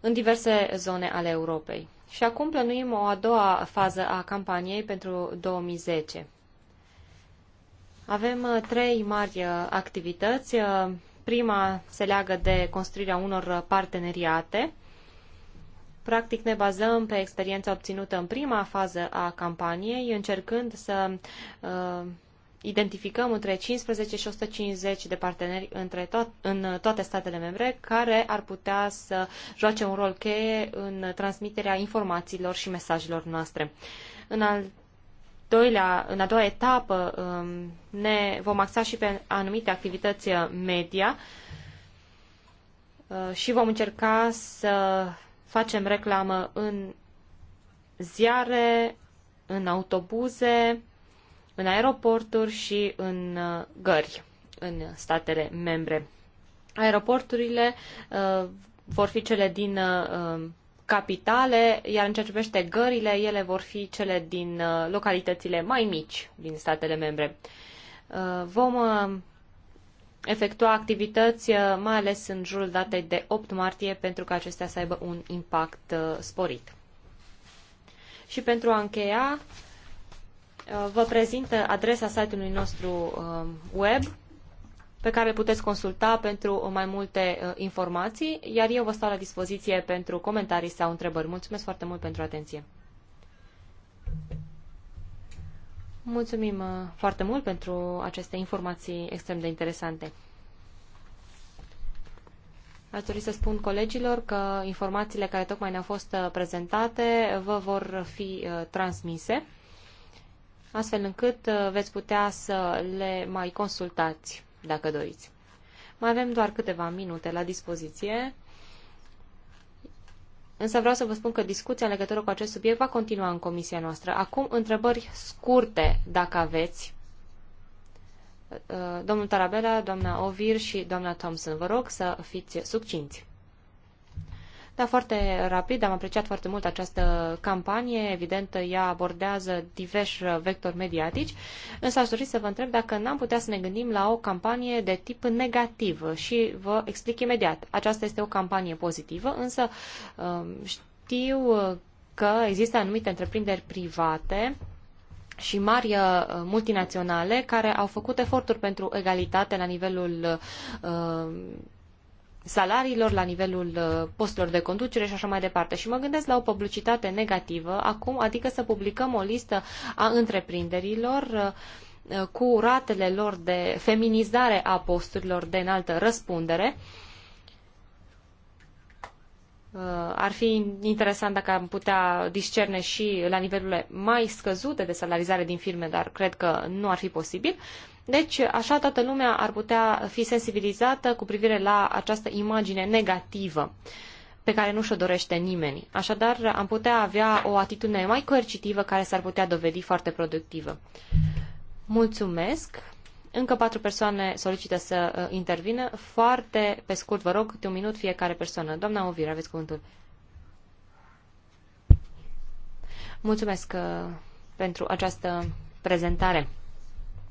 în diverse zone ale Europei. Și acum plănuim o a doua fază a campaniei pentru 2010. Avem uh, trei mari activități. Prima se leagă de construirea unor parteneriate. Practic ne bazăm pe experiența obținută în prima fază a campaniei, încercând să identificăm între 15 și 150 de parteneri între to- în toate statele membre care ar putea să joace un rol cheie în transmiterea informațiilor și mesajelor noastre. În al doilea, în a doua etapă um, ne vom axa și pe anumite activități media uh, și vom încerca să facem reclamă în ziare, în autobuze, în aeroporturi și în uh, gări în statele membre. Aeroporturile uh, vor fi cele din uh, capitale, iar în ceea ce privește gările, ele vor fi cele din uh, localitățile mai mici din statele membre. Uh, vom uh, efectua activități, mai ales în jurul datei de 8 martie, pentru ca acestea să aibă un impact sporit. Și pentru a încheia, Uh, vă prezint adresa site-ului nostru uh, web pe care îl puteți consulta pentru mai multe uh, informații, iar eu vă stau la dispoziție pentru comentarii sau întrebări. Mulțumesc foarte mult pentru atenție! Mulțumim foarte mult pentru aceste informații extrem de interesante. Aș dori să spun colegilor că informațiile care tocmai ne-au fost prezentate vă vor fi transmise astfel încât uh, veți putea să le mai consultați, dacă doriți. Mai avem doar câteva minute la dispoziție, însă vreau să vă spun că discuția în legătură cu acest subiect va continua în comisia noastră. Acum, întrebări scurte, dacă aveți. Uh, domnul Tarabela, doamna Ovir și doamna Thompson, vă rog să fiți succinți. Da, foarte rapid, am apreciat foarte mult această campanie. Evident, ea abordează diversi vectori mediatici, însă aș dori să vă întreb dacă n-am putea să ne gândim la o campanie de tip negativ și vă explic imediat. Aceasta este o campanie pozitivă, însă um, știu că există anumite întreprinderi private și mari uh, multinaționale care au făcut eforturi pentru egalitate la nivelul uh, salariilor, la nivelul uh, posturilor de conducere și așa mai departe. Și mă gândesc la o publicitate negativă acum, adică să publicăm o listă a întreprinderilor uh, cu ratele lor de feminizare a posturilor de înaltă răspundere. Uh, ar fi interesant dacă am putea discerne și la nivelurile mai scăzute de salarizare din firme, dar cred că nu ar fi posibil. Deci, așa toată lumea ar putea fi sensibilizată cu privire la această imagine negativă pe care nu și-o dorește nimeni. Așadar, am putea avea o atitudine mai coercitivă care s-ar putea dovedi foarte productivă. Mulțumesc! Încă patru persoane solicită să uh, intervină. Foarte pe scurt, vă rog, câte un minut fiecare persoană. Doamna Ovir, aveți cuvântul. Mulțumesc uh, pentru această prezentare.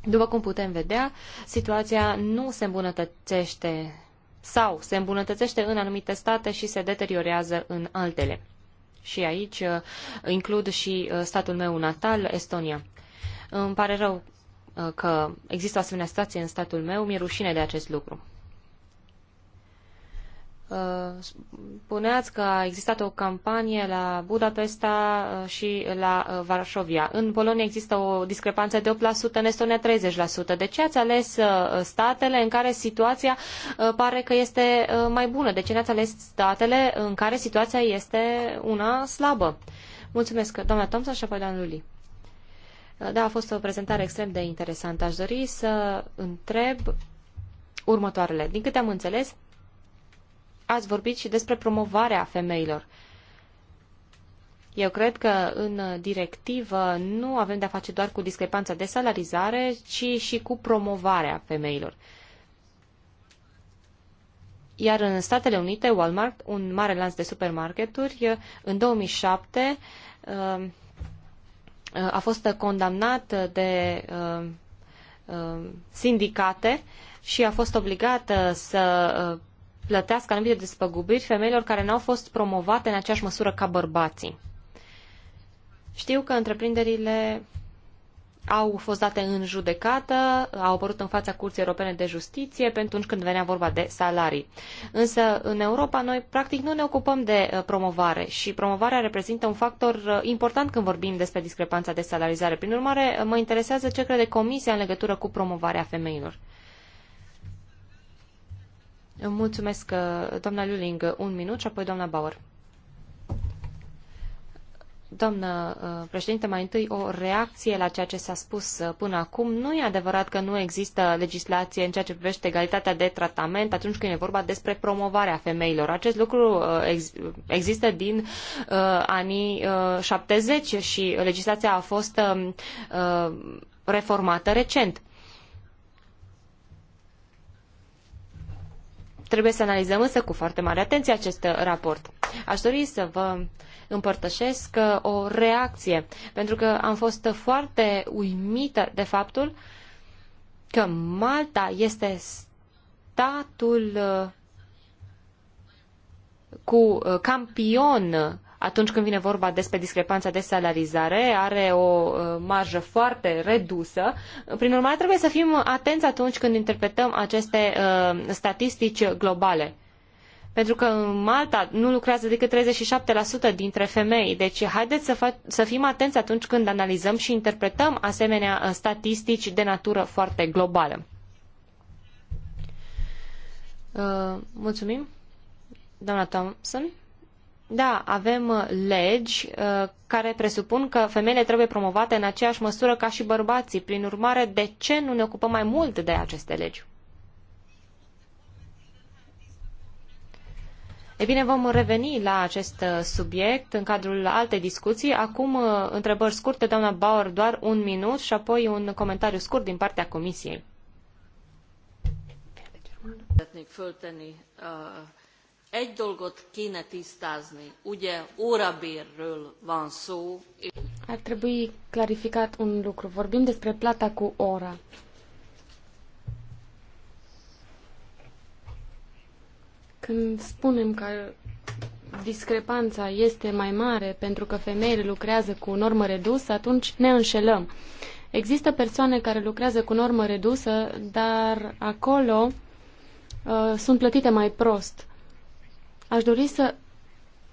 După cum putem vedea, situația nu se îmbunătățește sau se îmbunătățește în anumite state și se deteriorează în altele. Și aici uh, includ și uh, statul meu natal, Estonia. Îmi pare rău uh, că există o asemenea situație în statul meu, mi-e rușine de acest lucru spuneați că a existat o campanie la Budapesta uh, și la uh, Varșovia. În Polonia există o discrepanță de 8%, în Estonia 30%. De ce ați ales uh, statele în care situația pare că este mai bună? De ce n-ați ales statele în care situația este una slabă? Mulțumesc, doamna Thompson și apoi doamna Luli. Da, a fost o prezentare extrem de interesantă. Aș dori să întreb următoarele. Din câte am înțeles, ați vorbit și despre promovarea femeilor. Eu cred că în directivă nu avem de-a face doar cu discrepanța de salarizare, ci și cu promovarea femeilor. Iar în Statele Unite, Walmart, un mare lanț de supermarketuri, în 2007 uh, uh, a fost condamnat de uh, sindicate și a fost obligată să plătească anumite despăgubiri femeilor care n-au fost promovate în aceeași măsură ca bărbații. Știu că întreprinderile au fost date în judecată, au apărut în fața Curții Europene de Justiție pentru când venea vorba de salarii. Însă, în Europa, noi practic nu ne ocupăm de uh, promovare și promovarea reprezintă un factor uh, important când vorbim despre discrepanța de salarizare. Prin urmare, mă interesează ce crede Comisia în legătură cu promovarea femeilor. Mulțumesc, uh, doamna Luling, uh, un minut și apoi doamna Bauer. Doamnă uh, președinte, mai întâi o reacție la ceea ce s-a spus până acum. Nu e adevărat că nu există legislație în ceea ce privește egalitatea de tratament atunci când e vorba despre promovarea femeilor. Acest lucru există din uh, anii uh, 70 și legislația a fost um, uh, reformată recent. Trebuie să analizăm însă cu foarte mare atenție acest uh, raport. Aș dori să vă împărtășesc uh, o reacție, pentru că am fost foarte uimită de faptul că Malta este statul uh, cu campion atunci când vine vorba despre discrepanța de salarizare, are o uh, marjă foarte redusă. Prin urmare, trebuie să fim atenți atunci când interpretăm aceste uh, statistici globale pentru că în Malta nu lucrează decât 37% dintre femei. Deci haideți să, fa- să fim atenți atunci când analizăm și interpretăm asemenea uh, statistici de natură foarte globală. Uh, mulțumim. Doamna Thompson. Da, avem uh, legi uh, care presupun că femeile trebuie promovate în aceeași măsură ca și bărbații. Prin urmare, de ce nu ne ocupăm mai mult de aceste legi? E bine, vom reveni la acest uh, subiect în cadrul altei discuții. Acum, întrebări scurte, doamna Bauer, doar un minut și apoi un comentariu scurt din partea Comisiei. Egy dolgot kéne tisztázni, ugye órabérről van szó. Ar trebui clarificat un lucru. Vorbim despre plata cu ora. Când spunem că discrepanța este mai mare pentru că femeile lucrează cu normă redusă, atunci ne înșelăm. Există persoane care lucrează cu normă redusă, dar acolo uh, sunt plătite mai prost. Aș dori să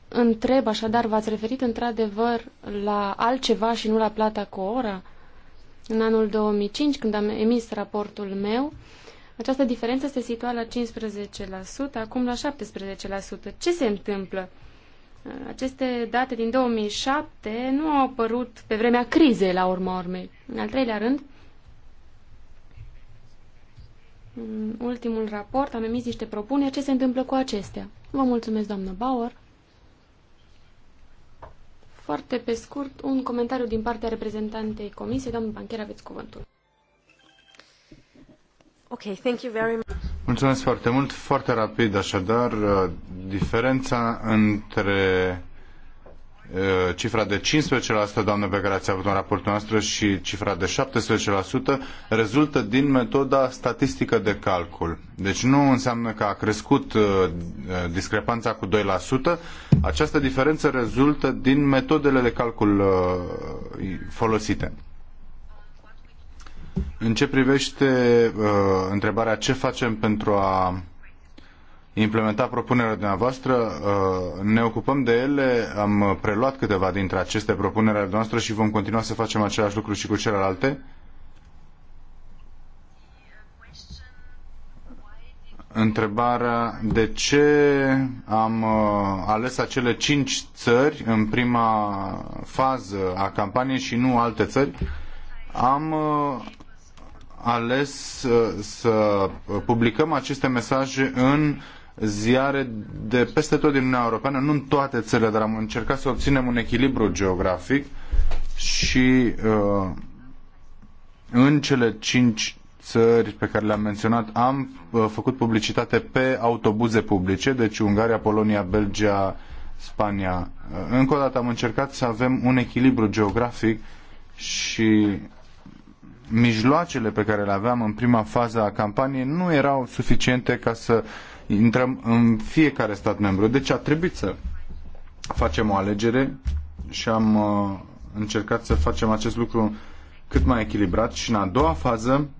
întreb, așadar, v-ați referit într-adevăr la altceva și nu la plata cu ora? În anul 2005, când am emis raportul meu, această diferență se situa la 15%, acum la 17%. Ce se întâmplă? Aceste date din 2007 nu au apărut pe vremea crizei, la urma urmei. În al treilea rând, în mm, ultimul raport am emis niște propuneri. Ce se întâmplă cu acestea? Vă mulțumesc, doamnă Bauer. Foarte pe scurt, un comentariu din partea reprezentantei Comisiei. Doamnă Bancher, aveți cuvântul. Ok, thank you very much. Mulțumesc foarte mult. Foarte rapid, așadar, uh, diferența între Eh, cifra de 15%, doamnă, pe care ați avut în raportul nostru și cifra de 17% rezultă din metoda statistică de calcul. Deci nu înseamnă că a crescut eh, eh, discrepanța cu 2%. Această diferență rezultă din metodele de calcul folosite. În ce privește întrebarea ce facem pentru a implementa propunerea dumneavoastră. Uh, ne ocupăm de ele, am preluat câteva dintre aceste propuneri ale noastre și vom continua să facem același lucru și cu celelalte. Întrebarea de ce am uh, ales acele cinci țări în prima fază a campaniei și nu alte țări, am uh, ales să publicăm aceste mesaje în ziare de peste tot din Uniunea Europeană, nu în toate țările, dar am încercat să obținem un echilibru geografic și uh, în cele cinci țări pe care le-am menționat am uh, făcut publicitate pe autobuze publice, deci Ungaria, Polonia, Belgia, Spania. Uh, încă o dată am încercat să avem un echilibru geografic și mijloacele pe care le aveam în prima fază a campaniei nu erau suficiente ca să intrăm în fiecare stat membru. Deci a trebuit să facem o alegere și am uh, încercat să facem acest lucru cât mai echilibrat și în a doua fază